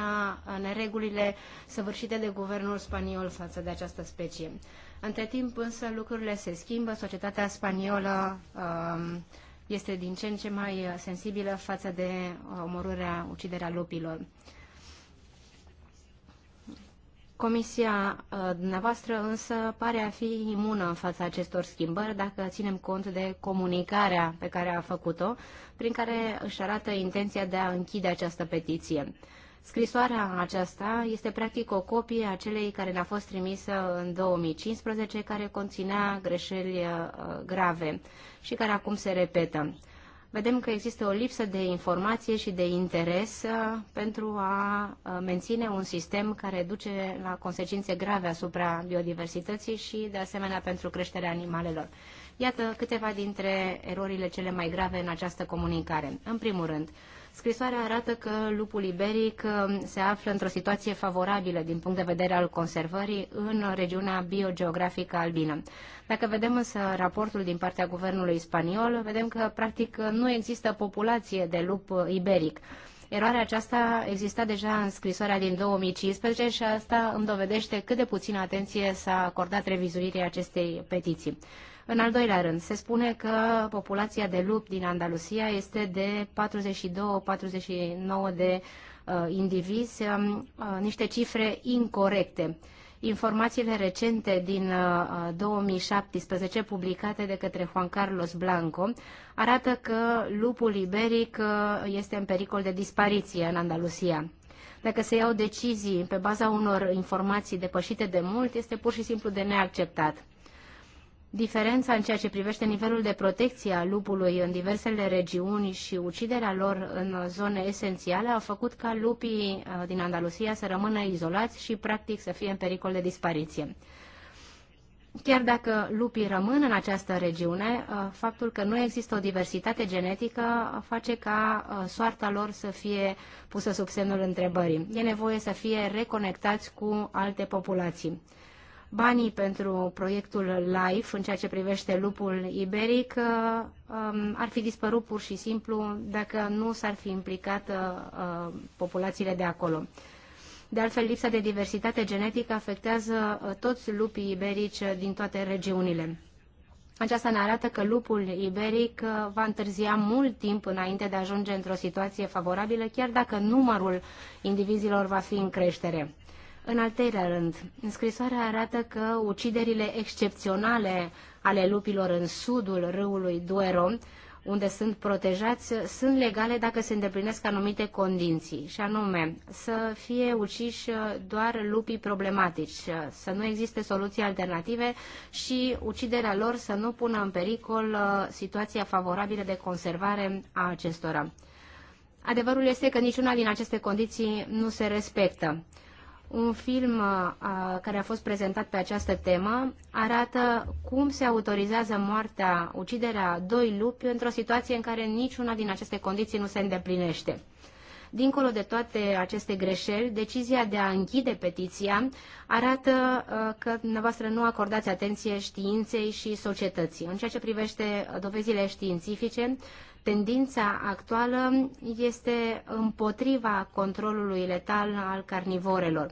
neregulile săvârșite de guvernul spaniol față de această specie. Între timp însă lucrurile se schimbă, societatea spaniolă um, este din ce în ce mai sensibilă față de uh, omorârea, uciderea lupilor. Comisia uh, dumneavoastră însă pare a fi imună în fața acestor schimbări dacă ținem cont de comunicarea pe care a făcut-o, prin care își arată intenția de a închide această petiție. Scrisoarea aceasta este practic o copie a celei care ne-a fost trimisă în 2015, care conținea greșeli uh, grave și care acum se repetă vedem că există o lipsă de informație și de interes uh, pentru a uh, menține un sistem care duce la consecințe grave asupra biodiversității și, de asemenea, pentru creșterea animalelor. Iată câteva dintre erorile cele mai grave în această comunicare. În primul rând, Scrisoarea arată că lupul iberic uh, se află într-o situație favorabilă din punct de vedere al conservării în regiunea biogeografică albină. Dacă vedem însă raportul din partea guvernului spaniol, vedem că practic nu există populație de lup iberic. Eroarea aceasta exista deja în scrisoarea din 2015 și asta îmi dovedește cât de puțină atenție s-a acordat revizuirii acestei petiții. În al doilea rând, se spune că populația de lup din Andalusia este de 42-49 de uh, indivizi, um, uh, niște cifre incorrecte. Informațiile recente din uh, 2017 publicate de către Juan Carlos Blanco arată că lupul iberic uh, este în pericol de dispariție în Andalusia. Dacă se iau decizii pe baza unor informații depășite de mult, este pur și simplu de neacceptat diferența în ceea ce privește nivelul de protecție a lupului în diversele regiuni și uciderea lor în zone esențiale a făcut ca lupii uh, din Andalusia să rămână izolați și practic să fie în pericol de dispariție. Chiar dacă lupii rămân în această regiune, uh, faptul că nu există o diversitate genetică face ca uh, soarta lor să fie pusă sub semnul întrebării. E nevoie să fie reconectați cu alte populații. Banii pentru proiectul LIFE, în ceea ce privește lupul iberic, uh, um, ar fi dispărut pur și simplu dacă nu s-ar fi implicat uh, uh, populațiile de acolo. De altfel, lipsa de diversitate genetică afectează toți lupii iberici din toate regiunile. Aceasta ne arată că lupul iberic va întârzia mult timp înainte de a ajunge într-o situație favorabilă, chiar dacă numărul indivizilor va fi în creștere. În al treilea rând, scrisoarea arată că uciderile excepționale ale lupilor în sudul râului Duero, unde sunt protejați, sunt legale dacă se îndeplinesc anumite condiții, și anume să fie uciși doar lupii problematici, să nu existe soluții alternative și uciderea lor să nu pună în pericol uh, situația favorabilă de conservare a acestora. Adevărul este că niciuna din aceste condiții nu se respectă. Un film uh, care a fost prezentat pe această temă arată cum se autorizează moartea, uciderea doi lupi într-o situație în care niciuna din aceste condiții nu se îndeplinește. Dincolo de toate aceste greșeli, decizia de a închide petiția arată uh, că dumneavoastră nu acordați atenție științei și societății. În ceea ce privește uh, dovezile științifice, Tendința actuală este împotriva controlului letal al carnivorelor.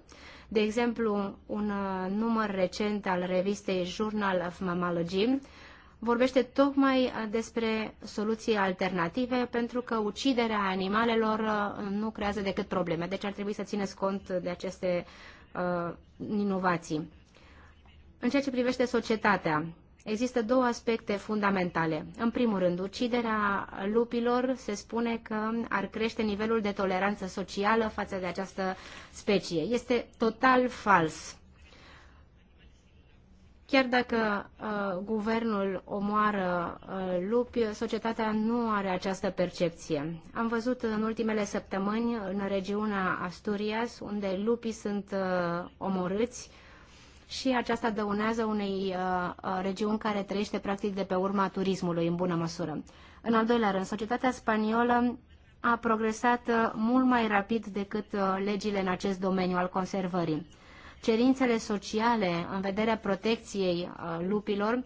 De exemplu, un uh, număr recent al revistei Journal of Mammalogy vorbește tocmai uh, despre soluții alternative pentru că uciderea animalelor uh, nu creează decât probleme. Deci ar trebui să țineți cont de aceste uh, inovații. În ceea ce privește societatea, Există două aspecte fundamentale. În primul rând, uciderea lupilor se spune că ar crește nivelul de toleranță socială față de această specie. Este total fals. Chiar dacă uh, guvernul omoară uh, lupi, societatea nu are această percepție. Am văzut în ultimele săptămâni în regiunea Asturias, unde lupii sunt uh, omorâți, uh, și aceasta dăunează unei uh, uh, regiuni care trăiește practic de pe urma turismului în bună măsură. În al doilea rând, societatea spaniolă a progresat uh, mult mai rapid decât uh, legile în acest domeniu al conservării. Cerințele sociale în vederea protecției lupilor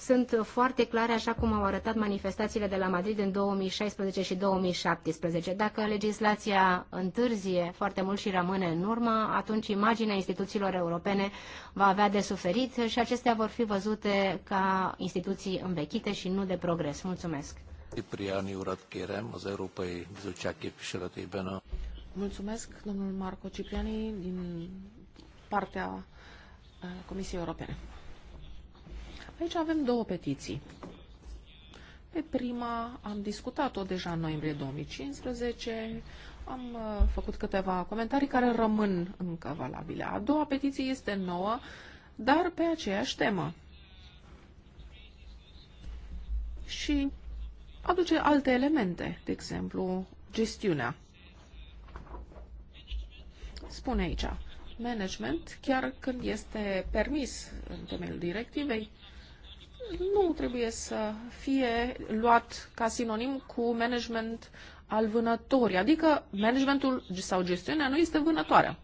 sunt foarte clare, așa cum au arătat manifestațiile de la Madrid în 2016 și 2017. Dacă legislația întârzie foarte mult și rămâne în urmă, atunci imaginea instituțiilor europene va avea de suferit și acestea vor fi văzute ca instituții învechite și nu de progres. Mulțumesc! Mulțumesc, domnul Marco Cipriani, din partea eh, Comisiei Europene. Aici avem două petiții. Pe prima am discutat-o deja în noiembrie 2015, am uh, făcut câteva comentarii care rămân încă valabile. A doua petiție este nouă, dar pe aceeași temă. Și aduce alte elemente, de exemplu, gestiunea. Spune aici, management, chiar când este permis în temeiul directivei, nu trebuie să fie luat ca sinonim cu management al vânătorii, adică managementul sau gestiunea nu este vânătoarea.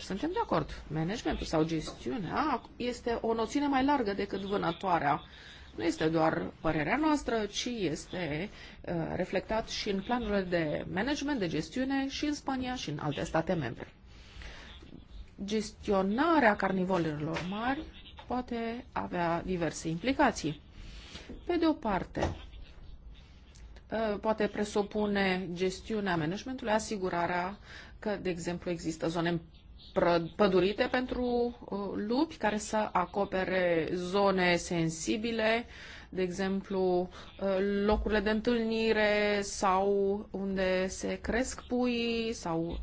Suntem de acord. Managementul sau gestiunea este o noțiune mai largă decât vânătoarea. Nu este doar părerea noastră, ci este uh, reflectat și în planurile de management, de gestiune și în Spania și în alte state membre. Gestionarea carnivorilor mari poate avea diverse implicații. Pe de o parte, uh, poate presupune gestiunea managementului, asigurarea că, de exemplu, există zone pădurite pentru uh, lupi care să acopere zone sensibile, de exemplu, uh, locurile de întâlnire sau unde se cresc puii sau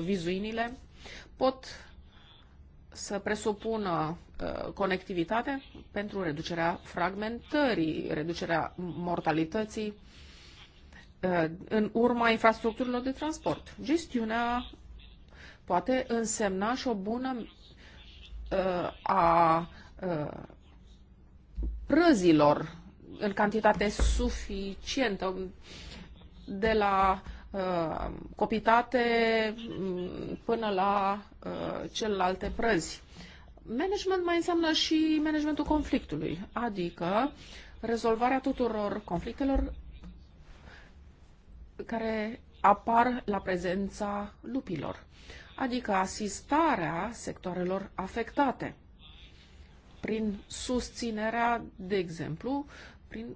vizuinile pot să presupună Uh, conectivitate pentru reducerea fragmentării, reducerea mortalității uh, în urma infrastructurilor de transport. Gestiunea poate însemna și o bună uh, a prăzilor în cantitate suficientă de la copitate mm, până la celelalte prăzi. Management mai înseamnă și managementul conflictului, adică rezolvarea tuturor conflictelor care apar la prezența lupilor, adică asistarea sectoarelor afectate prin susținerea, de exemplu, prin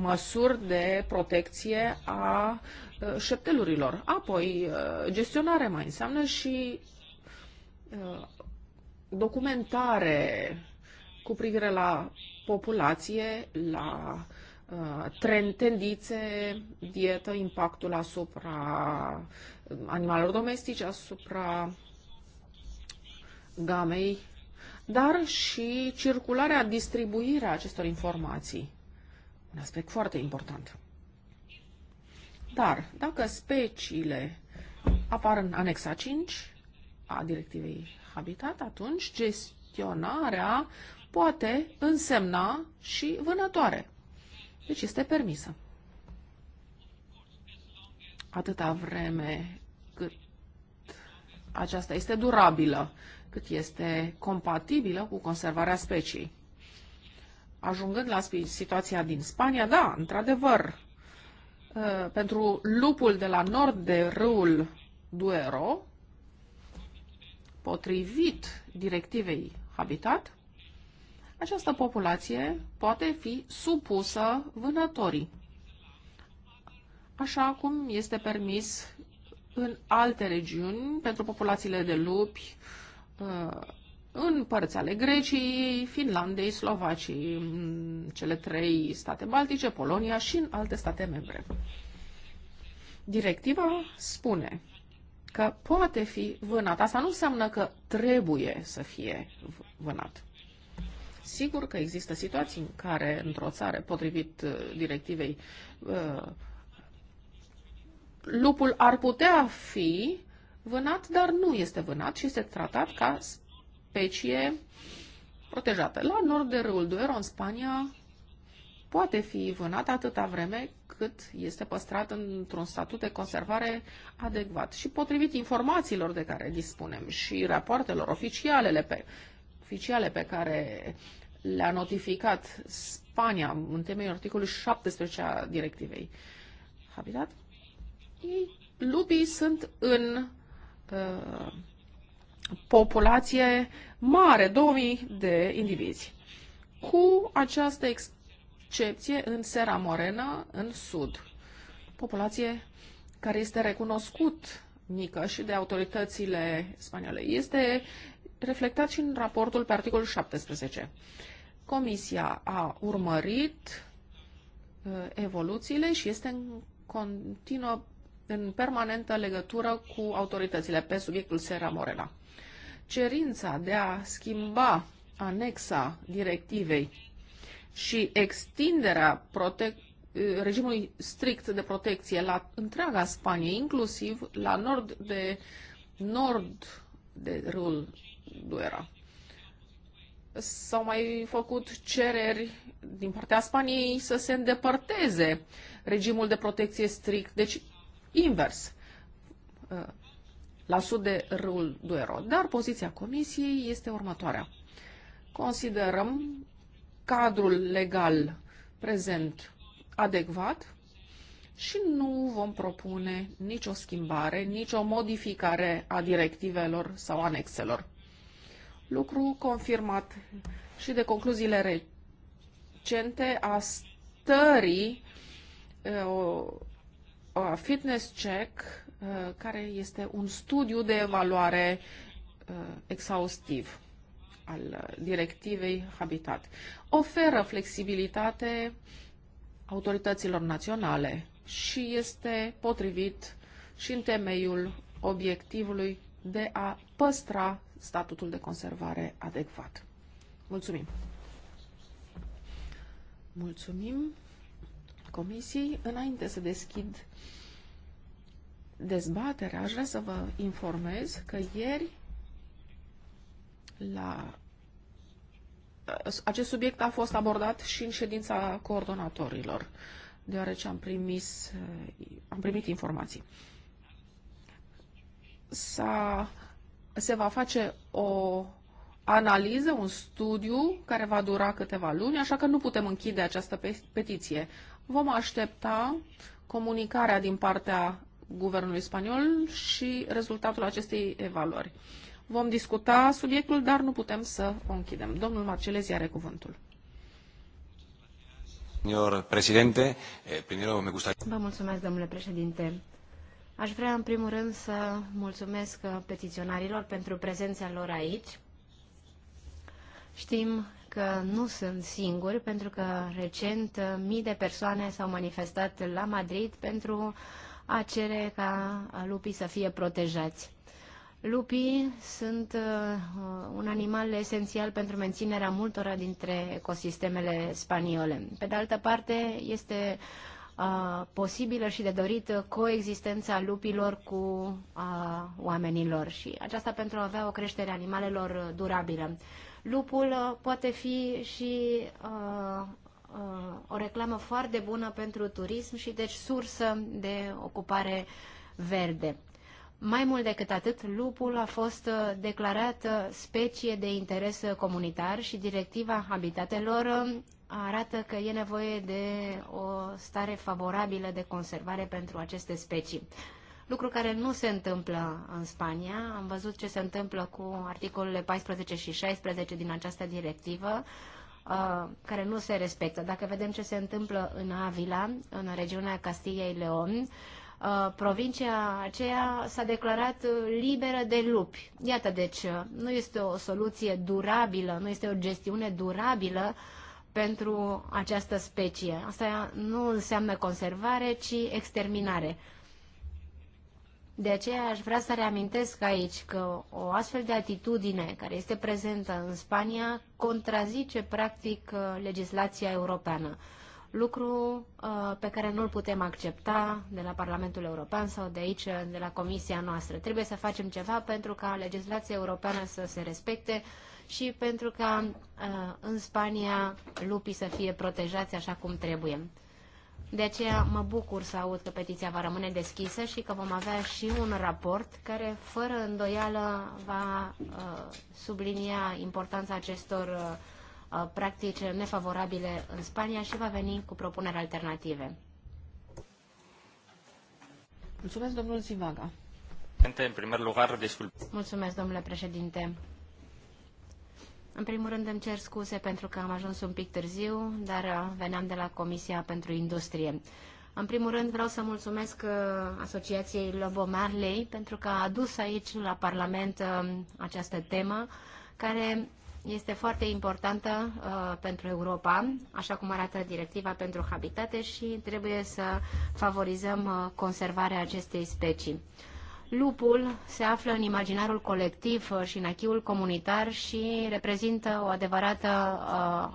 măsuri de protecție a uh, șeptelurilor. Apoi, uh, gestionare mai înseamnă și uh, documentare cu privire la populație, la uh, trend, tendințe, dietă, impactul asupra uh, animalelor domestice, asupra gamei, dar și circularea, distribuirea acestor informații. Un aspect foarte important. Dar dacă speciile apar în anexa 5 a directivei habitat, atunci gestionarea poate însemna și vânătoare. Deci este permisă. Atâta vreme cât aceasta este durabilă, cât este compatibilă cu conservarea speciei. Ajungând la situația din Spania, da, într-adevăr, uh, pentru lupul de la nord de râul Duero, potrivit directivei Habitat, această populație poate fi supusă vânătorii, așa cum este permis în alte regiuni pentru populațiile de lupi, uh, în părți ale Greciei, Finlandei, Slovaciei, cele trei state baltice, Polonia și în alte state membre. Directiva spune că poate fi vânat. Asta nu înseamnă că trebuie să fie vânat. Sigur că există situații în care, într-o țară, potrivit uh, directivei, uh, lupul ar putea fi vânat, dar nu este vânat și este tratat ca specie protejată. La nord de râul Duero, în Spania, poate fi vânat atâta vreme cât este păstrat într-un statut de conservare adecvat. Și potrivit informațiilor de care dispunem și rapoartelor oficialele pe, oficiale pe care le-a notificat Spania în temeiul articolului 17 a directivei Habitat, lupii sunt în uh, populație mare, 2000 de indivizi. Cu această ex- excepție în Sera Morena, în sud. Populație care este recunoscut mică și de autoritățile spaniole. Este reflectat și în raportul pe articolul 17. Comisia a urmărit uh, evoluțiile și este în continuă, în permanentă legătură cu autoritățile pe subiectul Sera Morena. Cerința de a schimba anexa directivei și extinderea regimului strict de protecție la întreaga Spanie, inclusiv la nord de nord de râul Duera. S-au mai făcut cereri din partea Spaniei să se îndepărteze regimul de protecție strict, deci invers, la sud de râul Duero. Dar poziția Comisiei este următoarea. Considerăm cadrul legal prezent adecvat și nu vom propune nicio schimbare, nicio modificare a directivelor sau anexelor. Lucru confirmat și de concluziile recente a stării uh, a fitness check, uh, care este un studiu de evaluare uh, exhaustiv al directivei Habitat. Oferă flexibilitate autorităților naționale și este potrivit și în temeiul obiectivului de a păstra statutul de conservare adecvat. Mulțumim! Mulțumim comisiei. Înainte să deschid dezbaterea, aș vrea să vă informez că ieri la acest subiect a fost abordat și în ședința coordonatorilor, deoarece am, primis, eh, am primit informații. S-a, se va face o analiză, un studiu care va dura câteva luni, așa că nu putem închide această petiție. Vom aștepta comunicarea din partea guvernului spaniol și rezultatul acestei evaluări. Vom discuta subiectul, dar nu putem să o închidem. Domnul Marcelezi are cuvântul. Señor presidente, eh, primero me gustaría... Vă mulțumesc, domnule președinte. Aș vrea, în primul rând, să mulțumesc uh, petiționarilor pentru prezența lor aici. Știm că nu sunt singuri, pentru că recent uh, mii de persoane s-au manifestat la Madrid pentru a cere ca uh, lupii să fie protejați. Lupii sunt uh, un animal esențial pentru menținerea multora dintre ecosistemele spaniole. Pe de altă parte, este uh, posibilă și de dorit coexistența lupilor cu uh, oamenilor și aceasta pentru a avea o creștere animalelor durabilă. Lupul uh, poate fi și uh, uh, o reclamă foarte bună pentru turism și deci sursă de ocupare verde. Mai mult decât atât, lupul a fost uh, declarat uh, specie de interes uh, comunitar și directiva habitatelor um, arată că e nevoie de o stare favorabilă de conservare pentru aceste specii. Lucru care nu se întâmplă în Spania. Am văzut ce se întâmplă cu articolele 14 și 16 din această directivă care nu se respectă. Dacă vedem ce se întâmplă în Avila, în regiunea Castiei Leon, Uh, provincia aceea s-a declarat uh, liberă de lupi. Iată, deci, uh, nu este o soluție durabilă, nu este o gestiune durabilă pentru această specie. Asta nu înseamnă conservare, ci exterminare. De aceea aș vrea să reamintesc aici că o astfel de atitudine care este prezentă în Spania contrazice practic legislația europeană lucru uh, pe care nu-l putem accepta de la Parlamentul European sau de aici, de la Comisia noastră. Trebuie să facem ceva pentru ca legislația europeană să se respecte și pentru ca uh, în Spania lupii să fie protejați așa cum trebuie. De aceea mă bucur să aud că petiția va rămâne deschisă și că vom avea și un raport care, fără îndoială, va uh, sublinia importanța acestor uh, Uh, practici nefavorabile în Spania și va veni cu propuneri alternative. Mulțumesc, domnul Zivaga. În primul lugar, Mulțumesc, domnule președinte. În primul rând îmi cer scuze pentru că am ajuns un pic târziu, dar uh, veneam de la Comisia pentru Industrie. În primul rând vreau să mulțumesc uh, Asociației Lobo Marley pentru că a adus aici la Parlament această temă care este foarte importantă uh, pentru Europa, așa cum arată directiva pentru habitate și trebuie să favorizăm uh, conservarea acestei specii. Lupul se află în imaginarul colectiv uh, și în achiul comunitar și reprezintă o adevărată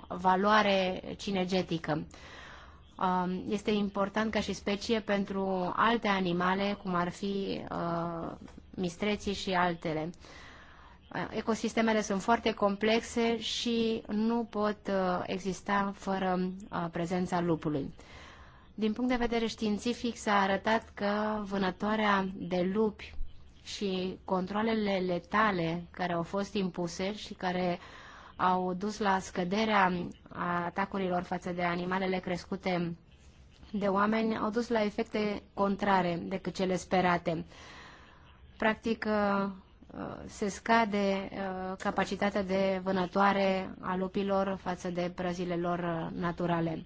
uh, valoare cinegetică. Uh, este important ca și specie pentru alte animale, cum ar fi uh, mistreții și altele. Uh, Ecosistemele sunt foarte complexe și nu pot uh, exista fără uh, prezența lupului. Din punct de vedere științific s-a arătat că vânătoarea de lupi și controlele letale care au fost impuse și care au dus la scăderea atacurilor față de animalele crescute de oameni au dus la efecte contrare decât cele sperate. Practic, uh, se scade uh, capacitatea de vânătoare a lupilor față de prăzile lor uh, naturale.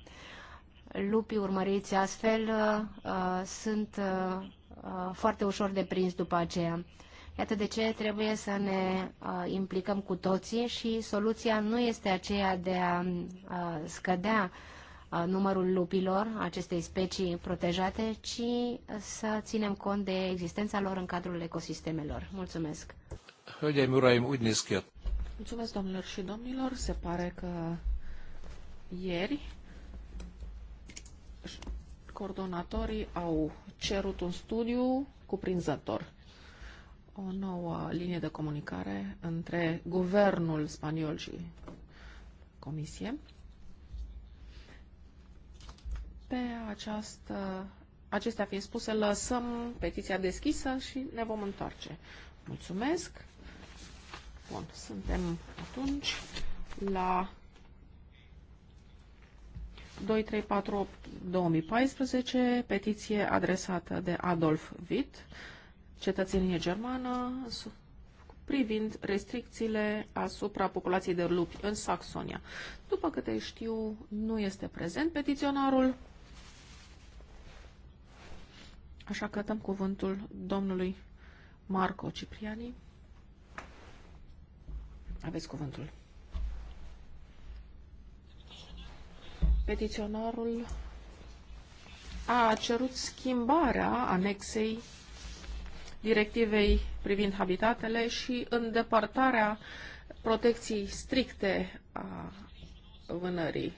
Lupii urmăriți astfel uh, sunt foarte ușor de prins după aceea. Iată de ce trebuie să ne implicăm cu toții și soluția nu este aceea de a scădea numărul lupilor acestei specii protejate, ci să ținem cont de existența lor în cadrul ecosistemelor. Mulțumesc! Mulțumesc, domnilor și domnilor. Se pare că ieri coordonatorii au cerut un studiu cuprinzător, o nouă linie de comunicare între guvernul spaniol și comisie. Pe această, acestea fiind spuse, lăsăm petiția deschisă și ne vom întoarce. Mulțumesc! Bun, suntem atunci la 2348-2014, petiție adresată de Adolf Witt, cetățenie germană, privind restricțiile asupra populației de lupi în Saxonia. După câte știu, nu este prezent petiționarul. Așa că dăm cuvântul domnului Marco Cipriani. Aveți cuvântul. Petiționarul a cerut schimbarea anexei directivei privind habitatele și îndepărtarea protecției stricte a vânării.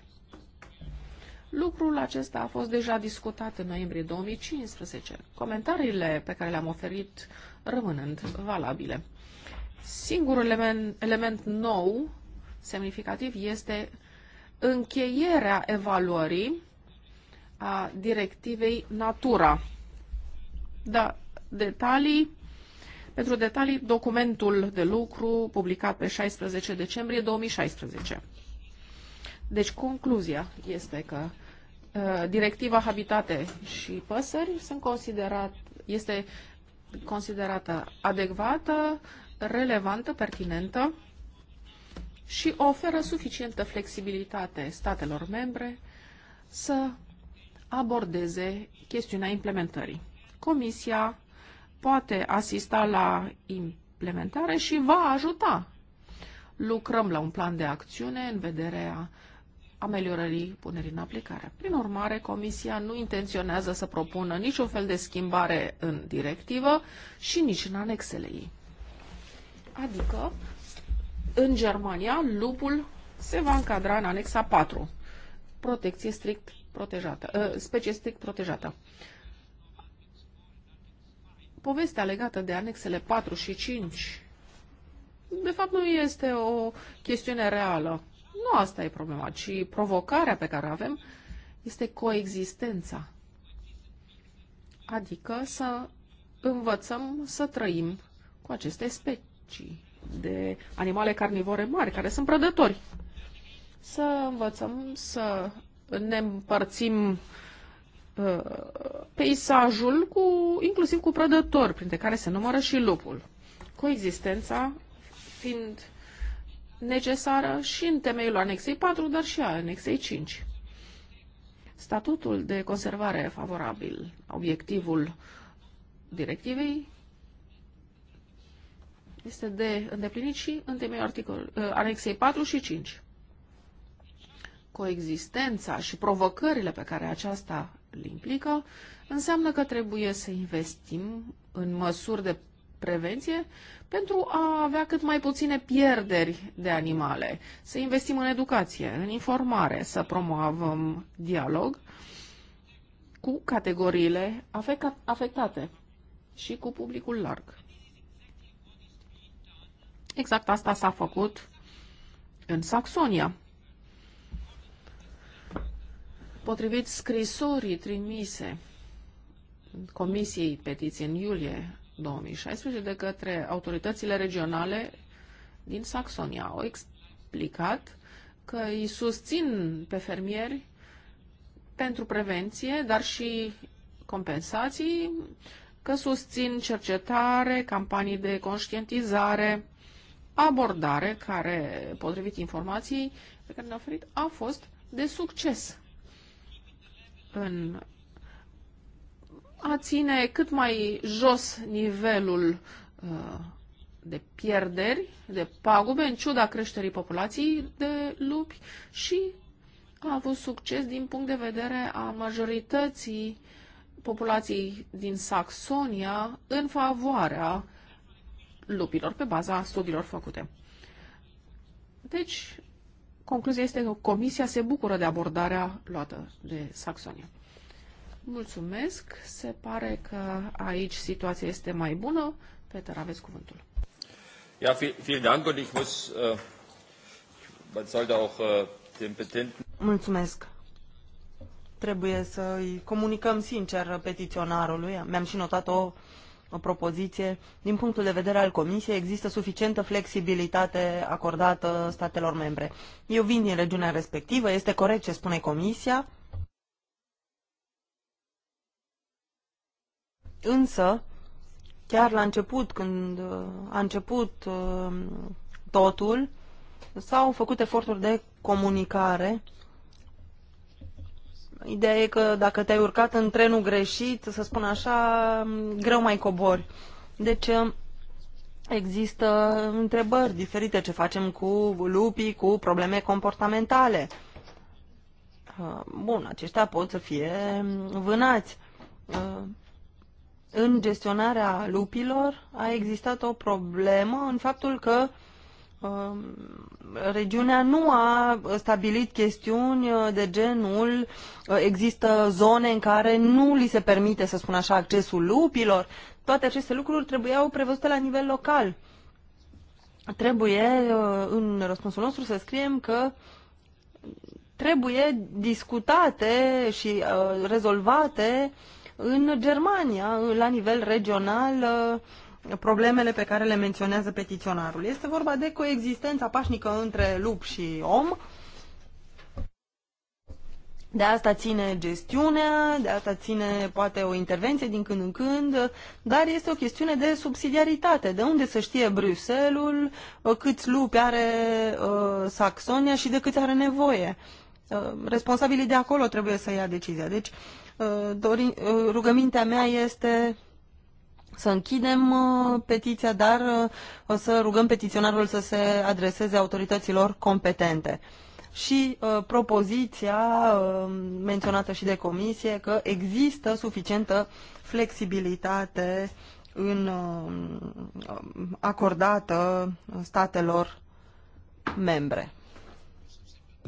Lucrul acesta a fost deja discutat în noiembrie 2015, comentariile pe care le-am oferit rămânând valabile. Singurul element, element nou, semnificativ, este încheierea evaluării a directivei Natura. Da, detalii. Pentru detalii, documentul de lucru publicat pe 16 decembrie 2016. Deci, concluzia este că Uh, directiva Habitate și Păsări sunt considerat, este considerată adecvată, relevantă, pertinentă și oferă suficientă flexibilitate statelor membre să abordeze chestiunea implementării. Comisia poate asista la implementare și va ajuta. Lucrăm la un plan de acțiune în vederea ameliorării punerii în aplicare. Prin urmare, Comisia nu intenționează să propună niciun fel de schimbare în directivă și nici în anexele ei. Adică, în Germania, lupul se va încadra în anexa 4, protecție strict protejată, ă, specie strict protejată. Povestea legată de anexele 4 și 5 de fapt nu este o chestiune reală nu asta e problema, ci provocarea pe care o avem este coexistența. Adică să învățăm să trăim cu aceste specii de animale carnivore mari, care sunt prădători. Să învățăm să ne împărțim uh, peisajul cu, inclusiv cu prădători, printre care se numără și lupul. Coexistența fiind necesară și în temeiul anexei 4, dar și a anexei 5. Statutul de conservare favorabil, obiectivul directivei, este de îndeplinit și în temeiul articol, uh, anexei 4 și 5. Coexistența și provocările pe care aceasta le implică înseamnă că trebuie să investim în măsuri de prevenție pentru a avea cât mai puține pierderi de animale, să investim în educație, în informare, să promovăm dialog cu categoriile afectate și cu publicul larg. Exact asta s-a făcut în Saxonia. Potrivit scrisorii trimise Comisiei Petiției în iulie 2016 de către autoritățile regionale din Saxonia. Au explicat că îi susțin pe fermieri pentru prevenție, dar și compensații, că susțin cercetare, campanii de conștientizare, abordare care, potrivit informației pe care ne-a oferit, a fost de succes în a ține cât mai jos nivelul uh, de pierderi, de pagube, în ciuda creșterii populației de lupi și a avut succes din punct de vedere a majorității populației din Saxonia în favoarea lupilor, pe baza studiilor făcute. Deci, concluzia este că Comisia se bucură de abordarea luată de Saxonia. Mulțumesc. Se pare că aici situația este mai bună. Peter, aveți cuvântul. Ja, vielen Dank und ich muss, äh, man sollte auch äh, den Petenten... Mulțumesc. Trebuie să-i comunicăm sincer petiționarului. Mi-am și notat o, o propoziție. Din punctul de vedere al Comisiei, există suficientă flexibilitate acordată statelor membre. Eu vin din regiunea respectivă, este corect ce spune Comisia, Însă, chiar la început, când uh, a început uh, totul, s-au făcut eforturi de comunicare. Ideea e că dacă te-ai urcat în trenul greșit, să spun așa, greu mai cobori. Deci uh, există întrebări diferite ce facem cu lupii, cu probleme comportamentale. Bun, aceștia pot să fie um, vânați în gestionarea lupilor a existat o problemă în faptul că um, regiunea nu a stabilit chestiuni uh, de genul uh, există zone în care nu li se permite, să spun așa, accesul lupilor. Toate aceste lucruri trebuiau prevăzute la nivel local. Trebuie, uh, în răspunsul nostru, să scriem că trebuie discutate și rezolvate în Germania, la nivel regional, uh, problemele pe care le menționează petiționarul. Este vorba de coexistența pașnică între lup și om. De asta ține gestiunea, de asta ține poate o intervenție din când în când, dar este o chestiune de subsidiaritate. De unde să știe Bruselul uh, câți lupi are uh, Saxonia și de câți are nevoie? Uh, responsabilii de acolo trebuie să ia decizia. Deci Uh, uh, rugămintea mea este să închidem uh, petiția, dar o să rugăm petiționarul să se adreseze autorităților competente. Și propoziția menționată și de comisie că există suficientă flexibilitate în acordată statelor membre.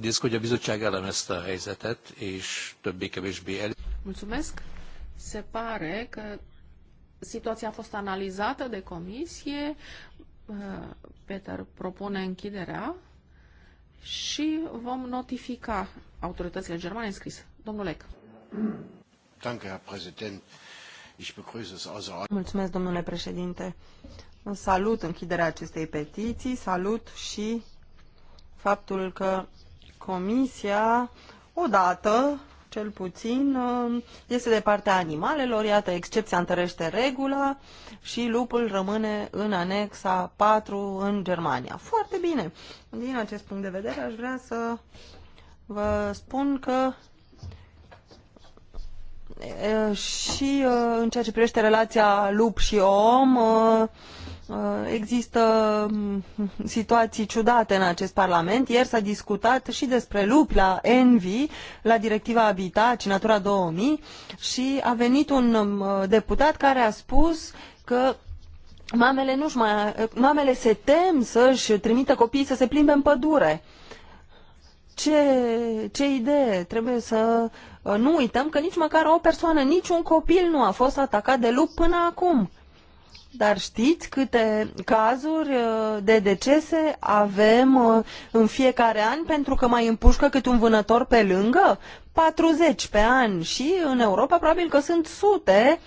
Nézzük, hogy a bizottság elemezte a helyzetet, és többé-kevésbé el... Mulțumesc. Se pare că situația a fost analizată de comisie. Uh, Peter propune închiderea și vom notifica autoritățile germane în scris. Domnul Lec. Danke, Herr Präsident. Mulțumesc, domnule președinte. Salut închiderea acestei petiții, salut și faptul că Comisia, odată, cel puțin, uh, este de partea animalelor, iată, excepția întărește regula și lupul rămâne în anexa 4 în Germania. Foarte bine. Din acest punct de vedere aș vrea să vă spun că și uh, în ceea ce privește relația lup și om, uh, Uh, există mm, situații ciudate în acest Parlament. Ieri s-a discutat și despre lupi la Envi, la directiva Habitat și Natura 2000 și a venit un mm, deputat care a spus că mamele, nu mai, mamele se tem să-și trimită copiii să se plimbe în pădure. Ce, ce idee! Trebuie să uh, nu uităm că nici măcar o persoană, nici un copil nu a fost atacat de lup până acum. Dar știți câte cazuri uh, de decese avem uh, în fiecare an pentru că mai împușcă cât un vânător pe lângă? 40 pe an și în Europa probabil că sunt sute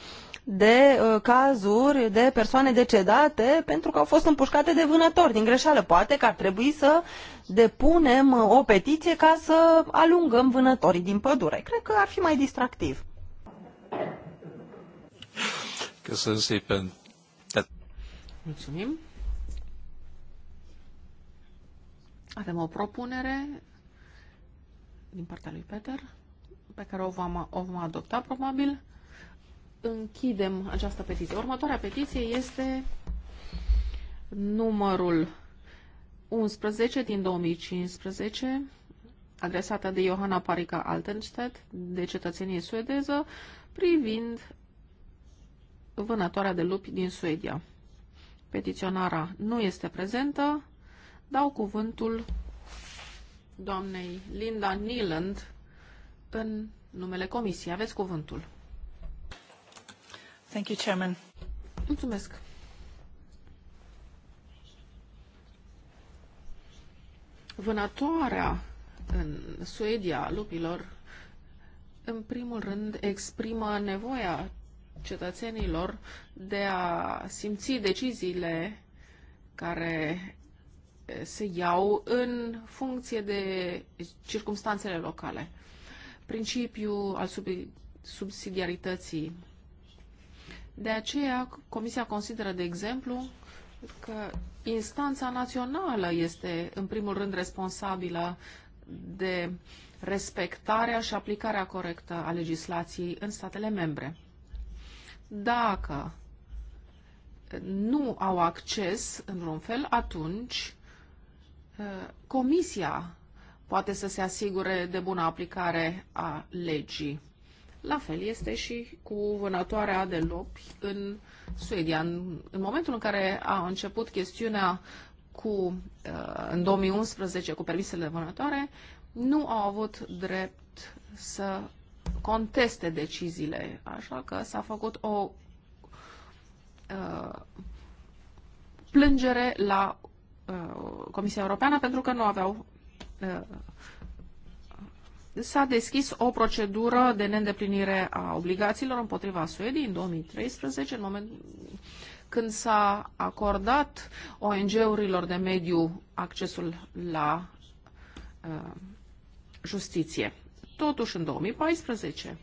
de uh, cazuri de persoane decedate pentru că au fost împușcate de vânători din greșeală. Poate că ar trebui să depunem o petiție ca să alungăm vânătorii din pădure. Cred că ar fi mai distractiv. să zic, Mulțumim. Avem o propunere din partea lui Peter, pe care o vom, o vom adopta probabil. Închidem această petiție. Următoarea petiție este numărul 11 din 2015, adresată de Johanna Parica Altenstedt, de cetățenie suedeză, privind vânătoarea de lupi din Suedia. Petiționara nu este prezentă. Dau cuvântul doamnei Linda Niland, în numele Comisiei. Aveți cuvântul. Thank you, Chairman. Mulțumesc. Vânătoarea în Suedia lupilor, în primul rând, exprimă nevoia cetățenilor de a simți deciziile care se iau în funcție de circumstanțele locale. Principiul al subsidiarității. De aceea, Comisia consideră, de exemplu, că instanța națională este, în primul rând, responsabilă de respectarea și aplicarea corectă a legislației în statele membre. Dacă nu au acces în vreun fel, atunci uh, comisia poate să se asigure de bună aplicare a legii. La fel este și cu vânătoarea de lopi în Suedia. În, în momentul în care a început chestiunea cu, uh, în 2011 cu permisele de vânătoare, nu au avut drept să conteste deciziile. Așa că s-a făcut o uh, plângere la uh, Comisia Europeană pentru că nu aveau. Uh, s-a deschis o procedură de neîndeplinire a obligațiilor împotriva Suediei în 2013, în moment când s-a acordat ONG-urilor de mediu accesul la uh, justiție. Totuși, în 2014,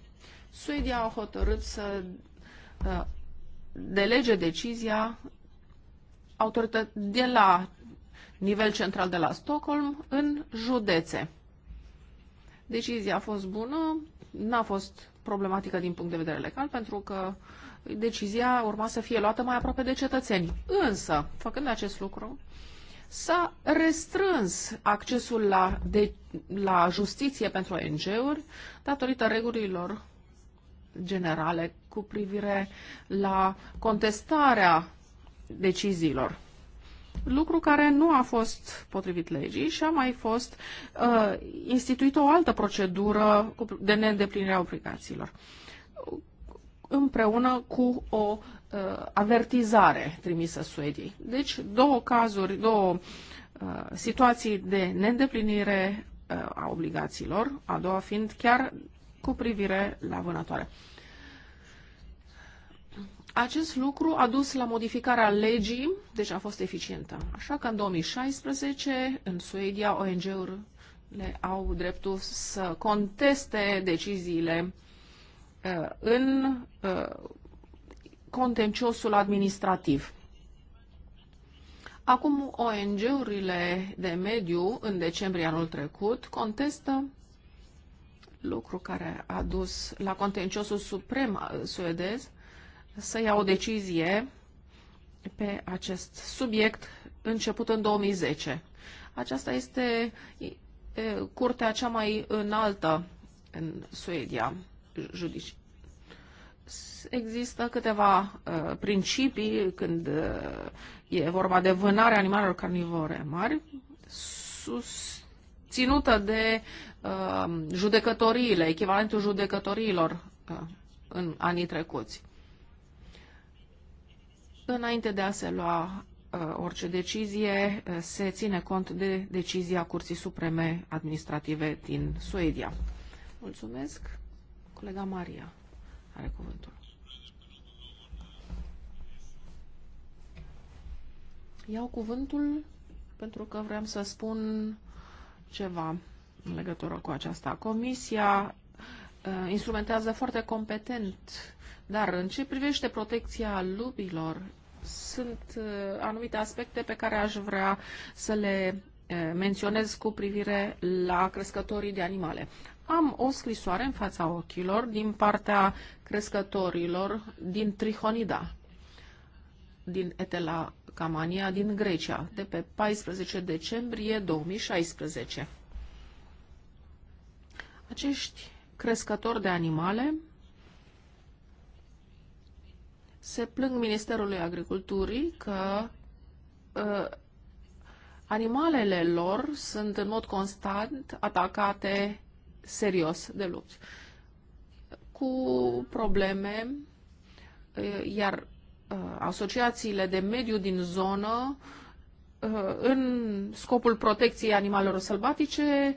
Suedia a hotărât să uh, delege decizia autorității de la nivel central de la Stockholm în județe. Decizia a fost bună, n-a fost problematică din punct de vedere legal, pentru că decizia urma să fie luată mai aproape de cetățeni. Însă, făcând acest lucru, uh, s-a restrâns accesul la, de, la justiție pentru ONG-uri datorită regulilor generale cu privire la contestarea deciziilor. Lucru care nu a fost potrivit legii și a mai fost uh, instituită o altă procedură de neîndeplinire a obligațiilor împreună cu o uh, avertizare trimisă Suediei. Deci două cazuri, două uh, situații de neîndeplinire uh, a obligațiilor, a doua fiind chiar cu privire la vânătoare. Acest lucru a dus la modificarea legii, deci a fost eficientă. Așa că în 2016, în Suedia, ONG-urile au dreptul să conteste deciziile Uh, în uh, contenciosul administrativ. Acum, ONG-urile de mediu, în decembrie anul trecut, contestă lucru care a dus la contenciosul suprem uh, suedez să ia o decizie pe acest subiect început în 2010. Aceasta este curtea cea mai înaltă în Suedia judici. Există câteva uh, principii când uh, e vorba de vânarea animalelor carnivore mari, susținută de uh, judecătoriile, echivalentul judecătoriilor uh, în anii trecuți. Înainte de a se lua uh, orice decizie uh, se ține cont de decizia Curții Supreme Administrative din Suedia. Mulțumesc. Colega Maria are cuvântul. Iau cuvântul pentru că vreau să spun ceva în legătură cu aceasta. Comisia uh, instrumentează foarte competent, dar în ce privește protecția lupilor, sunt uh, anumite aspecte pe care aș vrea să le uh, menționez cu privire la crescătorii de animale. Am o scrisoare în fața ochilor din partea crescătorilor din Trihonida, din Etela Camania, din Grecia, de pe 14 decembrie 2016. Acești crescători de animale se plâng Ministerului Agriculturii că uh, animalele lor sunt în mod constant atacate serios de lupți cu probleme, iar asociațiile de mediu din zonă, în scopul protecției animalelor sălbatice,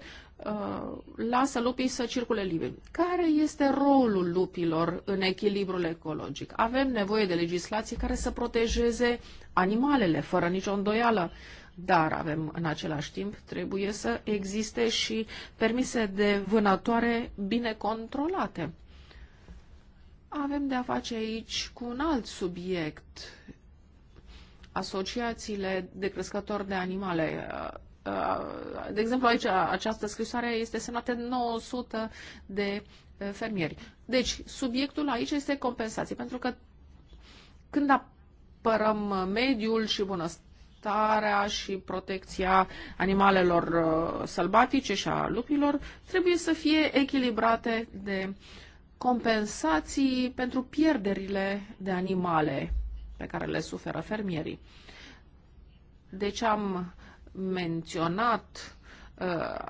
lasă lupii să circule liberi. Care este rolul lupilor în echilibrul ecologic? Avem nevoie de legislație care să protejeze animalele, fără nicio îndoială, dar avem în același timp trebuie să existe și permise de vânătoare bine controlate. Avem de a face aici cu un alt subiect. Asociațiile de crescători de animale uh, uh, de exemplu, aici această scrisoare este semnată 900 de uh, fermieri. Deci, subiectul aici este compensație, pentru că când apărăm mediul și bunăstarea, bunăstarea și protecția animalelor uh, sălbatice și a lupilor trebuie să fie echilibrate de compensații pentru pierderile de animale pe care le suferă fermierii. Deci am menționat uh,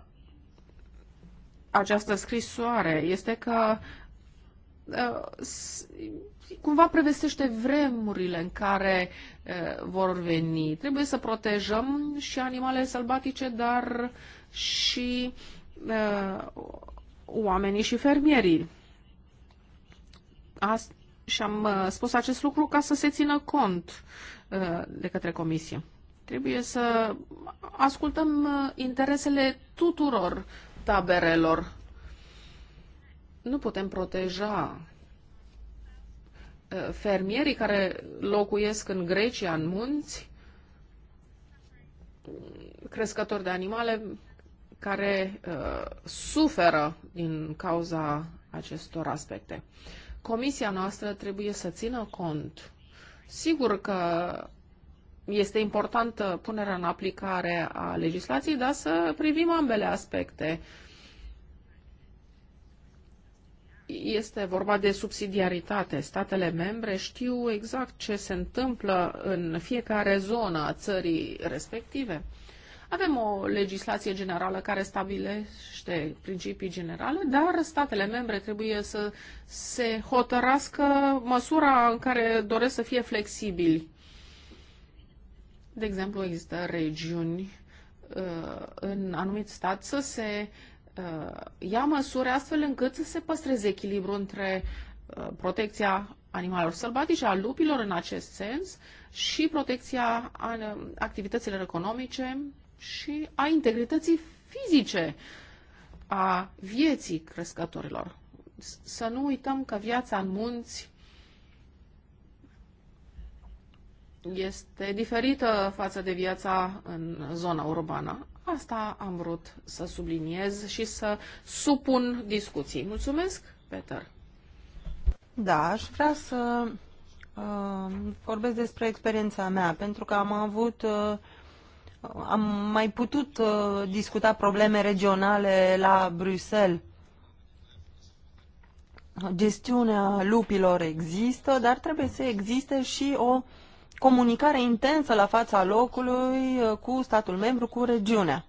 această scrisoare este că uh, cumva prevestește vremurile în care uh, vor veni. Trebuie să protejăm și animalele sălbatice, dar și uh, oamenii și fermierii. Asta și am spus acest lucru ca să se țină cont de către comisie. Trebuie să ascultăm interesele tuturor taberelor. Nu putem proteja fermierii care locuiesc în Grecia, în munți, crescători de animale care uh, suferă din cauza acestor aspecte. Comisia noastră trebuie să țină cont. Sigur că este importantă punerea în aplicare a legislației, dar să privim ambele aspecte. Uh, este vorba de subsidiaritate. Statele membre știu exact ce se întâmplă în fiecare zonă a țării respective. Avem o legislație generală care stabilește principii generale, dar statele membre trebuie să se hotărască măsura în care doresc să fie flexibili. De exemplu, există regiuni uh, în anumit stat să se uh, Uh, ia măsuri astfel încât să se păstreze echilibru între uh, protecția animalelor sălbatice, a lupilor în acest sens și protecția activităților economice și a integrității fizice a vieții crescătorilor. Să nu uităm că viața în munți este diferită față de viața în zona urbană. Asta am vrut să subliniez și să supun discuții. Mulțumesc, Peter. Da, aș vrea să uh, vorbesc despre experiența mea, pentru că am avut, uh, am mai putut uh, discuta probleme regionale la Bruxelles. Gestiunea lupilor există, dar trebuie să existe și o uh, comunicare intensă la fața locului uh, cu statul membru, cu regiunea.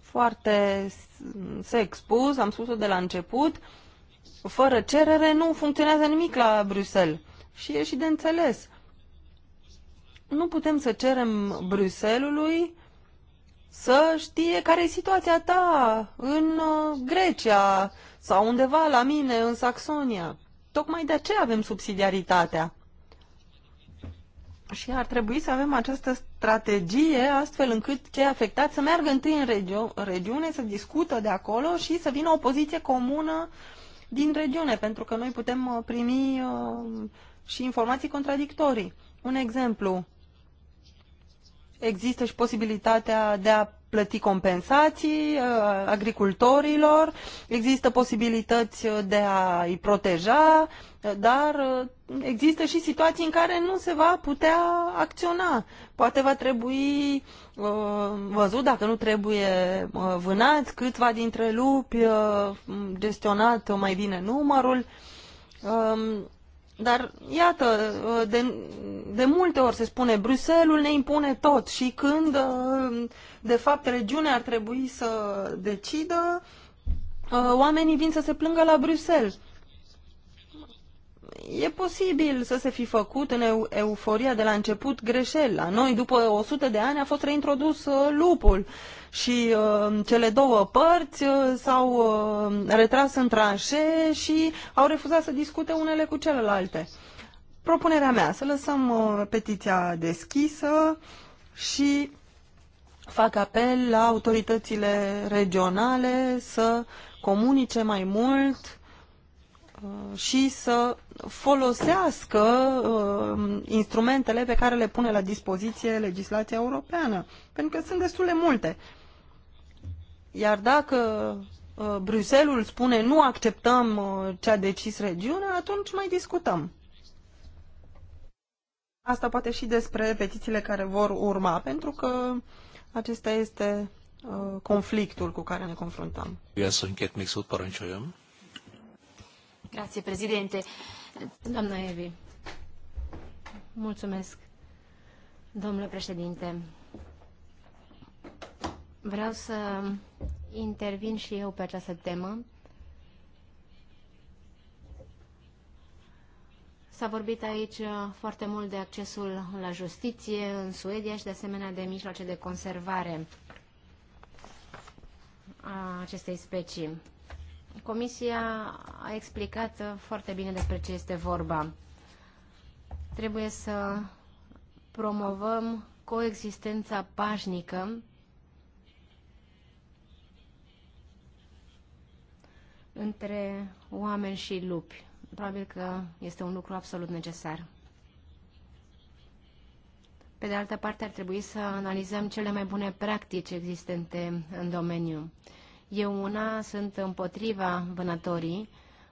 Foarte se expus, am spus-o de la început, fără cerere nu funcționează nimic la Bruxelles. Și e și de înțeles. Nu putem să cerem Bruselului să știe care e situația ta în uh, Grecia sau undeva la mine, în Saxonia. Tocmai de aceea avem subsidiaritatea. Și ar trebui să avem această strategie astfel încât cei afectați să meargă întâi în regio- regiune, să discută de acolo și să vină o poziție comună din regiune, pentru că noi putem uh, primi uh, și informații contradictorii. Un exemplu, există și posibilitatea de a plăti compensații uh, agricultorilor, există posibilități uh, de a-i proteja, dar uh, există și situații în care nu se va putea acționa. Poate va trebui uh, văzut dacă nu trebuie uh, vânat câțiva dintre lupi, gestionat mai bine numărul. Um, dar, iată, de, de multe ori se spune, Bruselul ne impune tot și când, de fapt, regiunea ar trebui să decidă, oamenii vin să se plângă la Bruxelles e posibil să se fi făcut în eu euforia de la început greșeli. La noi, după 100 de ani, a fost reintrodus uh, lupul și uh, cele două părți uh, s-au uh, retras în tranșe și au refuzat să discute unele cu celelalte. Propunerea mea, să lăsăm uh, petiția deschisă și fac apel la autoritățile regionale să comunice mai mult Uh, și să folosească uh, instrumentele pe care le pune la dispoziție legislația europeană, pentru că sunt destule multe. Iar dacă uh, Bruselul spune nu acceptăm ce a decis regiunea, atunci mai discutăm. Asta poate și despre petițiile care vor urma, pentru că acesta este conflictul cu care ne confruntăm. Yes, închid mixul, parancsolăm. Grazie, Presidente. Doamna Evi. Mulțumesc, domnule președinte. Vreau să intervin și eu pe această temă. S-a vorbit aici foarte mult de accesul la justiție în Suedia și de asemenea de mijloace de conservare a acestei specii. Comisia a explicat uh, foarte bine despre ce este vorba. Trebuie să promovăm coexistența pașnică între oameni și lupi. Probabil că este un lucru absolut necesar. Pe de altă parte, ar trebui să analizăm cele mai bune practici existente în domeniu. Eu una sunt împotriva vânătorii,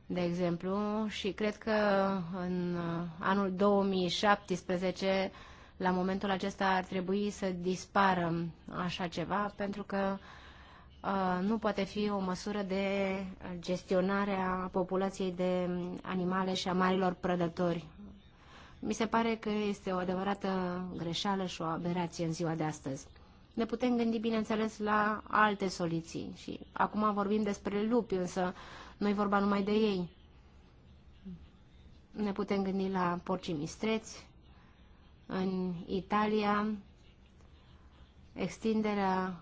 de exemplu, și cred că în uh, anul 2017, la momentul acesta, ar trebui să dispară așa ceva, pentru că uh, nu poate fi o măsură de gestionare a populației de animale și a marilor prădători. Mi se pare că este o adevărată greșeală și o aberație în ziua de astăzi ne putem gândi, bineînțeles, la alte soluții. Și acum vorbim despre lupi, însă nu e vorba numai de ei. Ne putem gândi la porcii mistreți. În Italia, extinderea,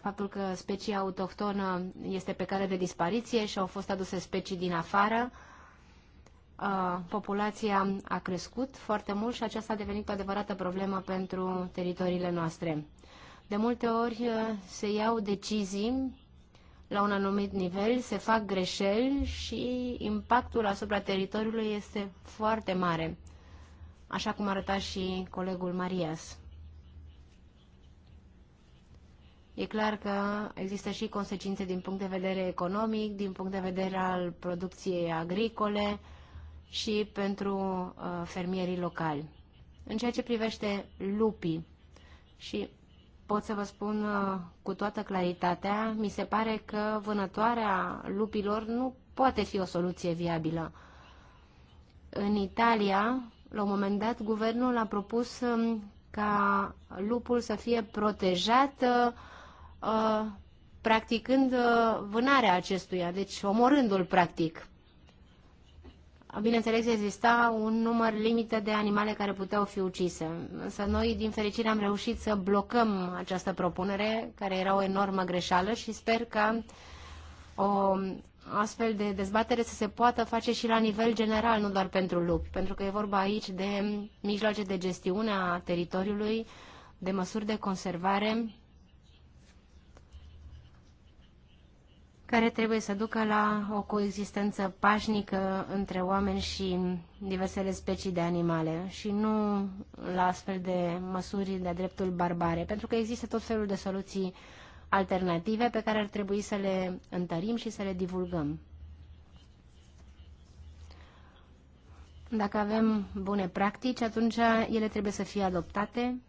faptul că specia autohtonă este pe care de dispariție și au fost aduse specii din afară, populația a crescut foarte mult și aceasta a devenit o adevărată problemă pentru teritoriile noastre. De multe ori uh, se iau decizii la un anumit nivel, se fac greșeli și impactul asupra teritoriului este foarte mare, așa cum arăta și colegul Marias. E clar că există și consecințe din punct de vedere economic, din punct de vedere al producției agricole și pentru uh, fermierii locali. În ceea ce privește lupii și pot să vă spun uh, cu toată claritatea, mi se pare că vânătoarea lupilor nu poate fi o soluție viabilă. În Italia, la un moment dat, guvernul a propus um, ca lupul să fie protejat uh, uh, practicând vânarea acestuia, deci omorându-l practic bineînțeles, exista un număr limită de animale care puteau fi ucise. Însă noi, din fericire, am reușit să blocăm această propunere, care era o enormă greșeală și sper că o astfel de dezbatere să se poată face și la nivel general, nu doar pentru lupi, pentru că e vorba aici de mijloace de gestiune a teritoriului, de măsuri de conservare care trebuie să ducă la o coexistență pașnică între oameni și diversele specii de animale și nu la astfel de măsuri de dreptul barbare, pentru că există tot felul de soluții alternative pe care ar trebui să le întărim și să le divulgăm. Dacă avem bune practici, atunci ele trebuie să fie adoptate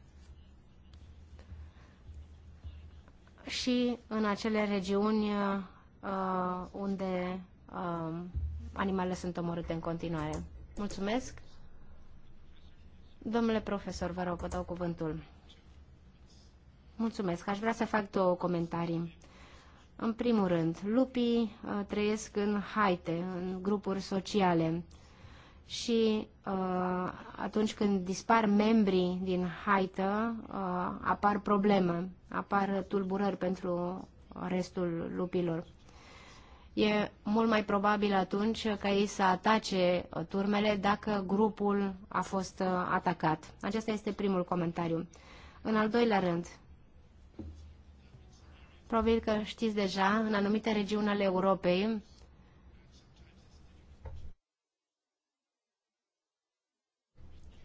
și în acele regiuni uh, unde uh, animalele sunt omorâte în continuare. Mulțumesc. Domnule profesor, vă rog, vă dau cuvântul. Mulțumesc. Aș vrea să fac două comentarii. În primul rând, lupii uh, trăiesc în haite, în grupuri sociale și uh, atunci când dispar membrii din haită, uh, apar probleme, apar tulburări pentru restul lupilor e mult mai probabil atunci ca ei să atace uh, turmele dacă grupul a fost uh, atacat. Acesta este primul comentariu. În al doilea rând, probabil că știți deja, în anumite regiuni ale Europei,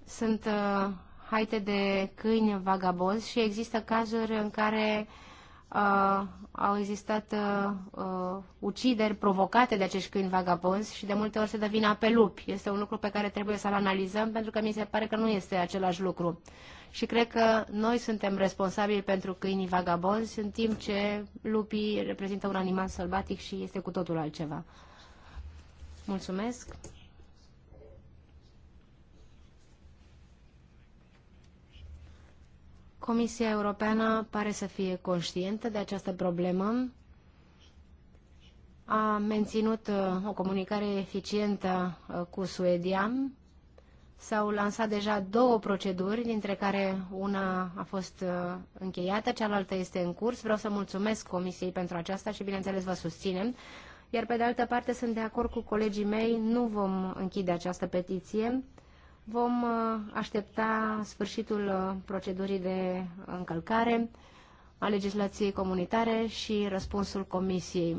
sunt uh, haite de câini vagabonzi și există cazuri în care uh, uh, au existat uh, ucideri provocate de acești câini vagabonzi și de multe ori se dă vina pe lupi. Este un lucru pe care trebuie să-l analizăm pentru că mi se pare că nu este același lucru. Și cred că noi suntem responsabili pentru câinii vagabonzi în timp ce lupii reprezintă un animal sălbatic și este cu totul altceva. Mulțumesc! Comisia Europeană pare să fie conștientă de această problemă, a menținut uh, o comunicare eficientă uh, cu Suedia, s-au lansat deja două proceduri, dintre care una a fost uh, încheiată, cealaltă este în curs. Vreau să mulțumesc Comisiei pentru aceasta și, bineînțeles, vă susținem. Iar, pe de altă parte, sunt de acord cu colegii mei, nu vom închide această petiție Vom uh, aștepta sfârșitul uh, procedurii de încălcare a legislației comunitare și răspunsul Comisiei.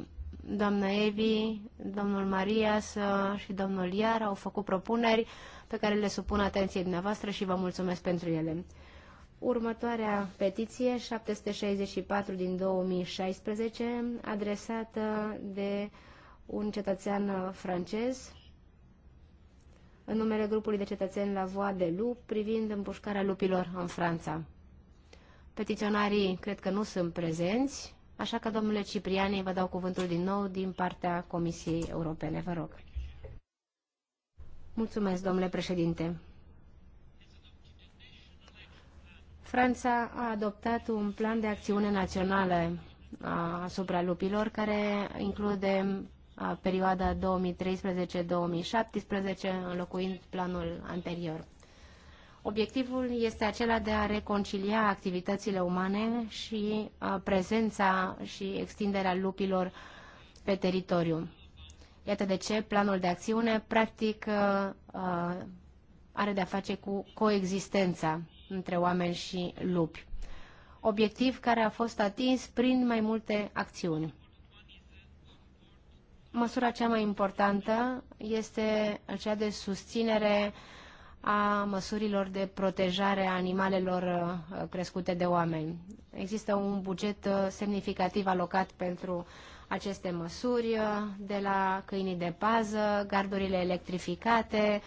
Doamna Evi, domnul Marias uh, și domnul Iar au făcut propuneri pe care le supun atenției dumneavoastră și vă mulțumesc pentru ele. Următoarea petiție, 764 din 2016, adresată de un cetățean francez în numele grupului de cetățeni la voa de lup privind împușcarea lupilor în Franța. Petiționarii cred că nu sunt prezenți, așa că, domnule Cipriani, vă dau cuvântul din nou din partea Comisiei Europene. Vă rog. Mulțumesc, domnule președinte. Franța a adoptat un plan de acțiune națională asupra lupilor, care include perioada 2013-2017, înlocuind planul anterior. Obiectivul este acela de a reconcilia activitățile umane și prezența și extinderea lupilor pe teritoriu. Iată de ce planul de acțiune, practic, are de-a face cu coexistența între oameni și lupi. Obiectiv care a fost atins prin mai multe acțiuni. Măsura cea mai importantă este cea de susținere a măsurilor de protejare a animalelor uh, crescute de oameni. Există un buget uh, semnificativ alocat pentru aceste măsuri, uh, de la câinii de pază, gardurile electrificate,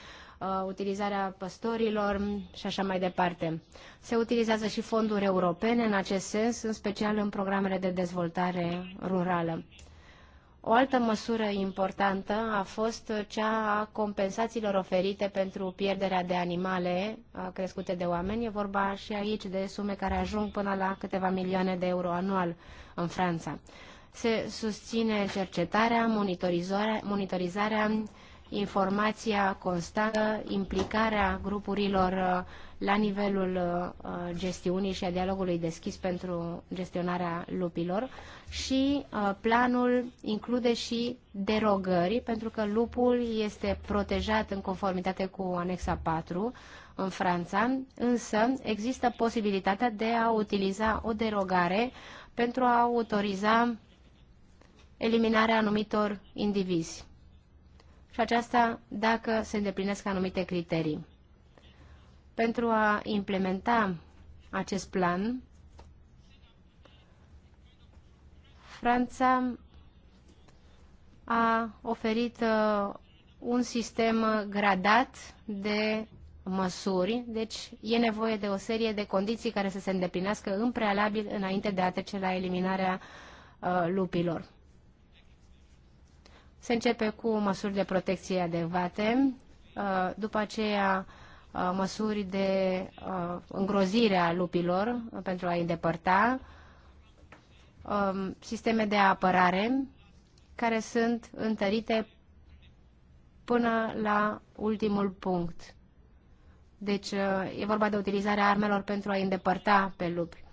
utilizarea păstorilor și așa mai departe. Se utilizează și fonduri europene în acest sens, în special în programele de dezvoltare rurală. O altă măsură importantă a fost cea a compensațiilor oferite pentru pierderea de animale crescute de oameni. E vorba și aici de sume care ajung până la câteva milioane de euro anual în Franța. Se susține cercetarea, monitorizarea, monitorizarea informația constantă, implicarea grupurilor uh, la nivelul uh, gestiunii și a dialogului deschis pentru gestionarea lupilor și uh, planul include și derogări, pentru că lupul este protejat în conformitate cu anexa 4 în Franța, însă există posibilitatea de a utiliza o derogare pentru a autoriza eliminarea anumitor indivizi și aceasta dacă se îndeplinesc anumite criterii. Pentru a implementa acest plan, Franța a oferit uh, un sistem gradat de măsuri, deci e nevoie de o serie de condiții care să se îndeplinească în prealabil înainte de a trece la eliminarea uh, lupilor. Se începe cu măsuri de protecție adecvate, uh, după aceea uh, măsuri de uh, îngrozire a lupilor pentru a îi îndepărta, um, sisteme de apărare care sunt întărite până la ultimul punct. Deci e vorba de utilizarea armelor pentru a îndepărta pe lupi.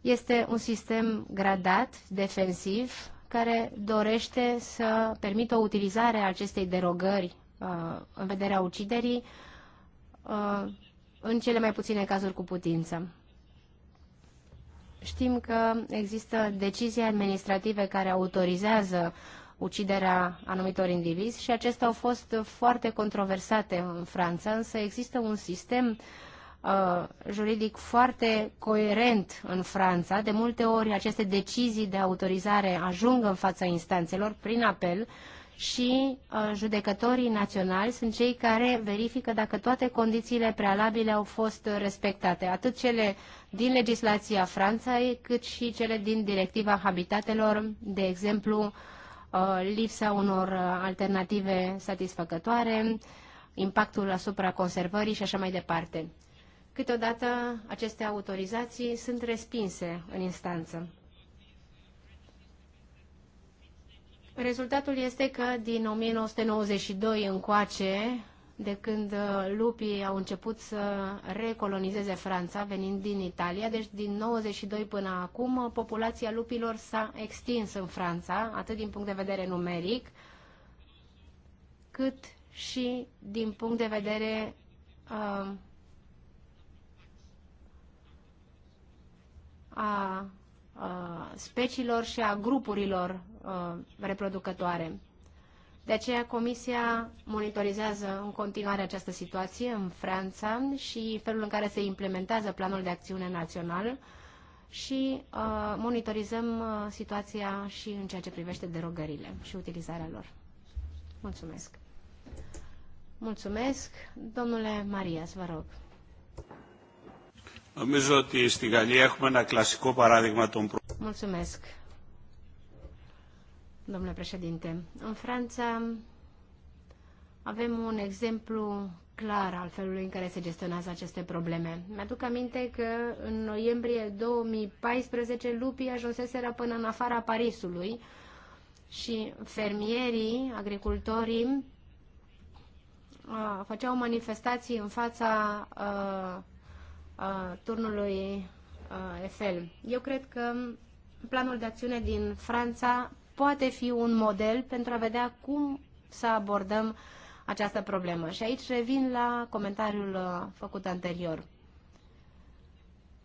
Este un sistem gradat, defensiv, care dorește să permită o utilizare a acestei derogări uh, în vederea uciderii uh, în cele mai puține cazuri cu putință. Știm că există decizii administrative care autorizează uciderea anumitor indivizi și acestea au fost foarte controversate în Franța, însă există un sistem uh, Uh, juridic foarte coerent în Franța. De multe ori aceste decizii de autorizare ajung în fața instanțelor prin apel și uh, judecătorii naționali sunt cei care verifică dacă toate condițiile prealabile au fost respectate, atât cele din legislația Franței, cât și cele din directiva habitatelor, de exemplu, uh, lipsa unor alternative satisfăcătoare, impactul asupra conservării și așa mai departe. Câteodată aceste autorizații sunt respinse în instanță. Rezultatul este că din 1992 încoace, de când uh, lupii au început să recolonizeze Franța, venind din Italia, deci din 92 până acum, populația lupilor s-a extins în Franța, atât din punct de vedere numeric, cât și din punct de vedere uh, a, a speciilor și a grupurilor a, reproducătoare. De aceea Comisia monitorizează în continuare această situație în Franța și felul în care se implementează planul de acțiune național și uh, monitorizăm uh, situația și în ceea ce privește derogările și utilizarea lor. Mulțumesc. Mulțumesc. Domnule Marias, vă rog. Νομίζω ότι στη Γαλλία έχουμε ένα κλασικό παράδειγμα των Mulțumesc, domnule președinte. În Franța avem un exemplu clar al felului în care se gestionează aceste probleme. Mi-aduc aminte că în noiembrie 2014 lupii ajunseseră până în afara Parisului și fermierii, agricultorii, făceau manifestații în fața uh, uh, turnului uh, Eiffel. Eu cred că planul de acțiune din Franța poate fi un model pentru a vedea cum să abordăm această problemă. Și aici revin la comentariul făcut anterior.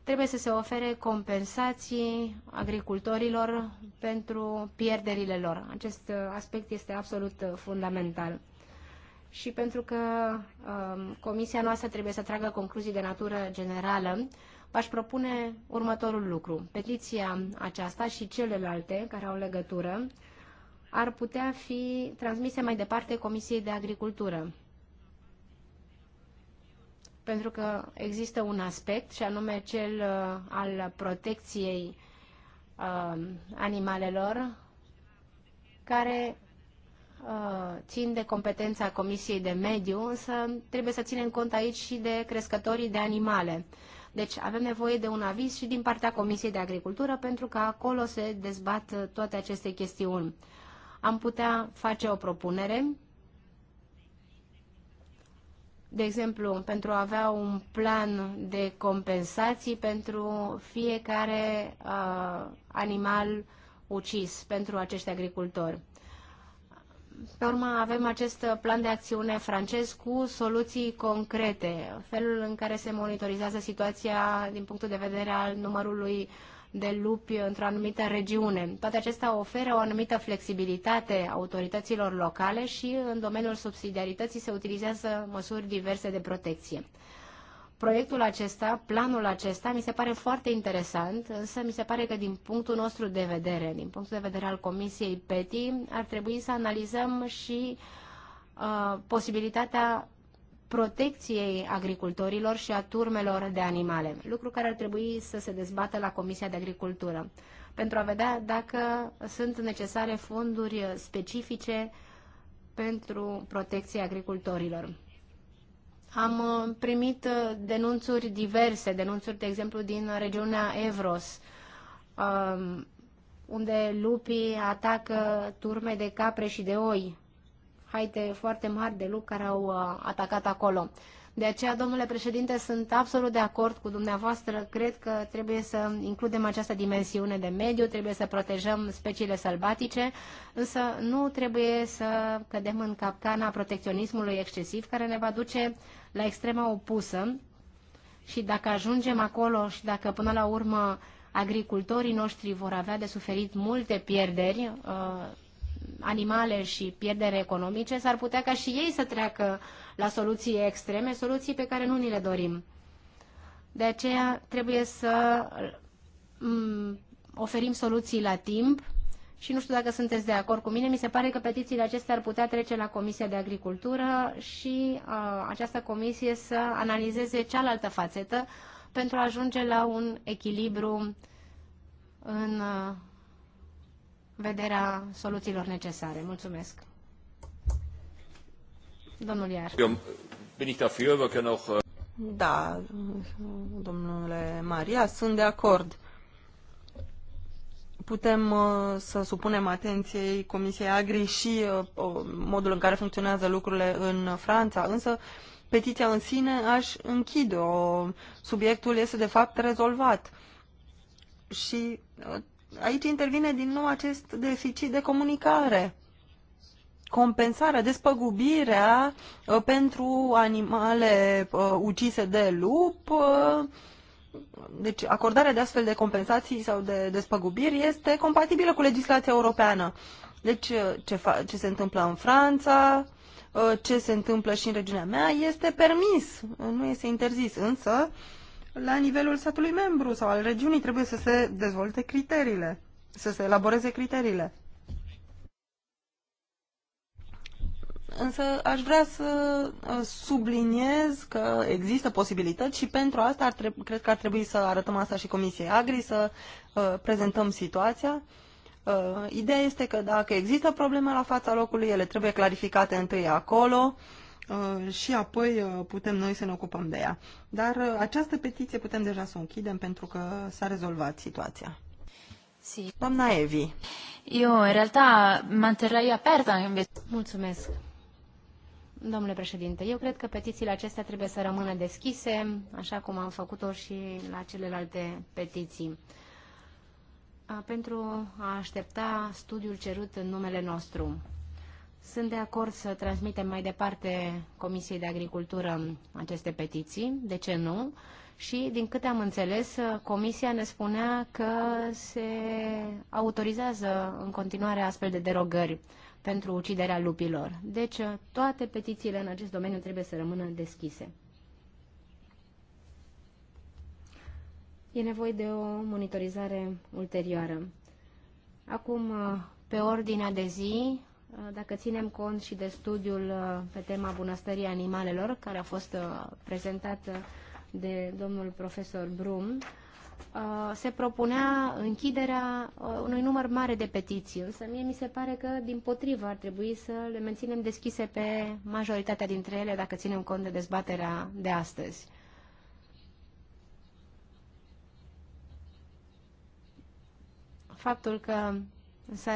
Trebuie să se ofere compensații agricultorilor pentru pierderile lor. Acest aspect este absolut fundamental și pentru că um, comisia noastră trebuie să tragă concluzii de natură generală, v-aș propune următorul lucru. Petiția aceasta și celelalte care au legătură ar putea fi transmise mai departe Comisiei de Agricultură. Pentru că există un aspect, și anume cel uh, al protecției uh, animalelor, care Uh, țin de competența Comisiei de Mediu, însă trebuie să ținem cont aici și de crescătorii de animale. Deci avem nevoie de un aviz și din partea Comisiei de Agricultură pentru că acolo se dezbat uh, toate aceste chestiuni. Am putea face o propunere, de exemplu, pentru a avea un plan de compensații pentru fiecare uh, animal ucis pentru acești agricultori. Pe urmă avem acest plan de acțiune francez cu soluții concrete, felul în care se monitorizează situația din punctul de vedere al numărului de lupi într-o anumită regiune. Toate acestea oferă o anumită flexibilitate autorităților locale și în domeniul subsidiarității se utilizează măsuri diverse de protecție proiectul acesta, planul acesta, mi se pare foarte interesant, însă mi se pare că din punctul nostru de vedere, din punctul de vedere al Comisiei PETI, ar trebui să analizăm și uh, posibilitatea protecției agricultorilor și a turmelor de animale, lucru care ar trebui să se dezbată la Comisia de Agricultură, pentru a vedea dacă sunt necesare fonduri specifice pentru protecția agricultorilor. Am uh, primit uh, denunțuri diverse, denunțuri, de exemplu, din regiunea Evros, um, unde lupii atacă turme de capre și de oi, haite foarte mari de lup care au uh, atacat acolo. De aceea, domnule președinte, sunt absolut de acord cu dumneavoastră. Cred că trebuie să includem această dimensiune de mediu, trebuie să protejăm speciile sălbatice, însă nu trebuie să cădem în capcana protecționismului excesiv care ne va duce la extrema opusă și dacă ajungem acolo și dacă până la urmă agricultorii noștri vor avea de suferit multe pierderi, uh, animale și pierdere economice, s-ar putea ca și ei să treacă la soluții extreme, soluții pe care nu ni le dorim. De aceea trebuie să mm, oferim soluții la timp, și nu știu dacă sunteți de acord cu mine, mi se pare că petițiile acestea ar putea trece la Comisia de Agricultură și uh, această comisie să analizeze cealaltă fațetă pentru a ajunge la un echilibru în uh, vederea soluțiilor necesare. Mulțumesc. Domnul Iar. Da, domnule Maria, sunt de acord putem uh, să supunem atenției Comisiei Agri și uh, modul în care funcționează lucrurile în Franța, însă petiția în sine aș închide-o. Subiectul este de fapt rezolvat. Și uh, aici intervine din nou acest deficit de comunicare. Compensarea, despăgubirea pentru animale ucise de lup deci acordarea de astfel de compensații sau de despăgubiri este compatibilă cu legislația europeană. Deci ce, ce se întâmplă în Franța, ă, ce se întâmplă și în regiunea mea este permis, nu este interzis, însă la nivelul statului membru sau al regiunii trebuie să se dezvolte criteriile, să se elaboreze criteriile. însă aș vrea să uh, subliniez că există posibilități și pentru asta ar trebui, cred că ar trebui să arătăm asta și Comisiei Agri, să uh, prezentăm situația. Uh, ideea este că dacă există probleme la fața locului, ele trebuie clarificate întâi acolo uh, și apoi uh, putem noi să ne ocupăm de ea. Dar uh, această petiție putem deja să o închidem pentru că s-a rezolvat situația. Sì. Doamna Evi. Io in realtà manterrei aperta invece. Mulțumesc. Domnule președinte, eu cred că petițiile acestea trebuie să rămână deschise, așa cum am făcut-o și la celelalte petiții, pentru a aștepta studiul cerut în numele nostru. Sunt de acord să transmitem mai departe Comisiei de Agricultură aceste petiții, de ce nu? Și, din câte am înțeles, Comisia ne spunea că se autorizează în continuare astfel de derogări pentru uciderea lupilor. Deci toate petițiile în acest domeniu trebuie să rămână deschise. E nevoie de o monitorizare ulterioară. Acum, pe ordinea de zi, dacă ținem cont și de studiul uh, pe tema bunăstării animalelor, care a fost uh, prezentat uh, de domnul profesor Brum, Uh, se propunea închiderea uh, unui număr mare de petiții, însă mie mi se pare că, din potrivă, ar trebui să le menținem deschise pe majoritatea dintre ele, dacă ținem cont de dezbaterea de astăzi. Faptul că s-a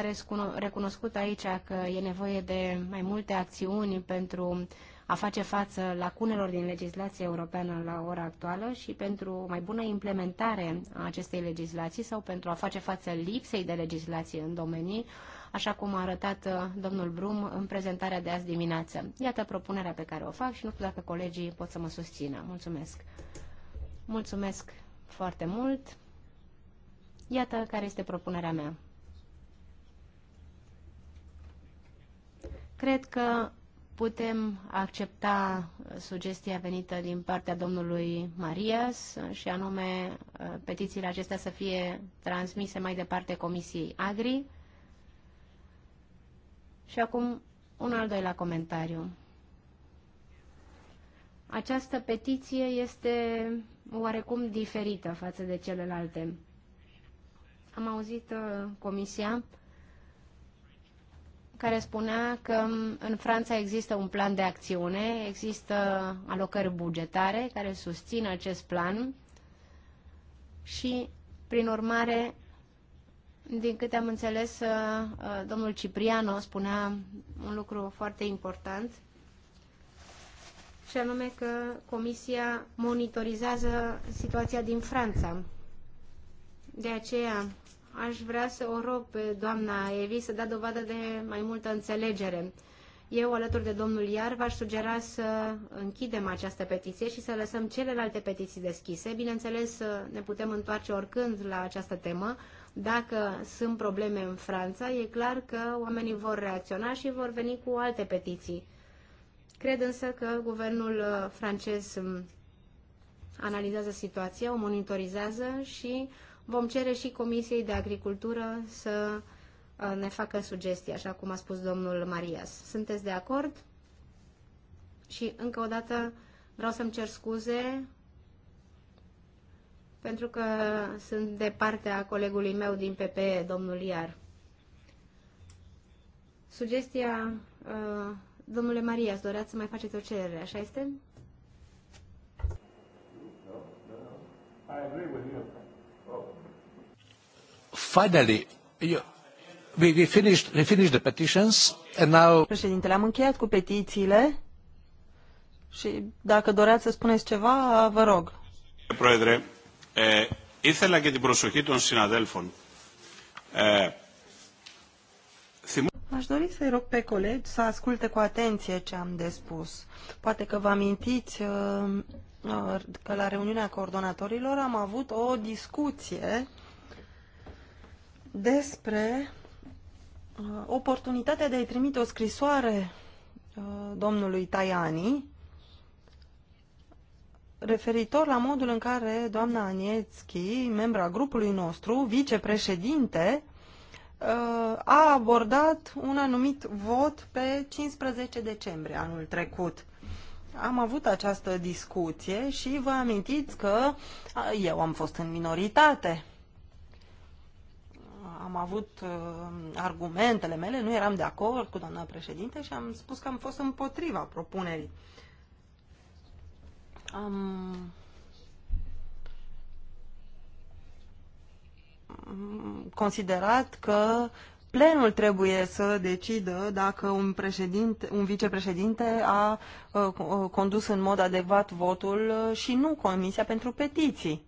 recunoscut aici că e nevoie de mai multe acțiuni pentru uh, a face față lacunelor din legislația europeană la ora actuală și pentru o mai bună implementare a acestei legislații sau pentru a face față lipsei de legislație în domenii, așa cum a arătat uh, domnul Brum în prezentarea de azi dimineață. Iată propunerea pe care o fac și nu știu dacă colegii pot să mă susțină. Mulțumesc! Mulțumesc foarte mult! Iată care este propunerea mea. Cred că Putem accepta sugestia venită din partea domnului Marias și anume uh, petițiile acestea să fie transmise mai departe Comisiei Agri. Și acum un al doilea comentariu. Această petiție este oarecum diferită față de celelalte. Am auzit uh, comisia care spunea că în Franța există un plan de acțiune, există alocări bugetare care susțin acest plan și, prin urmare, din câte am înțeles, uh, domnul Cipriano spunea un lucru foarte important, și anume că Comisia monitorizează situația din Franța. De aceea, aș vrea să o rog pe doamna Evi să dea dovadă de mai multă înțelegere. Eu, alături de domnul Iar, v-aș sugera să închidem această petiție și să lăsăm celelalte petiții deschise. Bineînțeles, ne putem întoarce oricând la această temă. Dacă sunt probleme în Franța, e clar că oamenii vor reacționa și vor veni cu alte petiții. Cred însă că guvernul uh, francez um, analizează situația, o monitorizează și uh, Vom cere și Comisiei de Agricultură să uh, ne facă sugestii, așa cum a spus domnul Marias. Sunteți de acord? Și încă o dată vreau să-mi cer scuze pentru că sunt de partea colegului meu din PPE, domnul Iar. Sugestia, uh, domnule Marias, doreați să mai faceți o cerere, așa este? I agree with you. Finally, you, we, we, finished, we finished the petitions and now... Președintele, am încheiat cu petițiile și dacă doreați să spuneți ceva, vă rog. Proedre, e, ήθελα και την προσοχή των συναδέλφων. E, Aș dori să-i rog pe colegi să asculte cu atenție ce am de spus. Poate că vă amintiți că la reuniunea coordonatorilor am avut o discuție despre uh, oportunitatea de a-i trimite o scrisoare uh, domnului Tajani referitor la modul în care doamna Anietski, membra grupului nostru, vicepreședinte, uh, a abordat un anumit vot pe 15 decembrie anul trecut. Am avut această discuție și vă amintiți că eu am fost în minoritate am avut uh, argumentele mele, nu eram de acord cu doamna președinte și am spus că am fost împotriva propunerii. Am considerat că plenul trebuie să decidă dacă un, președinte, un vicepreședinte a uh, condus în mod adecvat votul și nu Comisia pentru Petiții.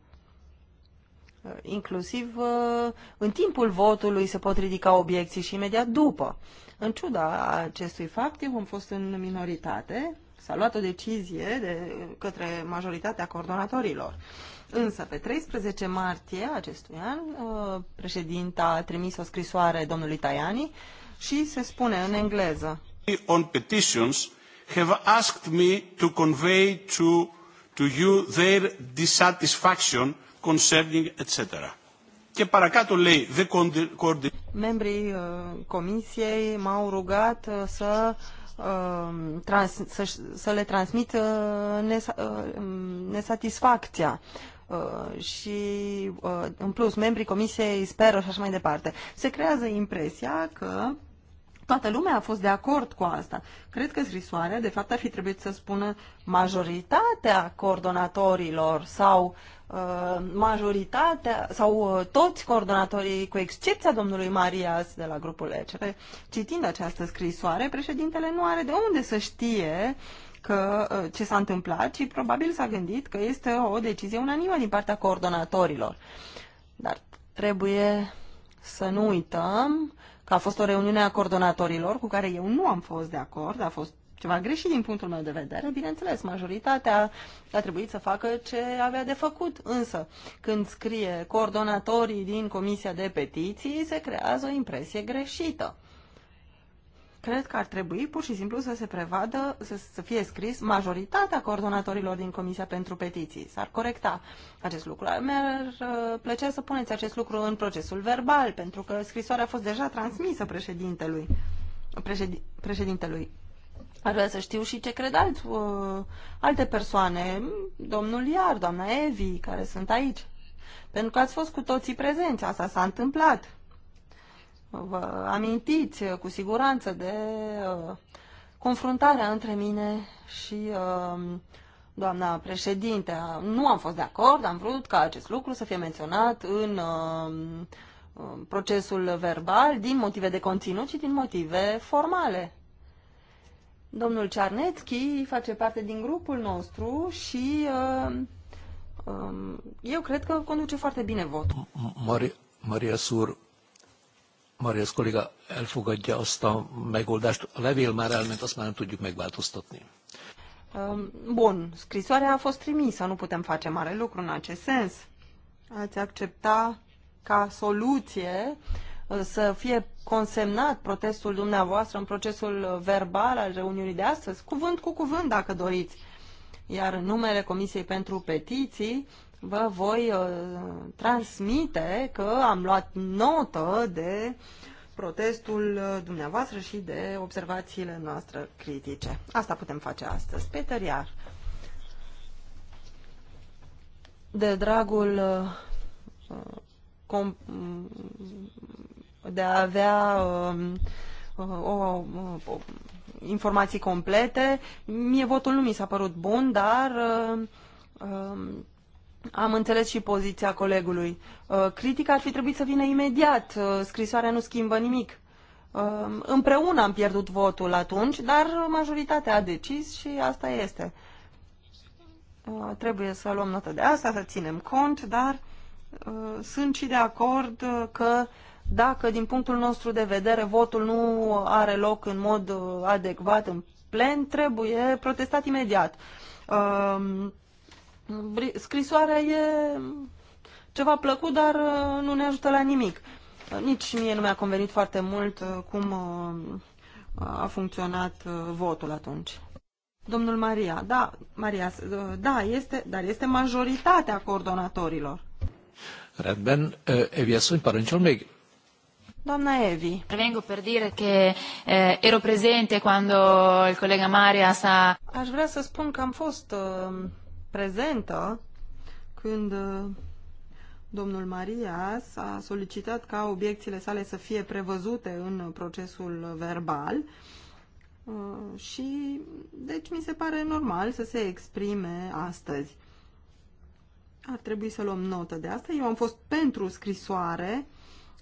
Uh, inclusiv uh, în timpul votului se pot ridica obiecții și imediat după. În ciuda acestui fapt, eu am fost în minoritate, s-a luat o decizie de către majoritatea coordonatorilor. Însă, pe 13 martie acestui an, uh, președinta a trimis o scrisoare domnului Tajani și se spune în engleză. On petitions have asked me to convey to, to you their dissatisfaction concerning, etc. Και παρακάτω λέει, the coordination... Membrii uh, comisiei m-au rugat uh, să, uh, trans, să, să le transmit uh, nes, uh, nesatisfacția uh, și uh, în plus membrii comisiei speră și așa mai departe. Se creează impresia că Toată lumea a fost de acord cu asta. Cred că scrisoarea, de fapt, ar fi trebuit să spună majoritatea coordonatorilor sau uh, majoritatea sau uh, toți coordonatorii, cu excepția domnului Marias de la grupul ECR. Citind această scrisoare, președintele nu are de unde să știe că uh, ce s-a întâmplat, ci probabil s-a gândit că este o decizie unanimă din partea coordonatorilor. Dar trebuie să nu uităm că a fost o reuniune a coordonatorilor cu care eu nu am fost de acord, a fost ceva greșit din punctul meu de vedere, bineînțeles, majoritatea a trebuit să facă ce avea de făcut, însă când scrie coordonatorii din Comisia de Petiții, se creează o impresie greșită. Cred că ar trebui pur și simplu să se prevadă, să, să fie scris majoritatea coordonatorilor din Comisia pentru Petiții. S-ar corecta acest lucru. Mi-ar uh, plăcea să puneți acest lucru în procesul verbal, pentru că scrisoarea a fost deja transmisă președintelui. Președi, președintelui. Ar vrea să știu și ce cred alt, uh, alte persoane, domnul Iar, doamna Evi, care sunt aici. Pentru că ați fost cu toții prezenți, asta s-a întâmplat. Vă amintiți uh, cu siguranță de uh, confruntarea între mine și uh, doamna președinte. Nu am fost de acord, am vrut ca acest lucru să fie menționat în procesul verbal din motive de conținut și din motive formale. Domnul Cearnețchi face parte din grupul nostru și um, eu cred că conduce foarte bine votul. Maria Sur, Marias kolléga elfogadja azt a megoldást. A levél már elment, azt már nem tudjuk megváltoztatni. Ehm, bun, scrisoarea a fost trimisă, nu putem face mare lucru în acest sens. Ați accepta ca soluție eh, să fie consemnat protestul dumneavoastră în procesul verbal al reuniunii de astăzi, cuvânt cu cuvânt, dacă doriți. Iar în numele Comisiei pentru Petiții vă voi uh, transmite că am luat notă de protestul uh, dumneavoastră și de observațiile noastre critice. Asta putem face astăzi. Peter Iar. De dragul uh, de a avea um, o, informații complete, mie votul nu mi s-a părut bun, dar um, am înțeles și poziția colegului. Uh, critica ar fi trebuit să vină imediat. Uh, scrisoarea nu schimbă nimic. Uh, împreună am pierdut votul atunci, dar majoritatea a decis și asta este. Trebuie să luăm notă de asta, să ținem cont, dar sunt și de acord că dacă din punctul nostru de vedere votul nu are loc în mod adecvat în plen, trebuie protestat imediat scrisoarea e ceva plăcut, dar uh, nu ne ajută la nimic. Uh, nici mie nu mi-a convenit foarte mult uh, cum a funcționat votul atunci. Domnul Maria, da, Maria, da, este, dar este majoritatea coordonatorilor. Redben, Evi sunt parancsolj meu. Doamna Evi. Vengo per dire che eh, ero presente quando il collega Maria sa... Aș vrea să spun că am fost uh, prezentă când uh, domnul Marias a solicitat ca obiecțiile sale să fie prevăzute în procesul verbal uh, și deci mi se pare normal să se exprime astăzi. Ar trebui să luăm notă de asta. Eu am fost pentru scrisoare.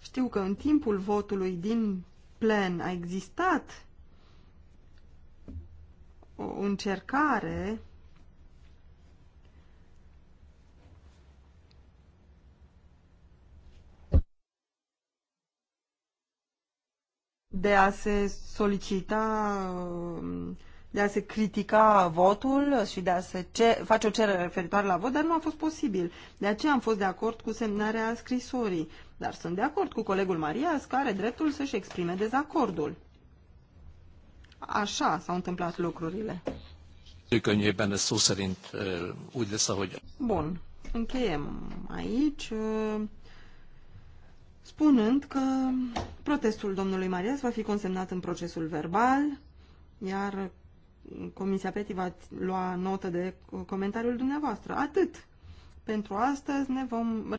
Știu că în timpul votului din plen a existat o încercare de a se solicita, de a se critica votul și de a se ce, face o cerere referitoare la vot, dar nu a fost posibil. De aceea am fost de acord cu semnarea scrisorii. Dar sunt de acord cu colegul Marias, care are dreptul să-și exprime dezacordul. Așa s-au întâmplat lucrurile. Bun, încheiem aici spunând că protestul domnului Marias va fi consemnat în procesul verbal, iar Comisia PETI va lua notă de comentariul dumneavoastră. Atât. Pentru astăzi ne vom